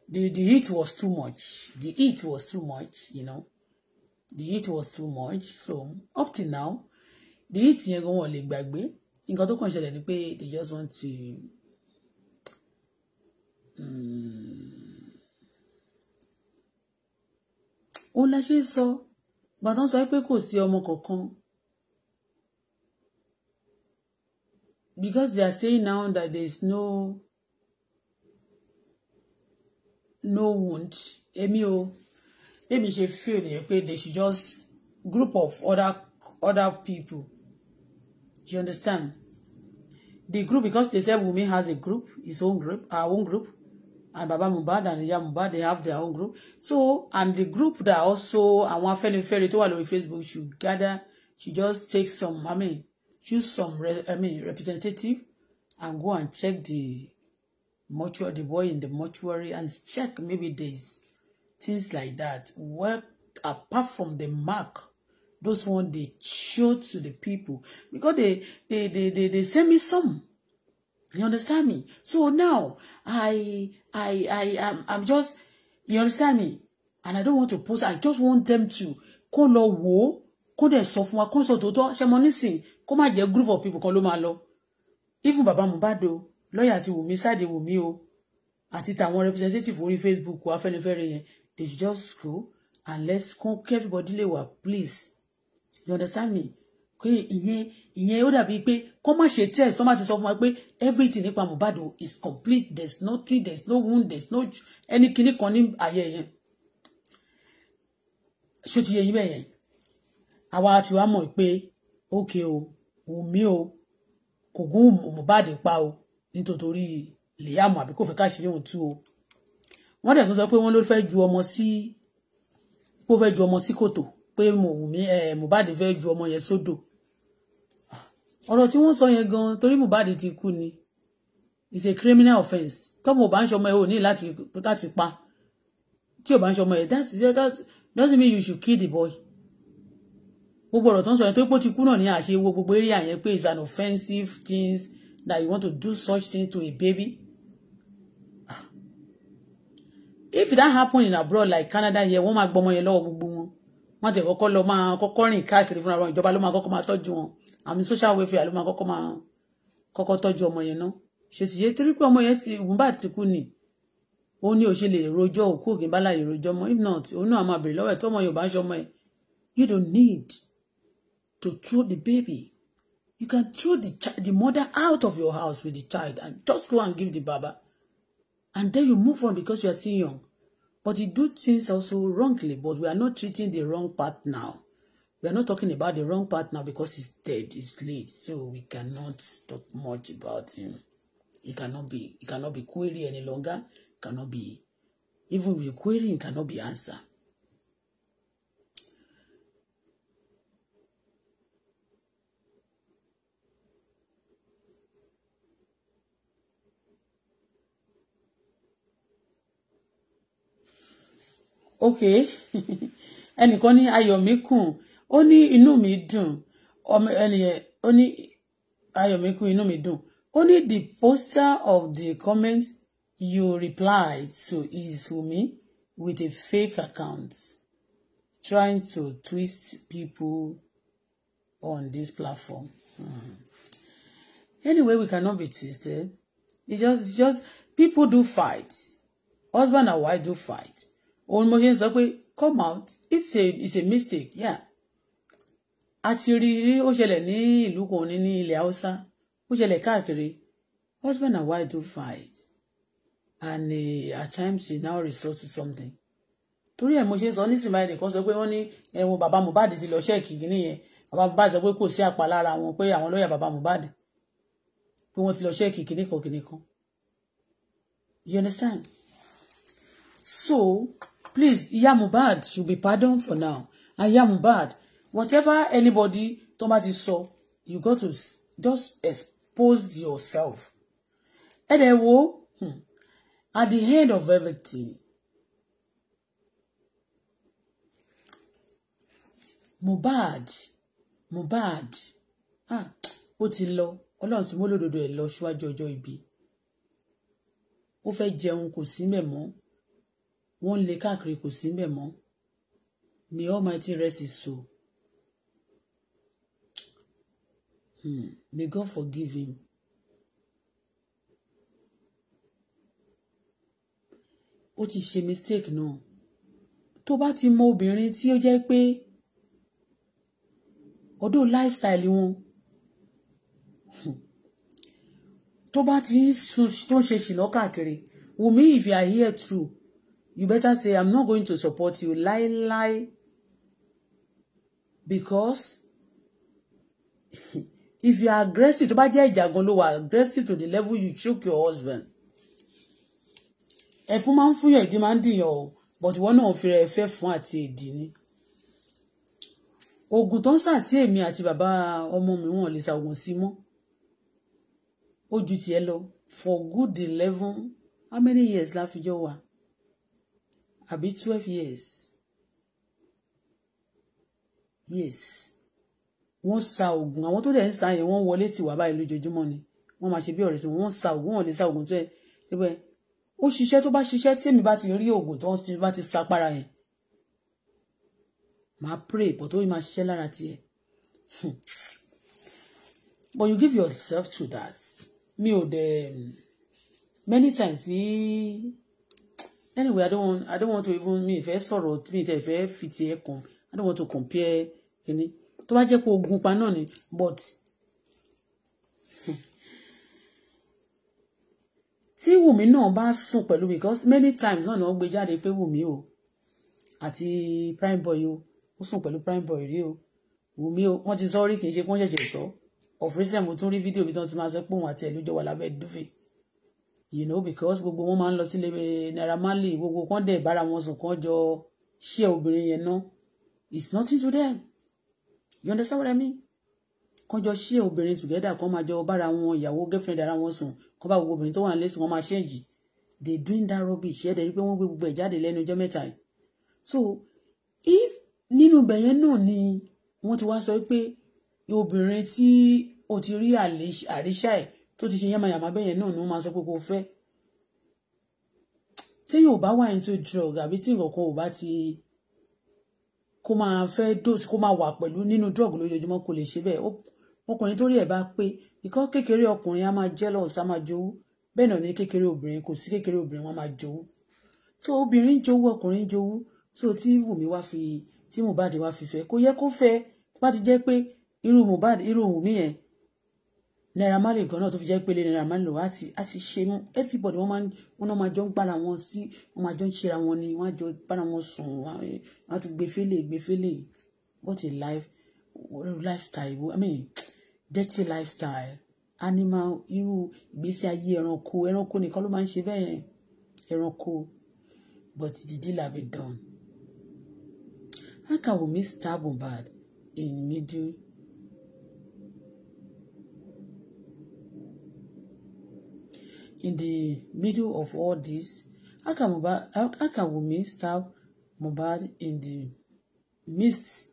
the, the heat was too much. The heat was too much, you know. The heat was too much. So, up till now, the heat yẹn gan wọn lè gbàgbé. Nǹkan tó kàn ṣẹlẹ̀ ni pé they just want to òun la ṣe ń sọ gbàtàn sọ pé kò sí ọmọ kankan because they are saying now that there is no no wound èmi o èmi ṣe feel okay. they should just group of other other people you understand the group because they say Wunmi has a group his own group our own group and Baba Mohbad and Iya Mohbad they have their own group so and the group that also àwọn Afẹ́nifẹ́re tó wà lórí Facebook should gather should just take some I mean choose some re I mean representative and go and check the mortuary the boy in the mortuary and check maybe there's things like that well apart from the mark those one they show to the people because they they they they, they send me some you understand me so now i i i am I'm, I'm just you understand me and i don't want to post i just want them to call lọ wò kó dẹ̀ sọ fún wa kó sọ tòótọ́ ṣe mọ nísìn kó má jẹ́ group of people kan ló máa lọ ifu bàbá Mohbad o lọ́ọ̀yà ti Wùmí sáàdì Wùmí o àti tàwọn representative orí Facebook wa Afẹ́nifẹ́re yẹn they should just go and let's come kí everybody lè wà please you understand me pé ìyẹn ìyẹn ó dàbí pé kó má ṣe test tó má ti sọ fún wa pé everything nípa Mohbad is complete There's nothing There's no wound There's no any kinní kan ní ayé yẹn ṣó ti yẹ yín bẹ́ẹ̀ yẹn àwa ti wá mọ̀ pé ókè o Wùmí o kò gún Mohbad pa o nítorí Liam àbí kò fẹ́ káṣírí òun tú o wọ́n dẹ̀ tún sọ pé wọ́n ló fẹ́ ju ọmọ sí kó fẹ́ ju ọmọ sí kòtò pé Mohbad fẹ́ ju ọmọ yẹn sódò ọ̀rọ̀ tí wọ́n sọ yẹn gan torí Mohbad ti kú ni is a criminal offence tọ́mọ ò bá ń ṣọmọ ẹ ò ní láti pa tí ò bá ń ṣọmọ ẹ that doesn't mean you should kill the boy gbogbo ọ̀rọ̀ tó ń sọ yẹn tó pé ti kú náà ní àṣẹ wo gbogbo eré àyẹn pé it's an offensive things that you want to do such thing to a baby ah. if that happen in abroad like Canada yẹn wọ́n máa gbọmọ yẹn lọ́wọ́ gbogbo wọn wọ́n ti kọ́kọ́ lọ máa kọ́kọ́ rìn káàkiri fúnra wọn ìjọba ló máa kọ́kọ́ máa tọ́jú wọn àmì social welfare ló máa kọ́kọ́ máa kọ́kọ́ tọ́jú ọmọ yẹn náà ṣètì yé torí pé ọmọ yẹn ti wùmbà ti kú ni ó ní òṣè lè rojọ́ òkú òkè bá láyè rojọ́ mọ́ if not òun náà máa bèrè lọ́wọ́ ẹ̀ tó ọmọ Yorùbá ń ṣe ọmọ ẹ̀ you don't need to throw the baby. You can throw the, the mother out of your house with the child and just go and give the baba. And then you move on because you are still young. But you do things also wrongly, but we are not treating the wrong part now. We are not talking about the wrong part now because he's dead, he's late, so we cannot talk much about him. He cannot be, he cannot be queried any longer, cannot be, even if you query, he cannot be answered. okay ẹnìkan ní ayọ̀ mi kùn ó ní inú mi dùn ọmọ ẹnìyẹn ó ní ayọ̀ mi kùn inú mi dùn ó ní the poster of the comment you replied to is Wunmi with a fake account trying to twist people on this platform. Mm. Anyway, we cannot be twisted. It's just, it's just people do fight. Husband and wife do fight òun mo ṣe ń sọ pé come out if it's a mistake yeah a ti rí rí ó ṣẹlẹ̀ ní ìlú kan ní ní ilẹ̀ haúsá ó ṣẹlẹ̀ káàkiri husband and wife do fight and uh, at times she now resort to something torí ẹ̀ mo ṣe ń sọ nísìnyí nìkan sọ pé wọ́n ní ẹ̀wọ̀n bàbá Mohbad ti lọ ṣẹ́ẹ̀kì nìyẹn bàbá Mohbad sọ pé kò sí àpá lára wọn pé àwọn lọ́ọ̀yà bàbá Mohbad pé wọ́n ti lọ ṣẹ́ẹ̀kì kìnnìkan kìnnìkan you understand so please ìyá Mohbad should be pardoned for now and ìyá Mohbad whatever anybody tó saw, you got to just expose yourself Edewo hmm, at the head of everything Mohbad Mohbad ah ó ti lọ Ọlọ́run ti mú olódodo ẹ̀ lọ síwájú ọjọ́ ibi ó fẹ́ jẹun kò sí mẹ́mọ́ wọ́n ń le káàkiri kò sí mbẹ̀ mọ́ may almighty rest his soul hmm. may God forgive him. ó ti ṣe mistake náà tó bá ti mọ obìnrin tí ó jẹ́ pé ọdún lifestyle wọn tó bá ti ń ṣe ṣìlọ́ káàkiri Wùmí if you are true you better say i'm not going to support you lie lie because [laughs] if you are aggressive to bá jẹ́ ìjà gan ló wà aggressive to the level you choke your husband ẹ̀fún máa ń fúyàn ìdí máa ń dìyàn o but ìwọ náà fi rẹ̀ ẹ̀fẹ́ fún àti èdè ni oògùn tó ń sà sí èmi àti bàbá ọmọ mi wọn lè ṣàwọn sí mọ́ ó ju tiẹ̀ lọ for good eleven how many years la fi jọ wà àbí twelve years yes wọ́n sa oògùn àwọn tó dẹ̀ ń sa yẹn wọ́n wọlé tì wá báyìí lójoojúmọ́ ni wọ́n máa ṣe bí ọ̀rẹ́ sí wọn wọ́n sa oògùn wọ́n lè sa oògùn tó yẹ síbẹ̀ ó ṣiṣẹ́ tó bá ṣiṣẹ́ tí èmi bá ti rí oògùn tó ń bá ti sa para yẹn máa pray but ó máa ṣiṣẹ́ lára tiẹ̀ hmm. but you give yourself to that mi ò dẹ̀ many times tí anyway i don't i don't want to even mi ìfẹ́ sorrow, mi ìfẹ́ ìfẹ́ fi ti ẹ̀ kàn i don't want to compare kìíní To bá jẹ́ pé ogun pa náà ni but [laughs] tí wùmí náà bá sùn pẹ̀lú because many times náà ni wọ́n gbé jáde pé wùmí o àti prime boy o ó sùn pẹ̀lú prime boy rí o wùmí o wọ́n ti sọ rí kì í ṣe pé wọ́n ṣẹ̀ṣẹ̀ sọ ọ̀fíìsì ẹ̀ mo tún rí fídíò bí wọ́n ti máa sọ pé òun àti ẹ̀ ló jọ wà you know because gbogbo wọn máa ń lọ sílé eh, Naira Marley gbogbo kan dẹ̀ bára wọn sùn kan jọ ṣíẹ obìnrin yẹn náà it's nothing to them you understand what I mean kan jọ ṣíẹ obìnrin together kan máa jọ bára wọn ìyàwó girlfriend ara wọn sùn kan bá gbogbo obìnrin tó wà ní lẹ́sìn wọn máa ṣẹ́ǹjì they doing that rubbish ẹ̀ dẹ̀ rí pé wọ́n gbé gbogbo ẹ̀ jáde lẹ́nu ọjọ́ mẹ́ta so if nínú ibẹ̀ yẹn náà ni wọ́n ti wá sọ pé obìnrin tí o ti rí àríṣà ẹ̀ tó ti ṣe yamayama bẹ́yẹn náà ni wọ́n máa sọ pé kò fẹ́ téèyàn ò bá wà into drug àbí tí nǹkan kan ò bá ti kó máa fẹ́ dose kó máa wà pẹ̀lú nínú drug lójoojúmọ́ kò lè ṣe bẹ́ẹ̀ ọkùnrin tó rí ẹ̀ bá pé ìkọ́ kékeré ọkùnrin á máa jealous á máa jowú bẹ́ẹ̀ náà ní kékeré obìnrin kò sí kékeré obìnrin wọn máa jowú so obìnrin jowú ọkùnrin jowú so tí Wùmí wá fi tí Mohbad wá fi fẹ́ kò yẹ kó fẹ́ tó bá ti jẹ́ pé irú Mohbad irú Wùmí yẹn Naira Marley gan náà tó fi jẹ́ pélé Naira Marley wá àti àti ṣe mú everybody wọ́n máa ń wọ́n náà máa jọ ń gbára wọn sí wọ́n máa jọ ń ṣera wọn ni wọ́n á jọ bára wọn sùn wọ́n á tún gbé fẹ́lẹ̀ gbé fẹ́lẹ̀ what a life lifestyle I mean dirty lifestyle animal irú ìgbésí ayé ẹranko ẹranko nìkan ló máa ń ṣe bẹ́ẹ̀ ẹranko but the deal have been done. How can we stab Mohbad in middle in the middle of all this? How can Mohbad, how, how can Wunmi stab Mohbad in the midst,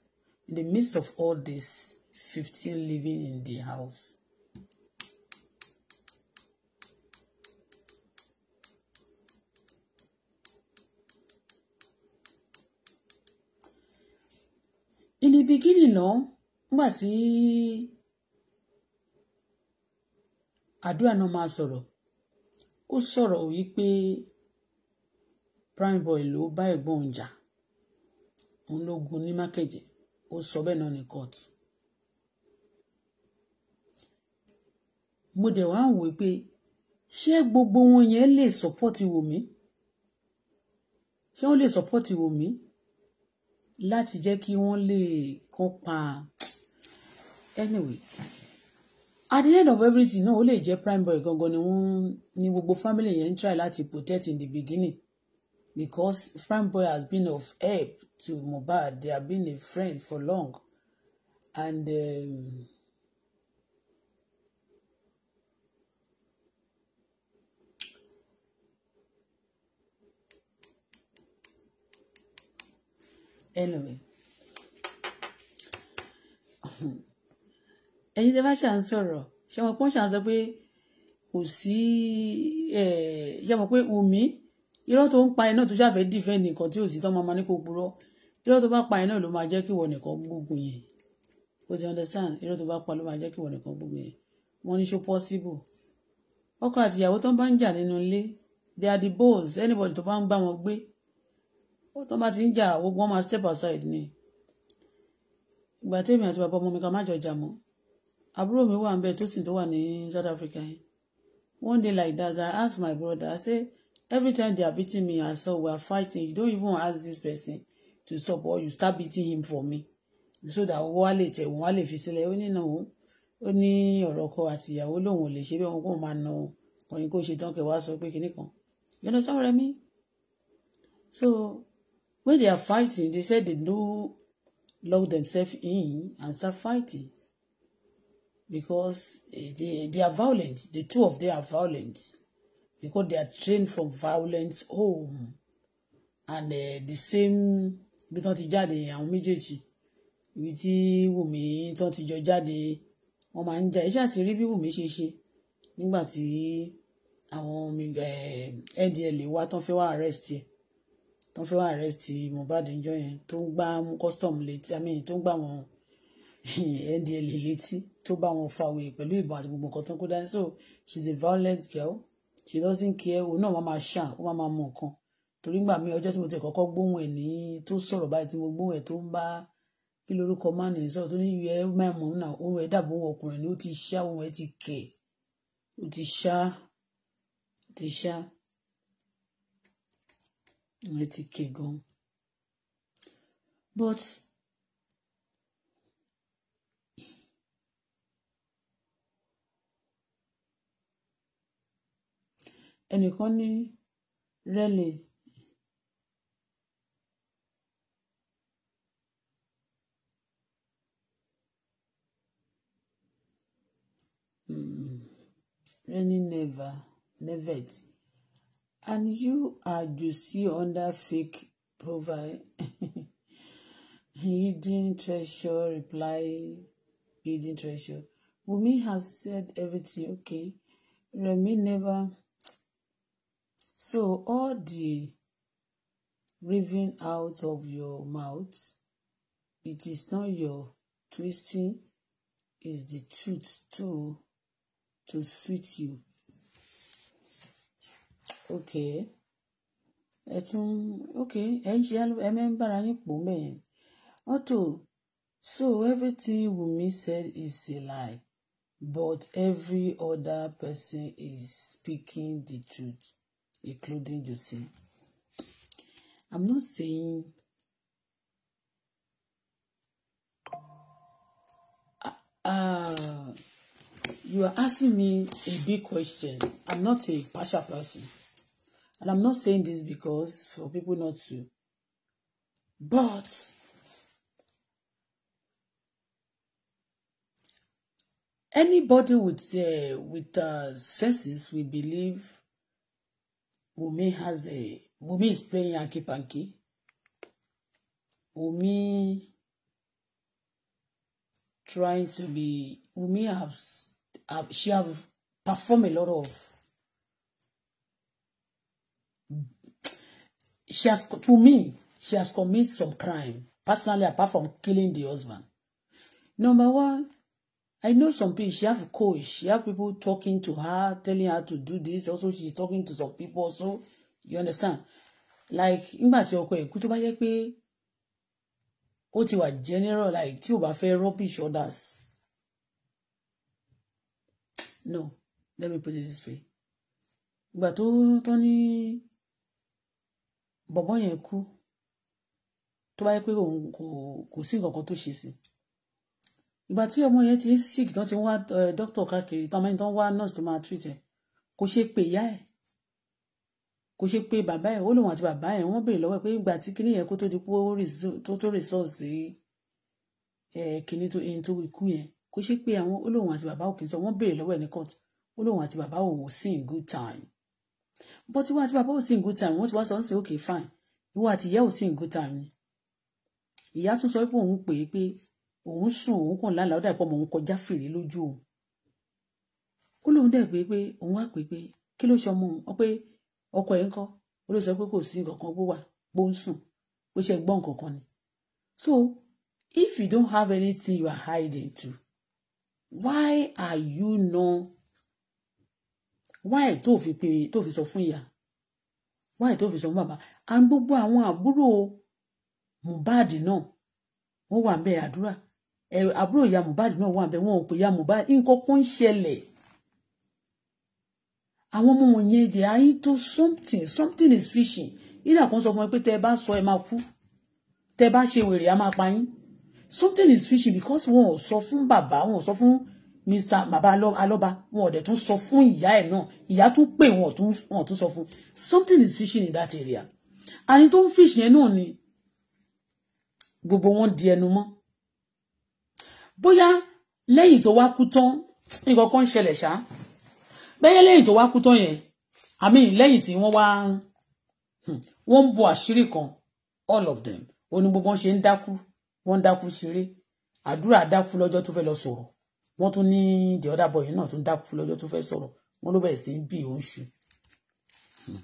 in the midst of all this, 15 living in the house? in the beginning no, náà nígbà I do a normal sọ̀rọ̀ ó sọ̀rọ̀ wípé prime boy ló bá ẹ̀gbọ́n òun jà òun ló gun ní mákẹ́jẹ́ ó sọ bẹ́ẹ̀ náà ní kóòtù. mo dẹ̀ wá ń wò pé ṣé gbogbo wọn yẹn lè sọ́pọ́tì Wùmí ṣé wọ́n lè sọ́pọ́tì Wùmí láti jẹ́ kí wọ́n lè kópa anyway at the end of everything náà ó lè jẹ́ prime boy gangan ni wọ́n ní gbogbo family yẹn ń try láti protect in the beginning because prime boy has been of help to Mohbad they have been a friend for long and um, anyway [laughs] ẹ̀yin tẹ́ bá ṣà ń sọ̀rọ̀ ṣé wọn pọ́n ṣà ń sọ pé kò sí ṣé wọn pé Wùmí irọ́ tó ń pa iná tó ṣàfẹ́ dìfẹ́ nìkan tí ò sí tán máa ní kó purọ́ irọ́ tó bá pa iná ló máa jẹ́ kí ìwọ nìkan gbógun yẹn o ti understand irọ́ tó bá pa ló máa jẹ́ kí ìwọ nìkan gbógun yẹn wọ́n ní ṣó possible ọkọ àti ìyàwó tó bá ń jà nínú ilé they are the balls anybody tó bá ń bá wọn gbé ó bá ti ń jà gbogbo wọn máa step aside ni ìgbà tẹ́mi àti bàbá ọmọ mi ká má jọ jà mọ́ àbúrò mi wà ń bẹ tó sì tó wà ní South Africa one day like that I ask my brother I say every time they are beating me and so we are fighting you don't even ask this person to stop or you start beating him for me so that wọ́n á lè tẹ̀ wọ́n á lè fi sílẹ̀ ó ní náà ó ní ọ̀rọ̀ ọkọ àti ìyàwó lòun ò lè ṣe bí wọn kò máa na ọ̀yìn kó ṣe tán kẹwàá sọ pé kinní kan you know sọ́wọ́n rẹ mi so when they are fighting they say they no lock themselves in and start fighting because eh, they, they are violent. The two of them are violent because they are trained from violent home and uh, the same ibi tán ti jáde àwọn méjèèjì ibi tí Wùmí tán ti jọ jáde wọ́n máa ń jà iṣẹ́ àti rí bí Wùmí ṣe ṣe ndl eh, wá tán fẹ́ wá arrest ẹ̀ tán fẹ́ arrest Mohbad níjọ́ yẹn tó ń custom létí i mean tó ń gbá ndl [laughs] létí tó bá wọn fa wèrè pẹ̀lú ìbọn àti gbogbo nǹkan tó ń kó dání so she is a violent girl she doesn't care òun náà máa máa ṣàn ó máa máa mọ nǹkan torí gbà mí ọjọ́ tí mo ti kọ́kọ́ gbóhùn ẹ̀ ní tó sọ̀rọ̀ báyìí tí mo gbóhùn ẹ̀ tó ń bá kí lorúkọ má nìyí sọ̀rọ̀ tó ní yẹ máa mọ̀ náà òun ẹ̀ dàbò òun ọkùnrin ni ó ti ṣá òun ẹ̀ ti kẹ̀ ó ti ṣá ó ti ṣá òun ẹ̀ ti kẹ̀ gan-an but. ẹnìkan ní rẹ́lẹ̀ rẹ́ni neva nevet and you are juicy under fake profile hidden [laughs] treasure reply hidden treasure Wunmi has said everything okay Remi never. So all the raving out of your mouth, it is not your twisting, is the truth to to suit you. Okay. ẹ okay ẹ ń ṣe ẹ mẹ́ yín pò mẹ́ yẹn Auto so everything Wunmi said is a lie but every other person is speaking the truth including Josie. I'm not saying uh, uh, you are asking me a big question. I'm not a partial person. And I'm not saying this because for people not to. But anybody with uh, with uh, senses will believe Wumi has a Wumi is playing Yankee Panky. Wumi trying to be Wumi have, have she have performed a lot of she has to me she has committed some crime personally apart from killing the husband. Number one I know some people, she have a coach, she have people talking to her, telling her to do this. Also, she's talking to some people So You understand? Like, imagine tí ọkọ ẹ̀ kú tó bá yẹ pé general like tí ò bá fẹ́ rubbish others. No, let me put it this way. But tó tán ní bọ̀bọ́ To kú tó bá yẹ pé òun ìgbà tí ọmọ yẹn ti ń sick tán ti ń wá eh, dókítà káàkiri tán mẹ́rin tán wá nurse tó máa treat ẹ̀ kò ṣe pé ìyá ẹ̀ kò ṣe pé bàbá ẹ̀ ó lòun àti bàbá ẹ̀ wọ́n béèrè lọ́wọ́ ẹ̀ pé ìgbà tí kinní yẹn kó tó di pé tó tó result sí eh, kinní tó ẹni tó ikú yẹn kò ṣe pé àwọn ó lòun àti bàbá òkè sọ wọ́n béèrè lọ́wọ́ ẹ̀ ní court ó lòun àti bàbá òwò sí in good time bọ́ tí wọ́n àti bàbá òwò sí in good time wọ́n ti wá sọ ń sè okay fine ìwọ àti ìyá òsì in good time ni ìyá tún sọ pé òun pè é pé òun sùn òun kàn lálàá ó dàpọ̀ mọ́ òun kọjá fèrè lójú òun ó lóun dẹ̀ pé pé òun wá pé pé kí ló ṣe ọmọ òun ọ pé ọkọ ẹ̀ ń kọ́ ó ló sọ pé kò sí nǹkan kan bó wà ń sùn bó ṣe gbọ́ nǹkan kan ni so if you don't have anything you are hiding to why are you not why tó fi pe tó fi sọ fún ìyá why tó fi sọ fún bàbá and gbogbo àwọn àbúrò Mohbad náà wọ́n wà ń bẹ àdúrà àbúrò ìyá Mohbad náà wà bẹ́ẹ̀ wọn ò pè ìyá Mohbad nǹkan kan ń ṣẹlẹ̀ àwọn ọmọ wọn yẹn they are into something something is fishing nígbà kan sọ fún ẹ pé tẹ ẹ bá sọ ẹ máa kú tẹ ẹ bá ṣe wèrè á máa pa yín something is fishing because wọn ò sọ fún bàbá wọn ò sọ fún mr bàbá alọba wọn ò dẹ̀ tún sọ fún ìyá ẹ̀ náà ìyá tún pè wọn ò tún sọ fún something is fishing in that area àní tó ń fish yẹn náà ni gbogbo wọn di ẹnu mọ́ bóyá lẹ́yìn tó wá kú tán nǹkan kan ń ṣẹlẹ̀ ṣá bẹ́yẹ́ lẹ́yìn tó wá kú tán yẹn àmì lẹ́yìn tí wọ́n wá hmm, wọ́n ń bo àṣírí kan all of them ó ní gbogbo wọn ṣe ń dákú wọ́n ń dákú ṣeré àdúrà dákú lọ́jọ́ tó fẹ́ lọ sọ̀rọ̀ wọ́n tún ní the other boy náà tún dákú lọ́jọ́ tó fẹ́ sọ̀rọ̀ wọ́n ló bẹ̀rẹ̀ sí ń bì ó ń ṣu. Hmm.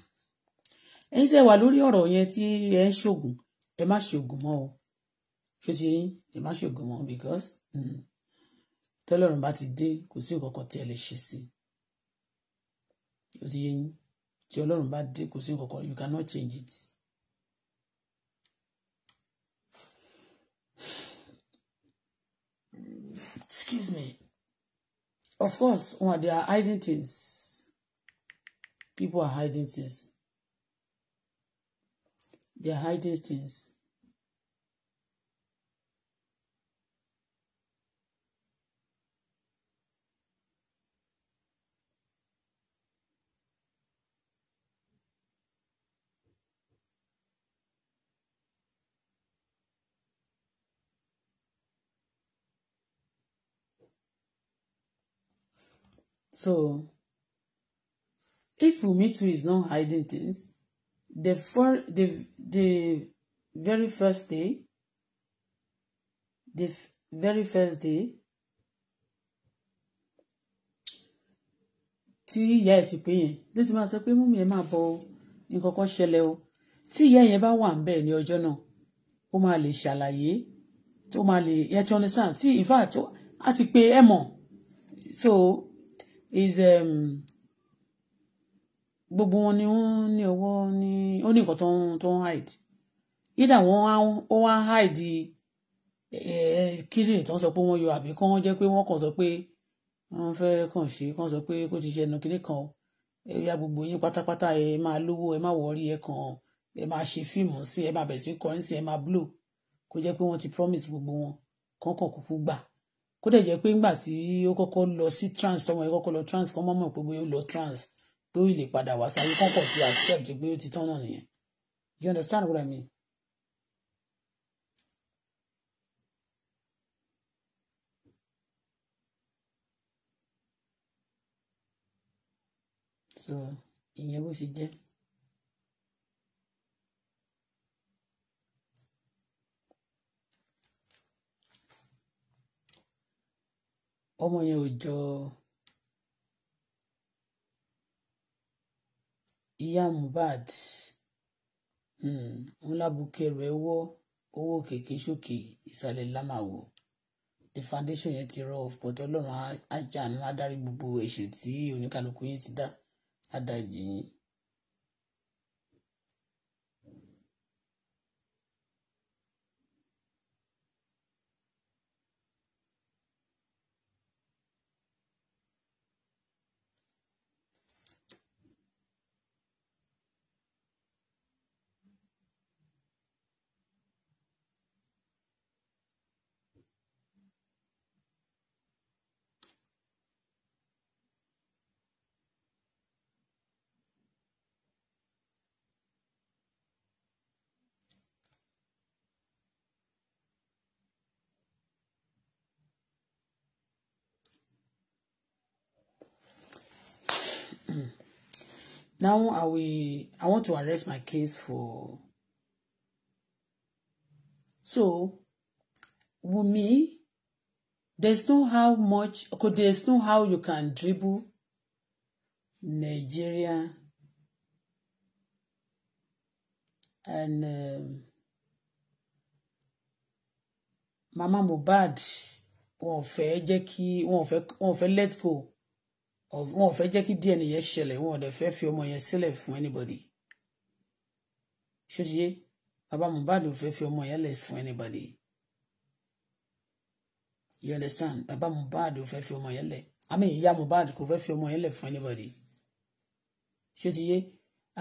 ẹ̀yin tẹ́ wà lórí ọ̀rọ̀ yẹn tí ẹ ń ṣògùn ẹ má ṣògùn mọ́ o ṣé ti ẹ má ṣògùn mọ́ because Hmm. tọ́lọ́run bá ti dé kò sí nǹkan kan tí ẹ lè ṣe sí ó ti yé yín tí ọlọ́run bá dé kò sí nǹkan kan you cannot change it. excuse me of course when they are hiding things people are hiding things they are hiding things. So, if Wunmi too is not hiding things, the, for, the, the very first day, the very first day, tí ìyá ẹ̀ ti pé yẹn ló ti máa sọ pé mọ́mí ẹ̀ máa bọ nǹkan kan ṣẹlẹ̀ o tí ìyá yẹn bá wà ń bẹ̀ ní ọjọ́ náà ó máa lè ṣàlàyé tó máa lè yẹn ti understand tí in fact a ti pé ẹ̀ mọ̀ so is um, gbogbo wọn ni wọ́n ní ọwọ́ ní ó ní nǹkan tó ń tó ń hide either wọ́n ó wá hide kíndìnrín tó ń sọ pé wọ́n yọ àbí kán jẹ́ pé wọ́n kàn sọ pé wọ́n fẹ́ kàn ṣe kán sọ pé kó ti ṣe ẹnu kínní kan ẹ̀yà gbogbo yín pátápátá ẹ máa lówó ẹ máa wọrí ẹ kàn ẹ máa ṣe fíìmù sí ẹ máa bẹ̀rẹ̀ sí kọrin sí ẹ máa blow kó jẹ́ pé wọ́n ti promise gbogbo wọn kán kàn kúkú gbà kó dẹ̀ jẹ́ pé ńgbà tí ó kọ́kọ́ lọ sí trans tọmọ ẹ kọ́kọ́ lọ trans kọ́ mọ́mọ́ pé bóyá ó lọ trans pé ó lè padà wá sáyé kọ́kọ́ ti accept pé ó ti tán nìyẹn you understand what I mean. so ìyẹn bó ṣe jẹ́. ọmọ yẹn ò jọ ìyá Mohbad hmm, wọn lábùkẹrù ẹ wọ owó kéèké sókè ìsàlẹ̀ lámàwò the foundation yẹn ti rọ pọ̀tẹ́ ọlọ́run ajáàánú adarí gbogbo ẹ̀ṣẹ̀ tí oníkàlùkù yẹn ti dá adájú yìí Now I will I want to arrest my case for so Wunmi there's no how much okay there's no how you can dribble Nigeria and um, Mama Mohbad wọn ò fẹ́ jẹ́ kí wọn ò fẹ́ wọn ò fẹ́ let go wọn ò fẹ́ jẹ́ kí díẹ̀ nìyẹn ṣẹlẹ̀ wọn ò dẹ̀ fẹ́ fi ọmọ yẹn sílẹ̀ fún anybody ṣóṣìyé bàbá Mohbad ò fẹ́ fi ọmọ yẹn lẹ̀ fún anybody you understand bàbá Mohbad ò fẹ́ fi ọmọ yẹn lẹ̀ àmì ìyá Mohbad kò fẹ́ fi ọmọ yẹn lẹ̀ fún anybody ṣóṣìyé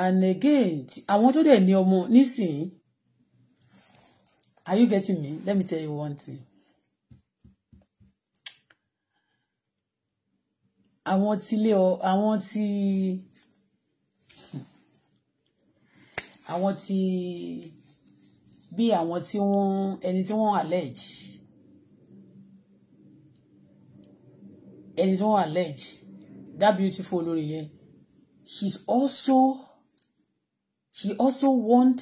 and again àwọn tó dẹ̀ ní ọmọ nísìnyí are you getting me let me tell you one thing àwọn ti lé ọ àwọn ti àwọn ti bí àwọn tí wọ́n ẹni tí wọ́n allege ẹni tí wọ́n allege that beautiful olórí yẹn she's also she also want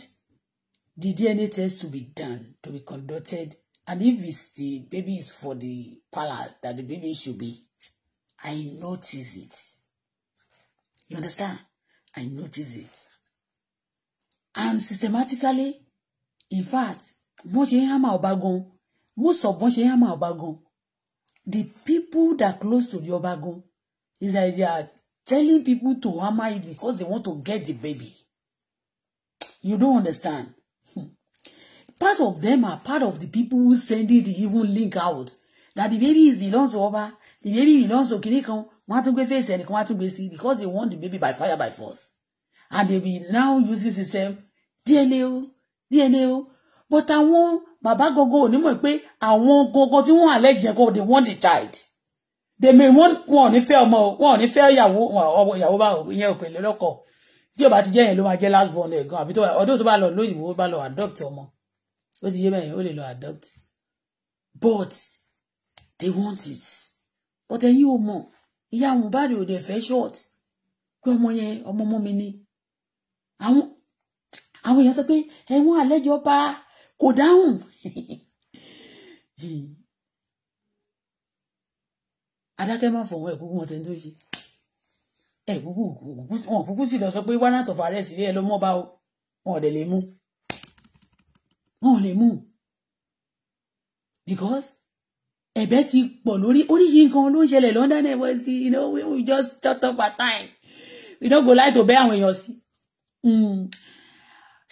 the DNA test to be done to be conducted and if it's the baby is for the palace that the baby should be I notice it. You understand? I notice it. And systematically, in fact, wọ́n ṣe ń hámà ọba Most of wọ́n ṣe ń hámà ọba The people that close to the obagon is that they are telling people to hammer it because they want to get the baby. You don't understand. Hmm. Part of them are part of the people who send it. Even link out that the baby is belongs to Oba the baby will not so kini kan wọ́n á tún face and wọ́n á tún gbé sí because they want the baby by fire by force and they will now use this system DNA o DNA o but àwọn bàbá go ò ní mọ̀ pé àwọn gogo tí wọ́n àlẹ́jẹ̀ go they want the child they may want wọn ò ní fẹ́ ọmọ wọn ò ní fẹ́ ìyàwó ọmọ ìyàwó bá ìyẹn òpè lọ́kọ̀ tí o bá ti jẹ́ yẹn ló máa jẹ́ last born ẹ̀gan àbí ọdún tó bá lọ lóyìnbó bá lọ adopt ọmọ ó ti yé bẹ́ẹ̀ ó lè lọ adopt but they want it but ẹ̀yin ò mọ̀ ìyá Mohbad ò dẹ̀ fẹ́ short pé ọmọ yẹn ọmọ ọmọ mi ni àwọn àwọn èèyàn sọ pé ẹ̀wọ̀n àlejò ọba kò dáhùn [laughs] adákẹ́ máa fọwọ́ ẹ̀ gbogbo wọn tẹ́ ń tó ṣe ẹ̀ gbogbo wọn kúkú sì lọ sọ pé warrant of arrest rí ẹ ló mọ́ bá o wọn ò dẹ̀ lè mú wọn ò lè mú because ẹ̀bẹ̀ ti pọ̀ lórí oríṣi nǹkan ló ń ṣẹlẹ̀ London ẹ̀ wọ́n sí you know we, we just shut up at time we don't go lie to bẹ́ àwọn èèyàn sí. Hmm.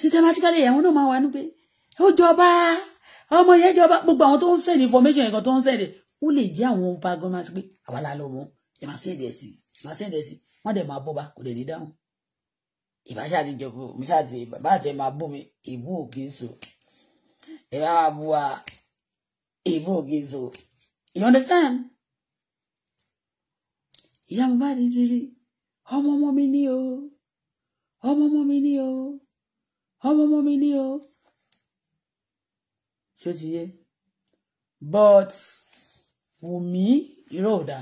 systematically àwọn náà máa wà ní pé ó jọba ọmọ yẹn jọba gbogbo àwọn tó ń send information nǹkan tó ń send ó lè jẹ́ àwọn ọba gan máa sọ pé àwa la lọ wọn ẹ máa send ẹ sí máa send ẹ sí wọ́n dẹ̀ máa bọ́ ba kò lè ní dáhùn. ìbáṣà ti jọ kó mi ṣáà ti bàbá àti ẹ máa bú mi ìbú òkè so ẹ máa bú wa ìbú òkè so. You understand? Ìyá Mohbad ti rí ọmọ ọmọ mi ní o ọmọ ọmọ mi ní o ọmọ ọmọ mi ní o ṣé but Wùmí irọ́ ọ̀dà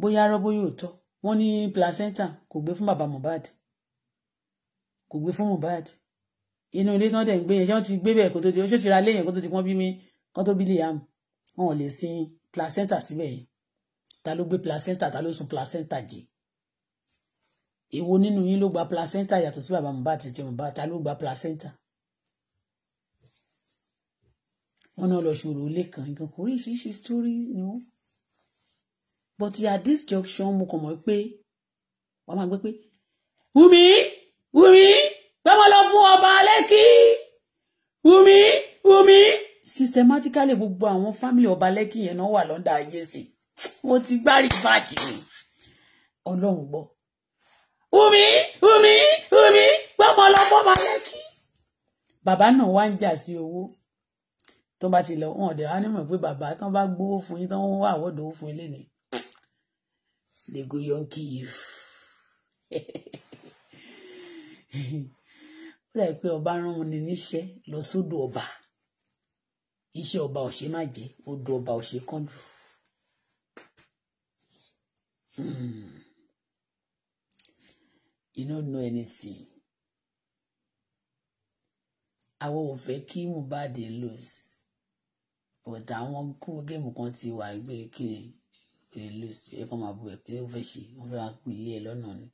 bóyá arọ́ bóyá òótọ́ wọ́n ní placenta kò gbé fún bàbá Mohbad kò gbé fún Mohbad inú ilé tí wọ́n tẹ̀ ń gbé yẹn ṣé wọ́n ti gbé bẹ́ẹ̀ kó tó di ó ṣó ti ra lé yẹn kó tó di wọ́n bí mi kó tó bí wọn ò lè sin placenta síbẹ̀ yìí ta ló gbé placenta ta ló sun placenta jẹ èwo nínú yín ló gba placenta yàtọ̀ sí bàbá Mohbad àti tètè Mohbad ta ló gba placenta wọn náà lọ ṣòro ilé kan nǹkan kò oríṣiríṣi sítórí ni wọn but at this junction mo kàn mọ̀ pé wọn máa gbé pé Wùmí Wùmí. systematically gbogbo àwọn family ọba lẹ́kì yẹn náà wà lọ́dà ayé sí wọ́n ti gbá rìsáàjì mi ọlọ́run gbọ́ wùmí wùmí wùmí gbọ́mọ lọ fọ́ba lẹ́kì. bàbá náà wá ń jà sí owó tó bá ti lọ wọn ọ̀dẹ̀ wá nímọ̀ pé bàbá tán bá gbówó fún yín tán wọ́n wà wọ́dọ̀ owó fún yín lẹ́nu they go yonki you [laughs] ó dàbí pé ọba rán wọn níṣẹ́ lọ sódò ọba iṣẹ́ ọba ọ̀ṣẹ́ má jẹ́ odò ọba ọ̀ṣẹ́ kan jù. Hmm. you no know anything. àwọn ò fẹ́ kí Mohbad lose but àwọn kúrò géèmù kan ti wà gbé kí ni lose ẹ kàn máa bu ẹ pé ó fẹ́ ṣe wọ́n fẹ́ wá pín ilé ẹ lọ́nà ni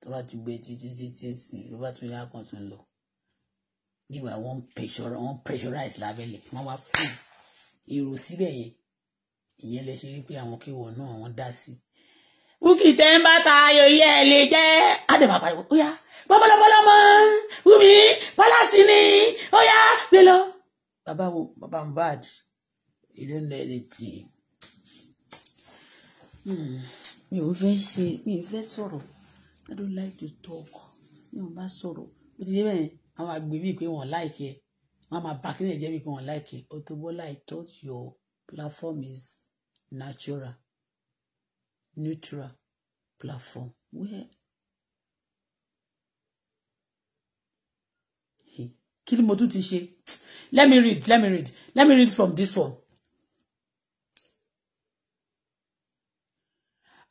tó bá ti gbé títí títí sí tó bá tún yá kan tún lọ meanwhile wọ́n pressure wọ́n pressurize lábẹ́lẹ̀ wọ́n wá fún èrò síbẹ̀ yẹn ìyẹn lè ṣe wípé àwọn kéwọ̀ náà wọ́n dá sí. Bukky tẹ́ ń bá ta ayò yẹ ẹ lè jẹ́ àdèmà pariwo ó yá bọ́bọ́lọ́bọ́lọ́mọ́ Wumi Fọláṣí ni ó yá gbé lọ. Bàbá wo bàbá Mohbad ìlú nẹ́ẹ̀dẹ̀tì. Hmm, mi ò fẹ́ ṣe mi ò fẹ́ sọ̀rọ̀ I don't like to talk mi ò bá sọ̀rọ̀ ó ti dé bẹ́ẹ̀ yẹn wọ́n máa gbé bíi pé wọ́n láìkẹ́ wọ́n máa bá kí ní ẹ̀jẹ̀ bíi pé wọ́n láìkẹ́ Auto Bola I thought your platform is natural neutral platform where kí ni mo tún ti ṣe let me read let me read let me read from this one.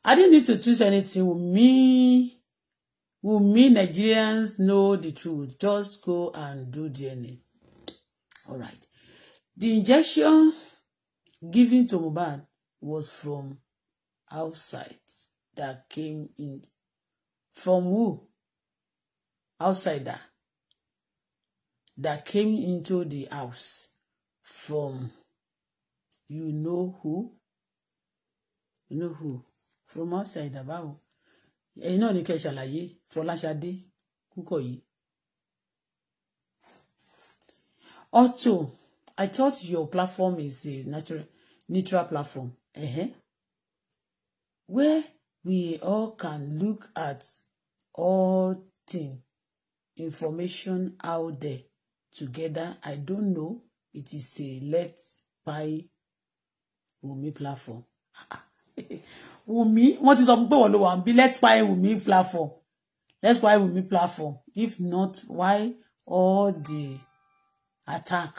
I didn't need to choose anything with me will mean Nigerians know the truth. Just go and do DNA. All right. The injection given to Mohbad was from outside that came in. From who? Outsider that came into the house from you know who? You know who? From outside, báwo? ẹ̀yin náà ní kẹ́ ṣàlàyé Fọláṣadé Kúkọ̀yí. Auto I thought your platform is a natural neutral platform. Uh-huh. Where we all can look at all thing information out there together. I don't know. It is a let's buy Wunmi platform. [laughs] Wùmí wọ́n ti sọ fún pé wọ́n ló wà ń bí let's buy Wùmí platform let's buy Wùmí platform if not why all the attack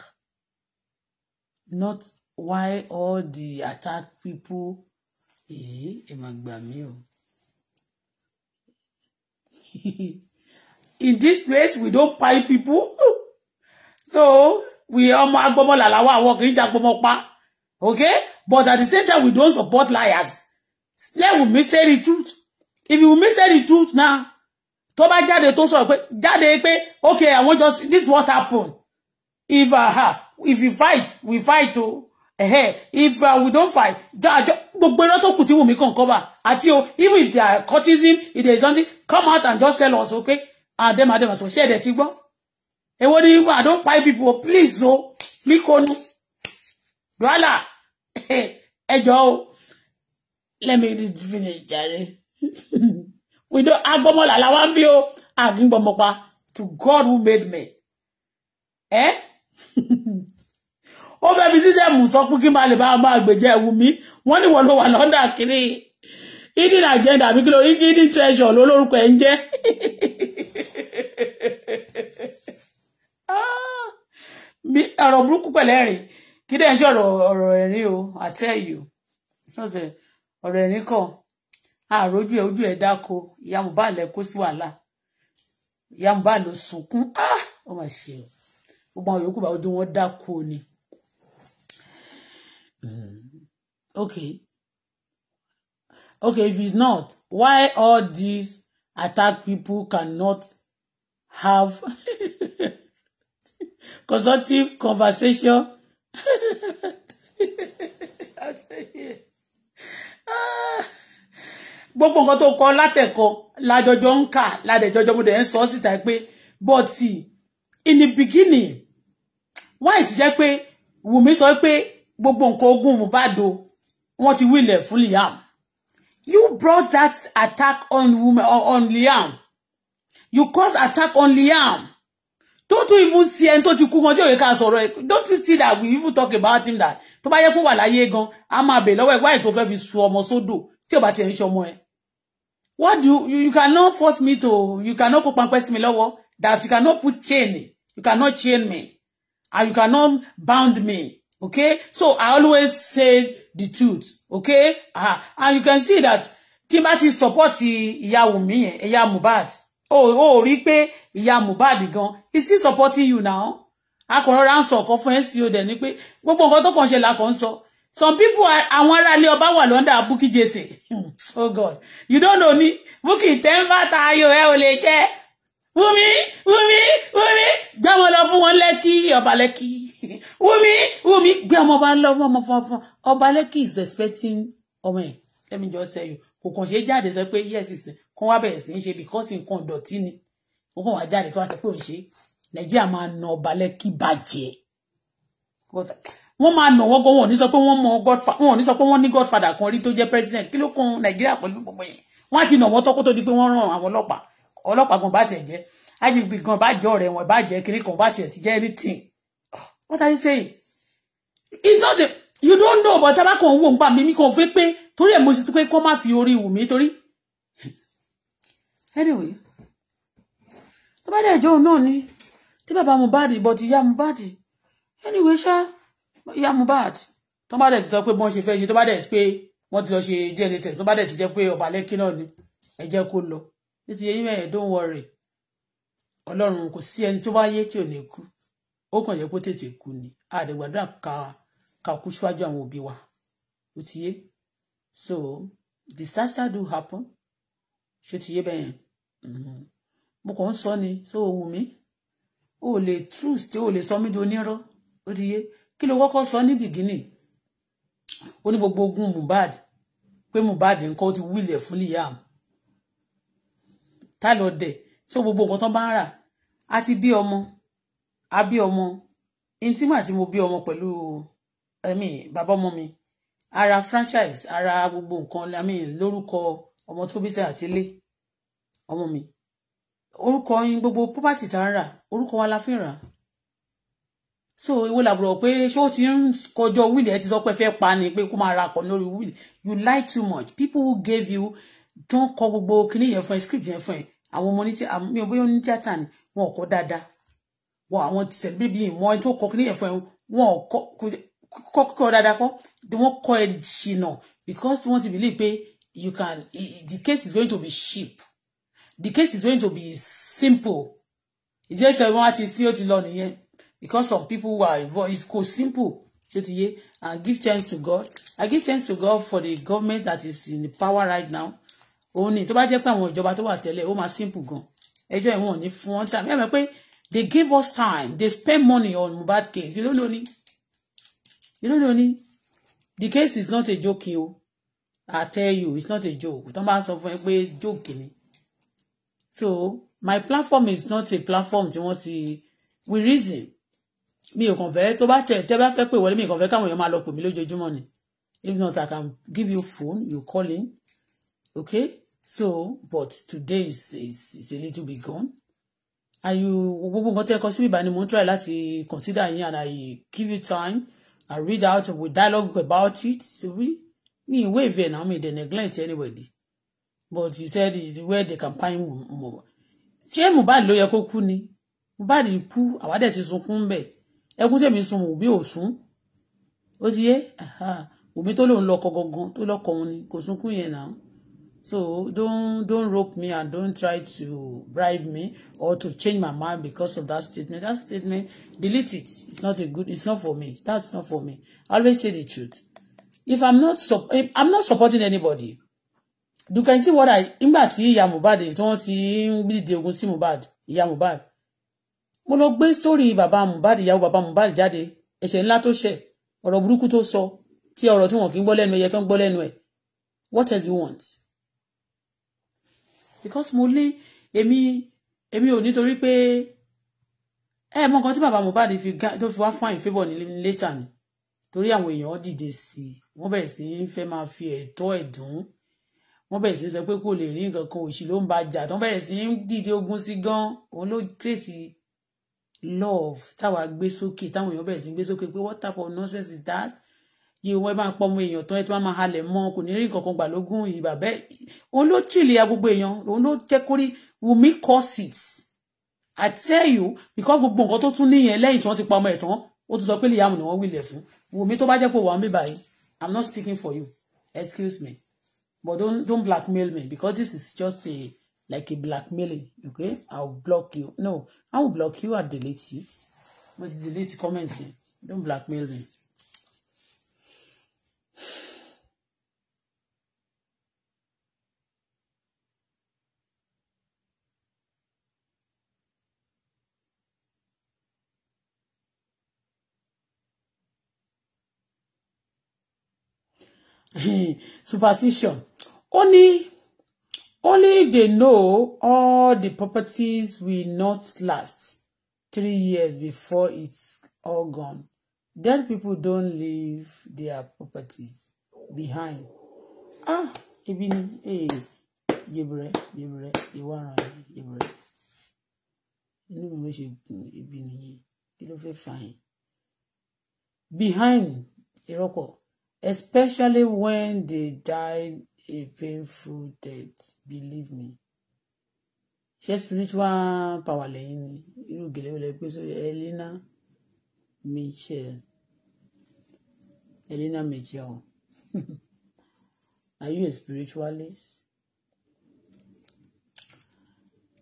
not why all the attack people èyí ẹ máa gbà mí o. [laughs] in this place we don't buy people [laughs] so we ọmọ agbọmọlà làwọn àwọn kì í jà pa okay but at the same time we don't support liars let Wunmi say the truth if you say the truth now tó bá jáde tó sọ̀rọ̀ pé jáde pé okay I want just this what happened? if uh, if we fight we fight o. Oh. Eh, if uh, we don't fight, But irọ́ tó kù tí Wunmi kàn cover àti o even if they are cultism if there is something come out and just tell us okay and ah, dem adem ah, aso ah, ṣe ẹ̀dẹ̀ ti gbọ́ ewo ni I don't pay people please o oh, mi konu wàhálà Hey. [laughs] o let me finish jare we don agbọmọlà la wá ń bí o àgbìngbọmọpa to God who made me Eh? [laughs] ó fẹ́ fi sísẹ́mù sọ pé kí n bá lè bá máa gbèjà ẹ̀wù mi wọ́n ní wọ́n ló wà lọ́ndà kiri hidden agenda àbí kí idi treasure ló lórúkọ ẹ̀ ń jẹ́ ah! ọ̀rọ̀ burúkú pẹ̀lẹ́rìn kí dẹ́n ṣe ọ̀rọ̀ ẹ̀rín o I tell you. So say ọ̀rọ̀ ẹ̀rín kọ̀ àròjù ẹ̀ ojú ẹ̀ dáko ìyá lẹ kó sí wàhálà ìyá Mohbad sunkún ah! ó mà ṣe o gbogbo àwọn yòókù bá ojú wọn dáko ni. Hmm. okay okay if it's not why all these attack people cannot have [laughs] consultative conversation. [laughs] gbogbo nǹkan tó kọ látẹ̀kọ lájọjọ ń kà ládẹjọjọ mo dẹ̀ ń sọ síta pé but in the beginning why ti jẹ́ pé Wùmí sọ pé gbogbo nǹkan ogun Mohbad o wọ́n ti wílẹ̀ fún Liam you brought that attack on woman on Liam you cause attack on Liam don't you even see ẹni tó ti kú gan tí òye ká sọ̀rọ̀ ẹ̀ don't you see that we even talk about him that tó bá yẹ kó wà láyé gan a máa bè lọ́wọ́ ẹ̀ wáyé tó fẹ́ fi su ọmọ sódò tí ò bá tiẹ̀ ń ṣọmọ ẹ̀ what do you, you cannot force me to you cannot kó pampẹ́ sí mi lọ́wọ́ that you cannot put chain you cannot chain me and you cannot bound me okay so I always say the truth okay ah and you can see that tí n bá ti support ìyá Wùmí yẹn ìyá Mohbad o ò rí pé ìyá Mohbad gan is he supporting you now akọ̀rọ̀ra ń sọ ọ̀kan fún NCO dẹ̀ ni pé gbogbo nǹkan tó kàn ṣe làkàn ń sọ some people àwọn ará ilé ọba wà lọ́ndà Bukky Jesse [laughs] oh God you don't know ni Bukky tẹ́ńbà ta ayò ẹ ò lè jẹ́ wumi wumi wumi gbé ọmọ lọ fún wọn lẹ́kì ọba lẹ́kì [laughs] wumi wumi gbé ọmọ bá lọ fún ọmọ fún ọba lẹ́kì is expecting ọmọ ẹ̀ let me just tell you kò kàn ṣe jáde sọ pé yes kàn wá bẹ̀rẹ̀ sí í ṣe because nǹkan dọ̀tí ni kò kàn wá jáde kó wá sọ pé òun ṣe é nàìjíríà máa nà ọba lẹ́kì bàjẹ́ wọ́n máa nà wọ́n gan wọn ò ní sọ pé wọ́n mọ godfather wọn ò ní sọ pé wọ́n ní godfather kan rí tó jẹ́ president kí ló kan nàìjíríà pẹ̀lú gbogbo yẹn wọ́n á ti nà wọ́n tọ́kó tó di pé wọ́n ràn àwọn ọlọ́pàá ọlọ́pàá gan bá tiẹ̀ jẹ́ ajínigbé gan bá jẹ́ ọ̀rẹ́ wọn bá jẹ́ kiri kan bá tiẹ̀ ti jẹ́ anything what are you saying it's not a you don't know but tabakọ̀ ń wò ń gbà mí mi kàn fẹ́ pé torí ẹ̀ mo ti pé kó má fi orí wù mí torí anyway tó bá dẹ̀ jọ náà ni tí mu Mohbad but mu Mohbad anyway ṣá ìyá Mohbad tó bá dẹ̀ ti sọ pé bọ́n ṣe fẹ́ ṣe tó bá dẹ̀ pé wọ́n ti lọ ṣe DNA test tó bá dẹ̀ ti jẹ́ pé ọba lẹ́kí náà ni ẹ jẹ́ kó lọ ní ti yẹyìn mẹ́rin don't worry Olorun kò sí ẹni tó bá yé tí ò ní kú ó kàn yẹ kó tètè kú ni àdègbàdúrà ká ká kú síwájú àwọn òbí wa ó ti yé so disaster do happen ṣó ti yé bẹ́yẹn mm-hmm. mo kàn ń ni so òwú mi o le lè trust o le lè sọ mí di onírọ́ ó ti yé kí ló kọ́kọ́ sọ ní bìgínì ó ní gbogbo ogun Mohbad pé Mohbad nǹkan ó ti wílẹ̀ fún Liam tá lọ dẹ̀ tí ó gbogbo nǹkan tán bá ń rà á ti bí ọmọ á bí ọmọ intima tí mo bí ọmọ pẹ̀lú ẹ̀mí bàbá ọmọ mi ara franchise ara gbogbo nǹkan I mean lórúkọ ọmọ tó bí sẹ́ àtìlé ọmọ mi orúkọ yín gbogbo property tá a rà orúkọ wa la fi rà so ìwé làbúrò pé ṣé ó ti ń kọjọ wíìlì ẹ ti sọ pé fẹ́ pa ni pé kó máa ra pọ̀ lórí wíìlì you lie too much people who gave you don kọ gbogbo kinní yẹn fún ẹ script yẹn fún ẹ àwọn ọmọ ní tí mi ò bóyá ní tíátà ni wọn ò kọ dáadáa wọn àwọn ti sẹ̀lẹ̀ bíbí ìmọ̀ ẹni tó kọ kinní yẹn fún ẹ wọn ò kọ kọ dáadáa kọ wọn kọ ẹ ṣìnà because wọn ti believe pé you can the case is going to be cheap the case is going to be simple it's just ẹ wọn ti see what ti lọ nìyẹn because some people who are involved it's called simple ṣé ti yé and give chance to God I give chance to God for the government that is in the power right now Only to buy the jẹ́ pé àwọn ìjọba tó wà tẹ́lẹ̀ ó máa simple gan ẹjọ́ ìwọ̀n ní fún wọn tí a mẹ́rin pé they give us time they spend money on bad case you don't know ni you don't know ni the case is not a joke o I tell you it's not a joke tó bá sọ fún ẹ pé so my platform is not a platform tí wọ́n ti we reason mi ò kàn fẹ́ tó bá tẹ̀ tẹ́ bá fẹ́ pè wọlé mi kàn fẹ́ káwọn èèyàn máa lọ pè mí lójoojúmọ́ ni if not i can give you phone you call in okay so but today is is, is a little bit gone ayu gbogbo nǹkan tẹ́ ẹ kọ sí ìbá ni mo ń try láti consider yín and i give you time i read out with dialogue about it so we mi ìwé ìfẹ́ náà mi dey neglect anybody but he said the way they can find more See, Mohbad ló yẹ kó kú ni Mohbad kú àwa dẹ̀ ti sunkún ń bẹ̀ ẹkún tèmi sun òbí ò sún ó ti yé òbí tó lòun lọkọ gangan tó lọkọ òun ni so don't don't rope me and don't try to bribe me or to change my mind because of that statement that statement delete it it's not a good it's not for me that's not for me I always say the truth if I'm not I'm not supporting anybody you can see what I nígbà tí ìyá Mohbad tí wọ́n ti ń dìde ogun sí Mohbad ìyá Mohbad mo lọ gbé sórí bàbá Mohbad ìyàwó bàbá Mohbad jáde ẹ̀ṣẹ̀ ńlá tó ṣẹ̀ ọ̀rọ̀ burúkú tó sọ tí ọ̀rọ̀ tí wọ́n kì í gbọ́ lẹ́nu ẹ̀yẹ tó ń gbọ́ lẹ́nu ẹ̀ what else you want because mo lé èmi èmi ò nítorí pé ẹ mọ nǹkan tí bàbá Mohbad fi tó fi wá fún àyìn fébọ̀ ní létà ni torí àwọn èèyàn dìde sí i wọ́n bẹ̀rẹ̀ sí í fẹ́ máa fi ẹ̀tọ́ ẹ̀dùn wọ́n bẹ̀rẹ̀ sí sọ pé kò lè rí nǹkan kan òṣì ló ń ba jà tó ń bẹ̀rẹ̀ sí dìde ogun sí gan òun ló create love táwa gbé sókè táwọn èèyàn bẹ̀rẹ̀ sí gbé sókè pé what type of nonsense is that yìí wọ́n bá ń pọ́ ọmọ èèyàn tán ẹ tí wọ́n máa halẹ̀ mọ́ kò ní rí nǹkan kan gbà lógún ìbà bẹ́ẹ̀ òun ló chìlì ya gbogbo èèyàn òun ló jẹ́ kórí Wunmi cause it I tell you because gbogbo nǹkan tó tún níyẹn lẹ́yìn tí wọ́n ti pa ọmọ ẹ̀ tán ó tún sọ pé Liam ni wọ́n wílẹ̀ fún Wunmi tó bá jẹ́ pé wà á mi báyìí I'm not speaking for you excuse me But don't don't blackmail me because this is just a like a blackmailing. Okay, I'll block you. No, I will block you and delete it. But delete comments. Don't blackmail me. [laughs] Superstition. Only, only they know all the properties will not last three years before it's all gone. Then people don't leave their properties behind. Ah, ebi ni, eh, yebere, yebere, iwaran, yebere. Inú mi ò ṣe gùn ebi nìyí, kí ló Behind, Iroko, especially when they died a painful death believe me ṣé spiritual power lẹ́yìn ni irú gèlè wọlé pé sórí Helena Michelle Helena Michelle [laughs] are you a spiritualist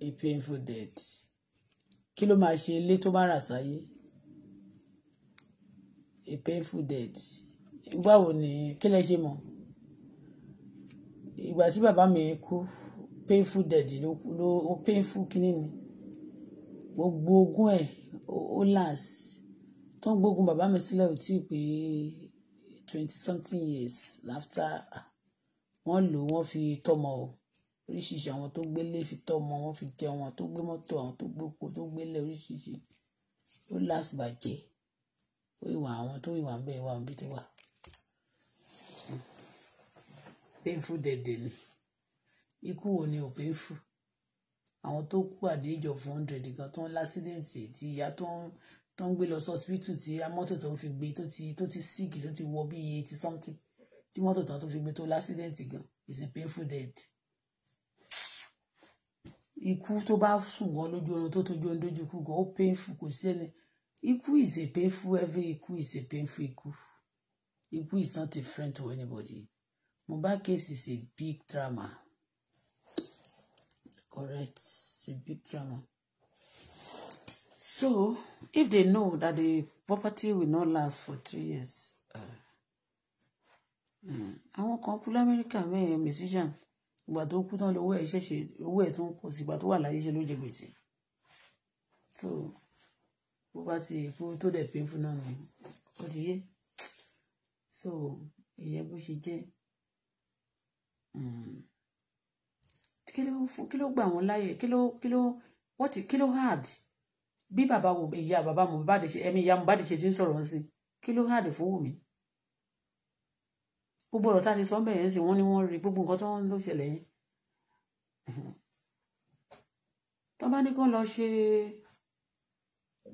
a painful death kí ló máa ṣe ilé tó bá rà sáyé a painful death báwo ni kí lẹ ṣe mọ̀ ìgbà tí bàbá mi kú painful death ló ló painful kínní ni gbogbo ogún ẹ̀ ó last tó ń gbógun bàbá mi sílẹ̀ ò tí ì pé twenty something years after wọ́n lò wọ́n fi tọ́mọ o oríṣiríṣi àwọn tó gbélé fi tọ́mọ wọ́n fi jẹun àwọn tó gbé mọ́tò àwọn tó gbóko tó gbélé oríṣiríṣi ó last bàjẹ́ ó ìwà àwọn tó ìwà ń bẹ ìwà ń bí tó wà. painful dẹ̀dẹ̀ ni ikú wo ni ò painful àwọn tó kú at the age of hundred gan tó ń lásídẹ̀ǹtì tí ìyá tó ń tó ń gbé lọ sọ́sibítù tí mọ́tò tó ń fi gbé tó ti tó ti sick tó ti wọ bíi eighty something tí mọ́tò tó ń fi gbé tó lásídẹ̀ǹtì gan is a painful death. ikú tó bá sùn gan lójú oorun tó tójú oorun lójú ikú gan ó painful kò sí ẹni ikú is a painful every ikú is a painful ikú ikú is not a friend to anybody Mohbad case is a big drama correct it's a big drama so if they know that the property will not last for three years eh, àwọn kan kú lamẹ́ríkà mẹ́rin musician ìgbà tó kú tán lówó ẹ̀ ṣẹ̀ṣẹ̀ owó ẹ̀ tó ń pọ̀ sí ìgbà tó wà láyé ṣe ló so bó bá ti kú tó dẹ̀ painful náà ni ó ti so ìyẹn bó ṣe jẹ́ kí ló fún kí ló gbà wọ́n láyè kí ló kí ló what kí ló hard bí bàbá wo ìyá bàbá Mohbad ṣe ẹ̀mí ìyá Mohbad ṣe ti ń sọ̀rọ̀ sí kí ló hard fún Wùmí gbogbo ọ̀rọ̀ tá a ti sọ bẹ́ẹ̀ yẹn sì wọ́n ní wọ́n rí gbogbo nǹkan tó ń lọ ṣẹlẹ̀ yẹn tó bá ní kó lọ ṣe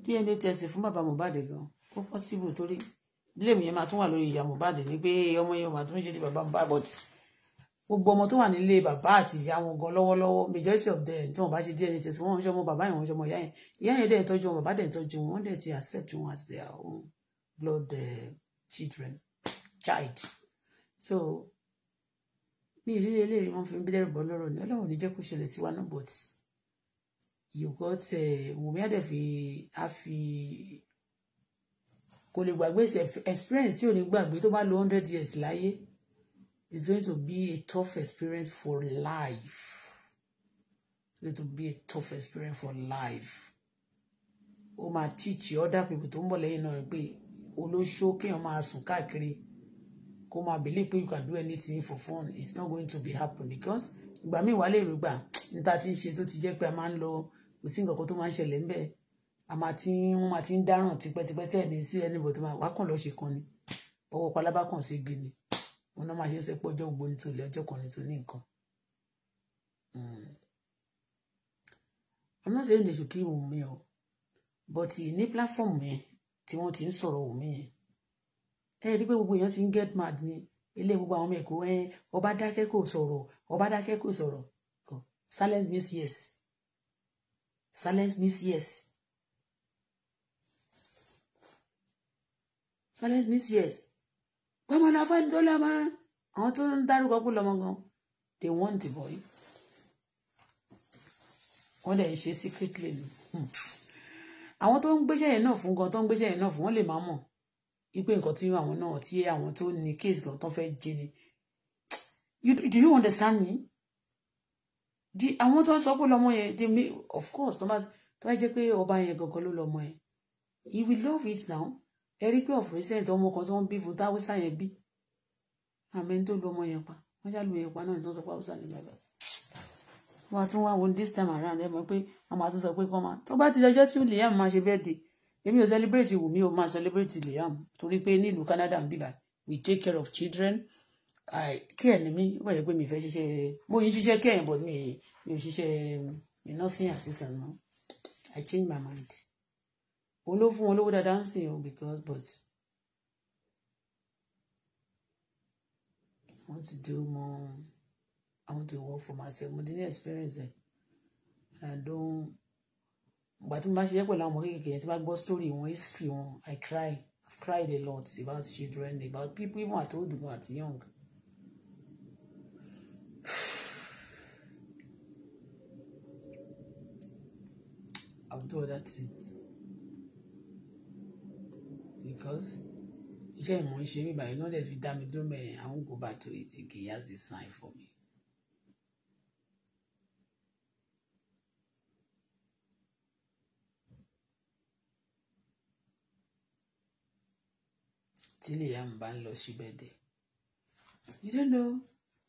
DNA test fún bàbá Mohbad gan ó possible torí blame yẹn máa tún wà lórí ìyá Mohbad ní pé ọmọ yẹn máa tún ṣe ti bàbá Mohbad but gbogbo ọmọ tó wà nílé bàbá àti ìyá wọn gan lọ́wọ́lọ́wọ́ majority of them tí wọ́n bá ṣe DNA test wọ́n ń ṣọmọ bàbá yẹn wọ́n ṣọmọ ìyá yẹn ìyá yẹn dẹ̀ tọ́jú wọn bàbá dẹ̀ tọ́jú wọn wọ́n dẹ̀ ti accept wọn as their own blood uh, children child so ní ìdílé eléyìí wọ́n fi ń bílẹ̀ bọ́ lọ́rọ̀ ni ọlọ́run ò ní jẹ́ kó ṣẹlẹ̀ sí wa náà but you got eh, wùmí àdẹ̀ fi á fi kò lè gbàgbé experience tí ò ní gbàgbé tó bá lò hundred years láyé It's going to be a tough experience for life. It's going to be a tough experience for life. Ó máa teach other people to ń bọ̀ lẹ́yìn náà pé olóṣó kéèyàn máa sùn kere. kó máa believe pé you can do anything for fun it's not going to be happen because ba mi wale lè In gbà ah, níta tí ń ṣe tó ti jẹ́ pé a máa ń lọ kò sí nǹkan kan tó máa ń ṣẹlẹ̀ ńbẹ̀ a máa ti wọ́n máa ti ń dáràn tipẹ́tipẹ́ tẹ̀ ní sí ẹnìbọ̀ tó máa wákàn lọ́ọ́ ṣe kan ni ọwọ́ palábá kàn sí gbé ni wọn náà máa ṣe ń sẹ pé gbogbo ní tòlẹ ọjọ́ kan ní tòlẹ nǹkan. I'm not saying they should kill Wunmi o but ní platform yẹn tí wọ́n ti ń sọ̀rọ̀ Wunmi yẹn ẹ rí pé gbogbo èèyàn ti ń get mad ní ilé gbogbo àwọn ọmọ èkó ẹ ọba dákẹ́ kò sọ̀rọ̀ ọba dákẹ́ kò sọ̀rọ̀ oh, silence means yes silence means yes silence means yes bàbá náà fẹ́ dọ́là máa àwọn tó ń dárúkọ kú lọ́mọ gan they want the boy wọ́n dẹ̀ ń ṣe secretly ni hmm. àwọn tó ń gbéṣẹ́ yẹn náà fún gan tó ń gbéṣẹ́ yẹn náà fún wọ́n lè má mọ̀ ipe nǹkan tí àwọn náà tí àwọn tó ní case gan tó fẹ́ jẹ ni do you understand me di àwọn tó ń sọ pé lọ́mọ yẹn they may of course tó bá jẹ́ pé ọba yẹn gangan ló lọ́mọ yẹn he will love it now ẹ rí pé of recent ọmọ kan tó ń bí fún táwùsà yẹn bí àmì tó lu ọmọ yẹn pa wọ́n já lu yẹn pa náà tó sọ pé haúsá ni bàbá wọ́n tún wá wọn this time around ẹ mọ̀ pé a máa tún sọ pé kọ́ máa tó bá ti ọjọ́ tí liam máa ṣe bẹ́ẹ̀ dé èmi ò celebrate Wùmí ò máa celebrate liam torí pé nílùú Canada ń bíbà we take care of children I kí ẹ̀ ní mí wọ́n yẹ pé mi fẹ́ ṣiṣẹ́ mo yín ṣiṣẹ́ kí ẹ̀yìn bọ̀ mi ò ṣiṣẹ́ nursing assistant náà I change my mind òun ló fún wọn lówó dáadáa ń sìn o because but I want to do more I want to work for myself mo ti ní experience ẹ and I don't ìgbà tí mo bá ṣiṣẹ́ pẹ̀lú àwọn ọmọ kékeré yẹn tí mo bá gbọ́ story wọn history wọn I cry I've cried a lot about children about people even at old even at young. [sighs] I'll do other things because iṣẹ́ ìmọ̀ ń ṣe mí báyìí náà dẹ̀ fi dá mi dúró mẹ́rin I won't go back to it again he has a sign for me. tí lè yá mi bá ń lọ síbẹ̀ dé you don't know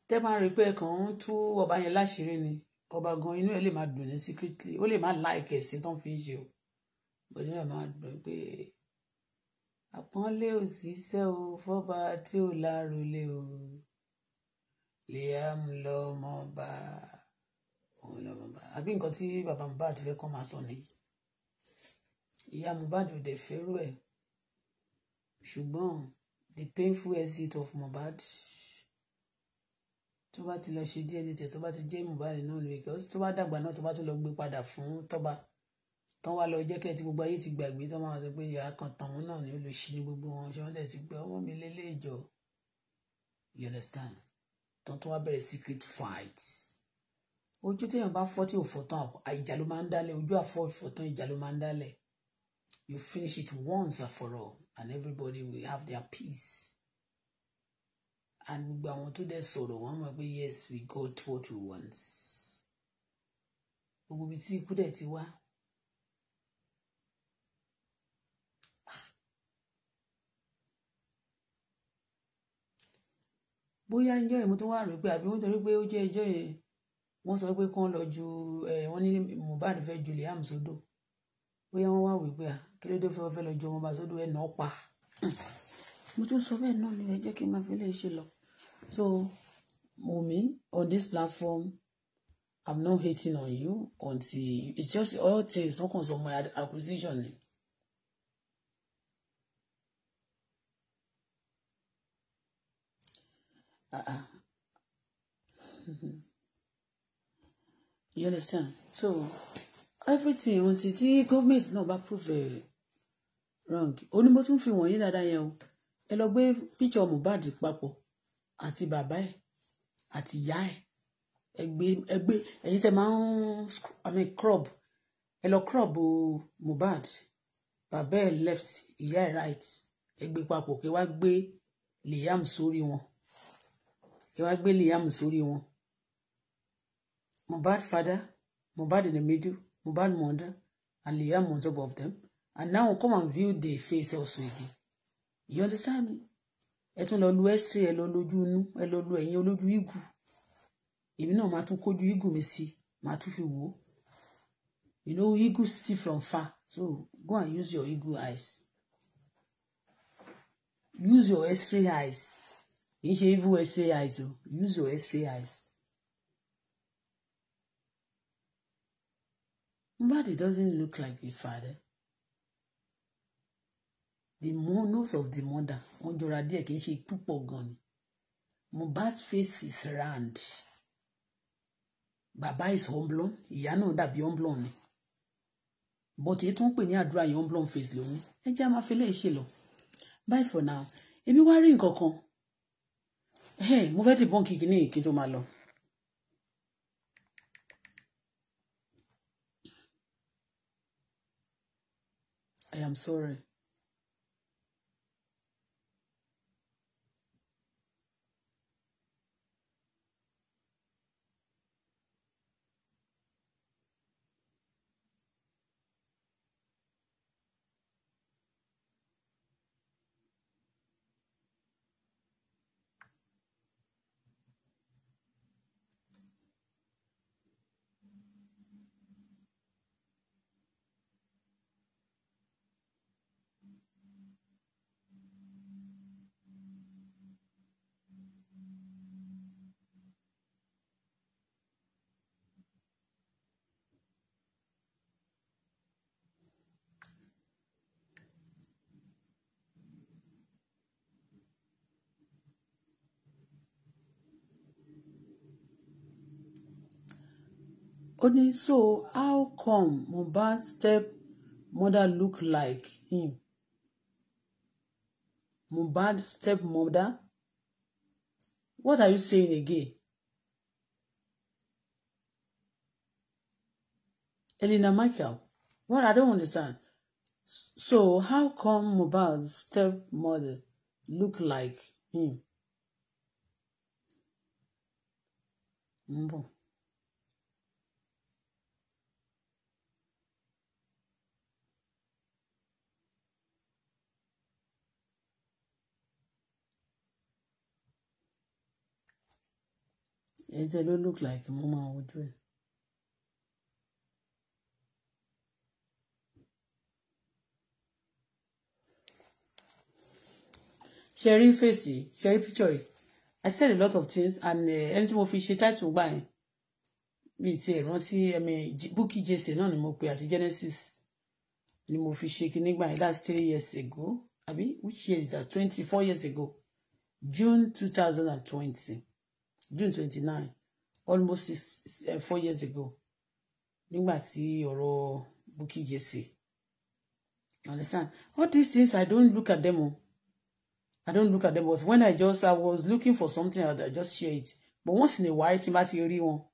tẹ́ máa rí pé ẹ̀kan ń tú ọba yẹn láṣìírí ni ọba gan inú ẹ̀ lè máa dùn ní secretly ó lè máa láìkẹ̀ sí tán fi ń ṣe o bọ̀dé náà máa dùn pé àpọ́nlé òṣìṣẹ́ o fọ́ba tí ò lárólé o liam lọ́mọba òun lọ́mọba àbí nǹkan tí bàbá Mohbad fẹ́ kọ́ máa sọ ni ìyá Mohbad ò dẹ̀ fẹ́rù ẹ̀ ṣùgbọ́n the painful exit of Mohbad tó bá ti lọ ṣe DNA test tó bá ti jẹ́ Mohbad náà lóye kí tó bá dàgbà náà tó bá tún lọ gbé padà fún tọ́ba tán wá lọ jẹ́ kẹ́ ti gbogbo ayé ti gbàgbé tán máa sọ pé ìyá kan tàwọn náà ni ó lè ṣí ní gbogbo wọn ṣé wọ́n dẹ̀ ti gbé ọmọ mi lélẹ̀ ìjọ you understand tán tún wá bẹ̀rẹ̀ secret fight ojú téèyàn bá fọ́ tí ò fọ́ tán ìjà ló máa ń dálẹ̀ ojú àfọ́ ìfọ́tán ìjà ló máa ń dálẹ̀ you finish it once and for all and everybody will have their peace and gbogbo àwọn tó dẹ̀ sọ̀rọ̀ wọ́n mọ̀ pé yes we got what we want gbogbo ibi tí ikú dẹ̀ ti wá bóyá ń jọ yẹn mo tún wà rò pé àbí wọ́n torí pé ó jẹ́ ẹjọ́ yẹn wọ́n sọ pé kán lọ ju ẹ wọ́n ní Mohbad fẹ́ ju Liam sódò bóyá wọ́n wá wí pé à kí ló dé fẹ́ fẹ́ lọ ju ọmọ bá sódò ẹ̀ náà pa [clears throat] mo tún sọ bẹ́ẹ̀ náà ni ẹ jẹ́ kí n máa fi lè ṣe lọ so Wunmi on this platform I'm not hating on you until it's just all things no concern my acquisition. Eh? Uh-uh. you understand so everything ohun ti government náà bá prove uh, wrong oní mo tún fi wọ̀nyí dáadáa yẹn o ẹ lọ gbé picture Mohbad papọ̀ àti bàbá ẹ̀ àti ìyá ẹ̀ Egbe egbe. ẹyin tẹ máa i mean crop ẹ lọ crop o Mohbad bàbá left ìyá right Egbe papọ̀ kí wàá gbé Liam sórí wọn kí wọ́n gbé Liam sórí wọn Mohbad father Mohbad in the middle Mohbad mother and Liam on top of them and now come and view the face also again you understand me ẹ tún lọ lu ẹsẹ ẹ lọ lójú inú ẹ lọ lu ẹyin olójú igu èmi náà máa tún kójú igu mi sí máa tún fi wò ó you know eagle see from far so go and use your eagle eyes use your x-ray eyes kì í ṣe evil x eyes o use your x-ray eyes. Nobody doesn't look like his father. The monos of the mother wọ́n jọra díẹ̀ kì í ṣe púpọ̀ gan ni Mohbad's face is round bàbá is humblon ìyá náà dàbí humblon ni but èyí tó ń pè ní àdúrà yìí humblon face lòun ẹ jẹ́ a máa lọ bye for now èmi wá rí nǹkan kan mo fẹ́ dìbọn kìkì ní ìkí tó máa lọ. I am sorry. ó ní so how come Mohbad step mother look like him Mohbad step mother what are you saying again Elena Michael what I don't understand so how come Mohbad step mother look like him. Mm -hmm. ẹ̀jẹ̀ ló look like mo máa wojú ẹ̀. ṣe rí fèsì ṣe rí yìí I said a lot of things and eh, ẹni tí mo fi ṣe title gbà yẹn bíi ti ìrántí ẹmi Bukky Jesse náà ni mo pè àti Genesis ni mo fi ṣe kí nígbà yẹn that's three years ago àbí which year is that twenty four years ago June two thousand and twenty. June twenty nine almost six uh, four years ago nígbà tí ọ̀rọ̀ Bukky Jesse understand all these things I don't look at them o oh. I don't look at them but when I just I was looking for something I, just share it but once in a while tí n bá ti rí wọn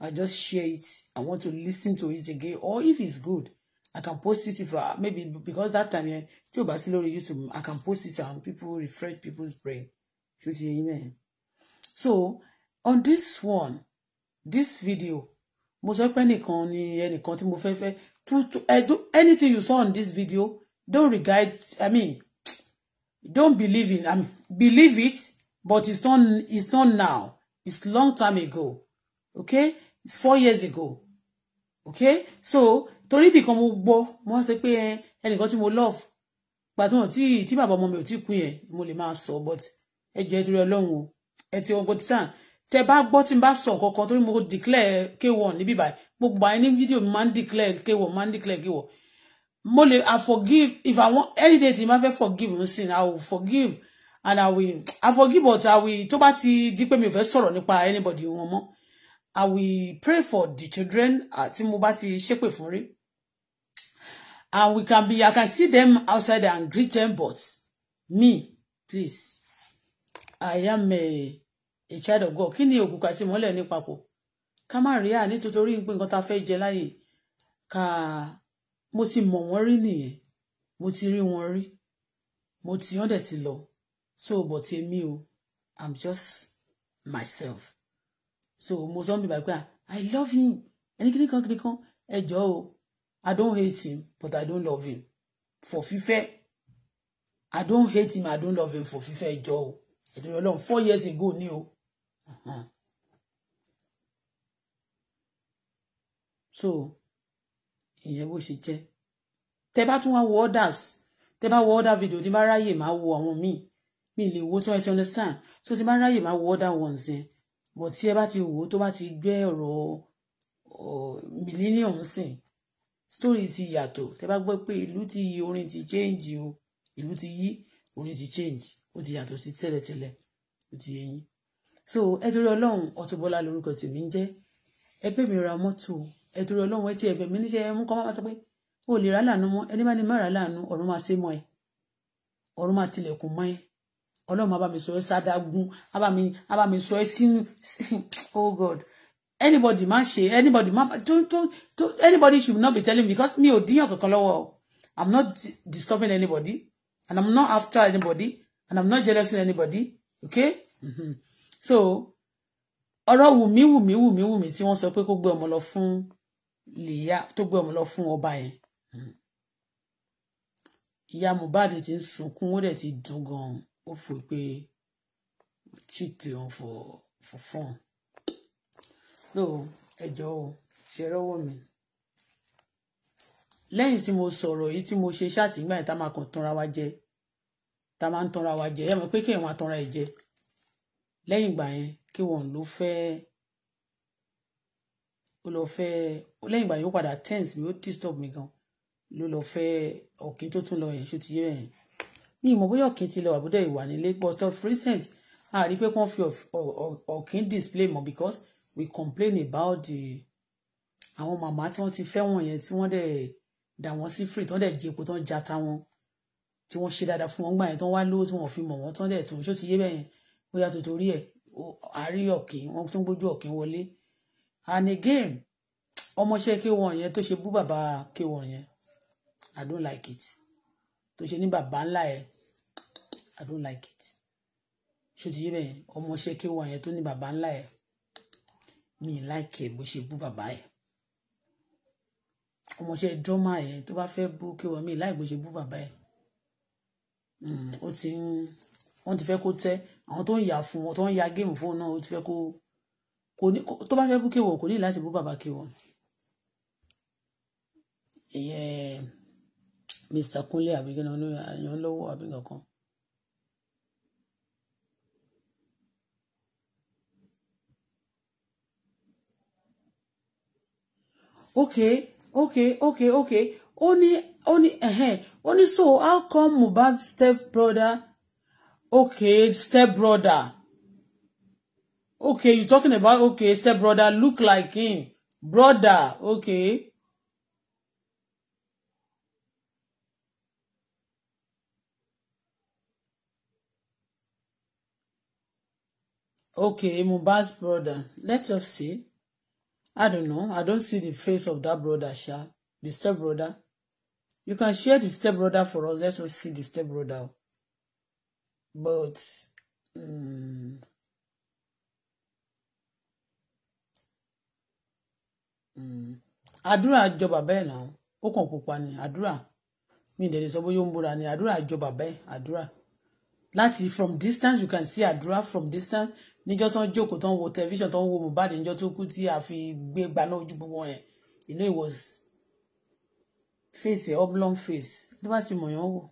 I just share it I want to listen to it again or if it's good I can post it if I, ah, maybe because that time yẹn eh, tí o bá sí lórí YouTube I can post it and people refresh people's brain ṣó ti yẹ mẹ́rin so on this one this video mo sọ pé ẹnìkan ni ẹnìkan tí mo fẹ́ fẹ́ eh, anything you saw on this video don't regard i mean don't believe in i mean believe it but it's not it's not now it's long time ago okay it's four years ago okay so torí ibìkan mo gbọ́ mo wá sọ pé eh, ẹnìkan tí mo love pàtó tí tí bàbá ọmọ mi ò tí kú yẹn mo lè máa sọ but ẹ jẹ́ torí Ọlọ́run o ẹ ti wọn gbọ́ sàn tẹ bá gbọ́ tí n bá sọ kankan torí mo declare k one, níbí báyìí gbogbo àyè ní fídíò mi máa ń declare k one, máa ń declare k one. mo lè i forgive if i want any day tí n bá fẹ́ forgive n sin i will forgive and i will i forgive but i will tó bá ti di pé mi ò fẹ́ sọ̀rọ̀ nípa anybody wọn mọ́ i will pray for the children tí mo bá ti ṣépè fún rí and we can be i can see them outside and greet them but me please i am a. Uh, a child of God kí ni òkùnkùn àti ìmọ́lẹ̀ ní papọ̀ ká má rí à nítorí pé nǹkan tá a fẹ́ jẹ láyè ká mo ti mọ̀ wọ́n rí nìyẹn mo ti rí wọn rí mo ti wọ́n dẹ̀ ti lọ so but èmi o i'm just myself so mo sọ ń bíbá ah, i love him ẹni kiri kan kiri kan ẹ jọ̀ọ́ o i don't hate him but i don't love him for fífẹ́ i don't hate him i don't love him for fífẹ́ ẹ jọ̀ọ́ o ẹ̀dùn ọlọ́run four years ago ni o so ìyẹn bó ṣe jẹ́ tẹ bá tún wá wo orders tẹ bá wo order video tí bá ráyè máa wo àwọn míì mi lè wo tí wọ́n ti understand so tí bá ráyè máa wo order ones yẹn but tí ẹ bá ti wò ó tó bá ti gbé ọ̀rọ̀ millennium sìn story ti yàtọ̀ tẹ bá gbọ́ pé ìlú ti yí orin ti change o ìlú ti yí orin ti change ó ti yàtọ̀ sí tẹ́lẹ̀tẹ́lẹ̀ ó ti yẹ so ẹ torí ọlọ́run ọ̀túnbọ́lá lórúkọ tèmi ń jẹ́ ẹ bẹ̀ mí ra mọ́tò ẹ torí ọlọ́run ẹ ti ẹ̀bẹ̀ mi níṣẹ́ mú kọ́ máa sọ pé o lè rà láàánú mọ́ ẹni bá ní má rà láàánú ọ̀run máa ṣe mọ́ ẹ ọ̀run máa tilẹ̀kùn mọ́ ẹ ọlọ́run máa bá mi sọ ẹ sádágún á bá mi sọ ẹ sínú [laughs] oh god anybody má ṣe anybody má don't don't don't anybody should not be telling me because mi ò díyàn kankan lọ́wọ́ o i'm not disturbing anybody and i'm not after anybody and i'm not jealous in anybody okay. Mm-hmm so ọ̀rọ̀ wùmí wùmí wùmí wùmí tí wọ́n sọ pé kó gbé ọmọ lọ fún lìyá tó gbé ọmọ lọ fún ọba yẹn ìyá Mohbad ti ń sunkún ó dẹ̀ ti dùn gan ó fò pé cheat on for for fun so ẹjọ́ o ṣe rọ́wọ́ mi lẹ́yìn tí mo sọ̀rọ̀ yìí tí mo ṣe ṣáàtì nígbà yẹn tá máa kàn tanra wa jẹ tá máa ń tanra wa jẹ ẹ mọ̀ pé kéèyàn máa tanra ẹ̀ jẹ lẹ́yìn ìgbà yẹn kí wọn ló fẹ́ ó lọ fẹ́ lẹ́yìn ìgbà yẹn ó padà tense mi ó disturb mi gan ló lọ fẹ́ ọ̀kín tó tún lọ yẹn ṣó ti yé bẹ́ẹ̀ mi ìmọ̀ bóyá ọ̀kín ti lọ àbúdá ìwà nílé but of recent a rí pé kí wọ́n fi ọ̀kín display mọ́ because we complain about the àwọn màmá tí wọ́n ti fẹ́ wọn yẹn tí wọ́n dẹ̀ dà wọ́n sí free tí wọ́n dẹ̀ jẹ epo tí wọ́n jata wọn tí wọ́n ṣe dáadáa fún wọn gbà yẹn tí wọ́n wá lówó tí wọ́n fi mọ̀ wọ́n tí wọ́n dẹ̀ tún ṣó ti yé bẹ́ẹ̀ yẹn bóyá tó torí ẹ̀ àárí ọ̀kìn wọ́n tún gbójú ọ̀kìn wọlé and again ọmọọṣẹ́ kéwọn yẹn tó ṣe bú bàbá kéwọn yẹn i don't like it tó ṣe ní bàbá ńlá ẹ i don't like it ṣó ti yé bẹ́ẹ̀ ọmọọṣẹ́ kéwọn yẹn tó ní bàbá ńlá ẹ mi like ẹ bó ṣe bú bàbá ẹ ọmọọṣẹ́ drama ẹ tó bá fẹ́ bú kéwọn mi like bó ṣe bú bàbá ẹ hmm, ó ti ń wọ́n ti fẹ́ kó tẹ́ àwọn tó ń yà fún wọn tó ń ya géèmù fún wọn náà ó ti fẹ́ kó kò ní tó bá fẹ́ bú kéwọ̀ kò ní láti bú bàbá kéwọ̀ ìyẹ Mr. Kunle àbíkínà àyànlọ́wọ́ àbíkàn kan. okay okay okay okay ó ní ó ní ó ní so how come Mohbad step brother okay step brother okay you talking about okay step brother look like him brother okay. Okay, Mohbad's brother. Let us see. I don't know. I don't see the face of that brother, Sha. The step brother. You can share the step brother for us. Let us see the step brother but um, um, àdúrà jọ bàbá ẹ̀ náà ó kàn pupa ni àdúrà mi ì dẹ̀lẹ̀ sọ bóyá ó ń búra ni àdúrà jọ bàbá ẹ̀ àdúrà láti from distance you can see àdúrà from distance níjọ́ tán jókòó tán wo television tán wo Mohbad níjọ́ tó kú tí a fi gbé gbaná ojú gbogbo yẹn you know it was face ẹ oblong face bí wọ́n ti mọ̀ yàn wò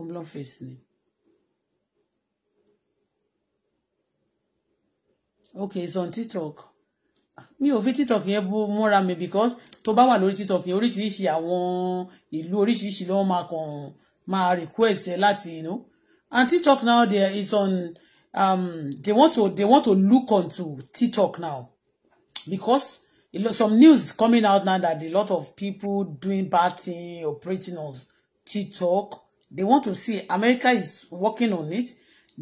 oblong face ni. okay it's on tiktok mi ò fi tiktok yẹn bó mọ́ra mi because tó bá wà lórí tiktok yẹn oríṣiríṣi àwọn ìlú oríṣiríṣi ló máa kàn máa request ẹ láti you know and tiktok now there is on um, they want to they want to look onto tiktok now because some news coming out now that a lot of people doing bad thing operating on TikTok. They want to see America is working on it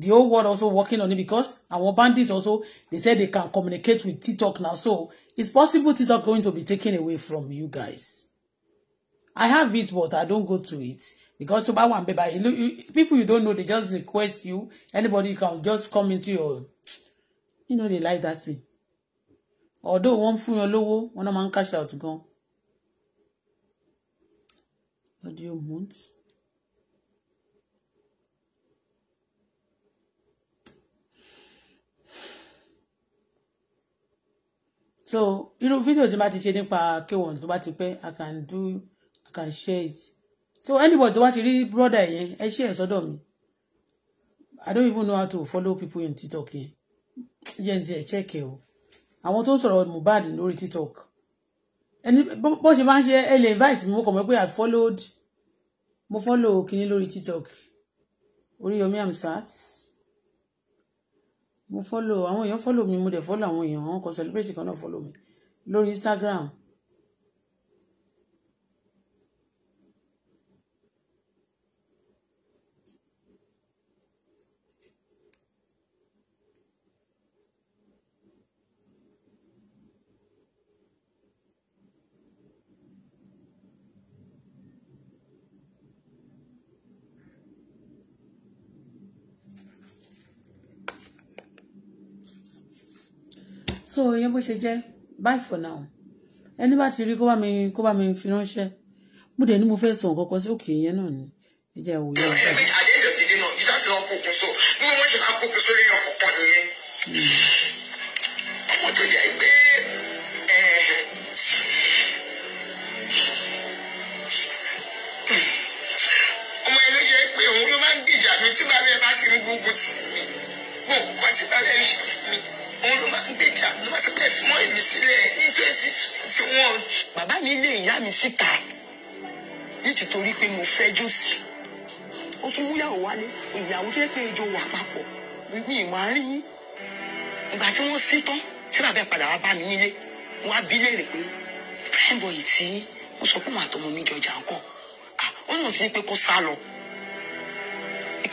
the whole world also working on it because our bandits also they said they can communicate with TikTok now. So it's possible TikTok going to be taken away from you guys. I have it, but I don't go to it because so one baby, people you don't know they just request you. Anybody can just come into your, you know, they like that thing. Although one fún your lówó, one of man cash out gan. What do you want? so irú fídíò tí n bá ti ṣe nípa k1 tó bá ti pẹ́ i can do i can share it so anybody tó bá ti rí brother yẹn ẹ ṣe ẹ sọ́dọ̀ mi i don't even know how to follow people in tiktok yẹn jẹ́ ti ẹ̀ check ẹ o àwọn tó ń sọ̀rọ̀ mohbad lórí tiktok ẹni bó ṣe máa ń ṣe ẹ lè invite mi mo kàn mọ́ pé i followed mo follow kinní lórí tiktok Oríyọmí Amsat mo follow àwọn èèyàn follow mi mo dẹ̀ follow àwọn èèyàn wọn kan celebrate kan náà follow mi lórí Instagram so ìyẹn bó ṣe jẹ́ bye for now ẹni bá ti rí kó bá mi kó bá mi fi ránṣẹ́ mo dẹ̀ ní mo fẹ́ sọ nǹkan kan sí òkè yẹn náà ni ẹ jẹ́ àwòyẹ. àdéhùn náà ìjà sí ọkọ̀ òkun so bí wọ́n ṣe máa kókó sórí ọkọ̀ pọ̀ nìyẹn. ọmọ tó yà gbé ọmọ ẹ yẹ pé òun ló máa ń gbìjà mi tí bàbá ẹ bá ti ń gbógun tì mí gbòògùn bá ti bá ẹ ń ṣe fún mi òun ló máa ń gbèjà ló máa ti bẹ̀rẹ̀ sí mọ́ èmi sílẹ̀ ní twenty twenty one. bàbá mi lé ìyá mi síta nítorí pé mo fẹ́ jù sí ó tún múyàwó wálé ìyàwó tó yẹ pé ìjọ wà papọ̀ mi ìwà rí ìgbà tí wọ́n sí tán tí bàbá padà wá bá mi nílé wọ́n á bí léèrè pé prime boy tí wọ́n sọ pé màá tọmọ mi jọjà ń ó lóun ti pé kó sá lọ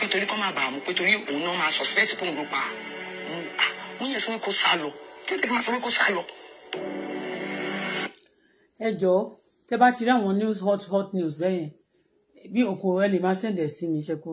pé torí kọ́ máa bàa mú pé torí òun náà máa suspect pé òun ló pa mú ẹ̀gbọ́n yẹn sọ pé kó sá lọ kí máa sọ kó sá lọ. ẹ jọ̀ọ́ tẹ́ bá ti rí àwọn news hot hot news bẹ́ẹ̀ yẹn bí òkú rẹ lè máa ṣẹ̀ǹdẹ̀ sí mi ṣe kó.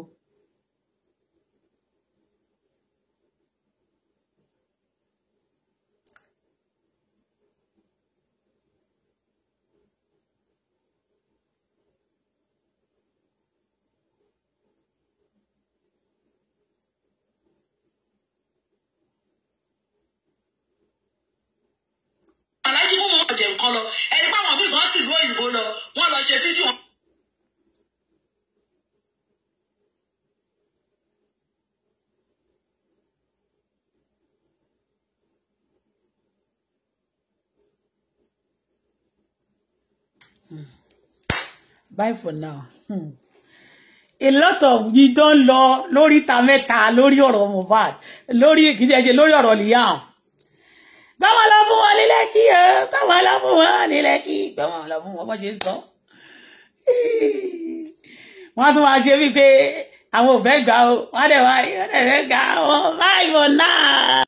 bye for now hmm. a lot of yìí tó ń lọ lórí ta mẹ́ta lórí ọ̀rọ̀ Mohbad lórí kìí ṣe lórí ọ̀rọ̀ Liam gbọ́mọ lọ fún wọn ní Lẹ́kì o gbọ́mọ lọ fún wọn ní Lẹ́kì gbọ́mọ lọ fún wọn bó ṣe sọ wọ́n tún máa ṣe wípé àwọn ò fẹ́ gbà ó wọ́n dẹ̀ wá yóò dẹ̀ fẹ́ gbà ó bye for now.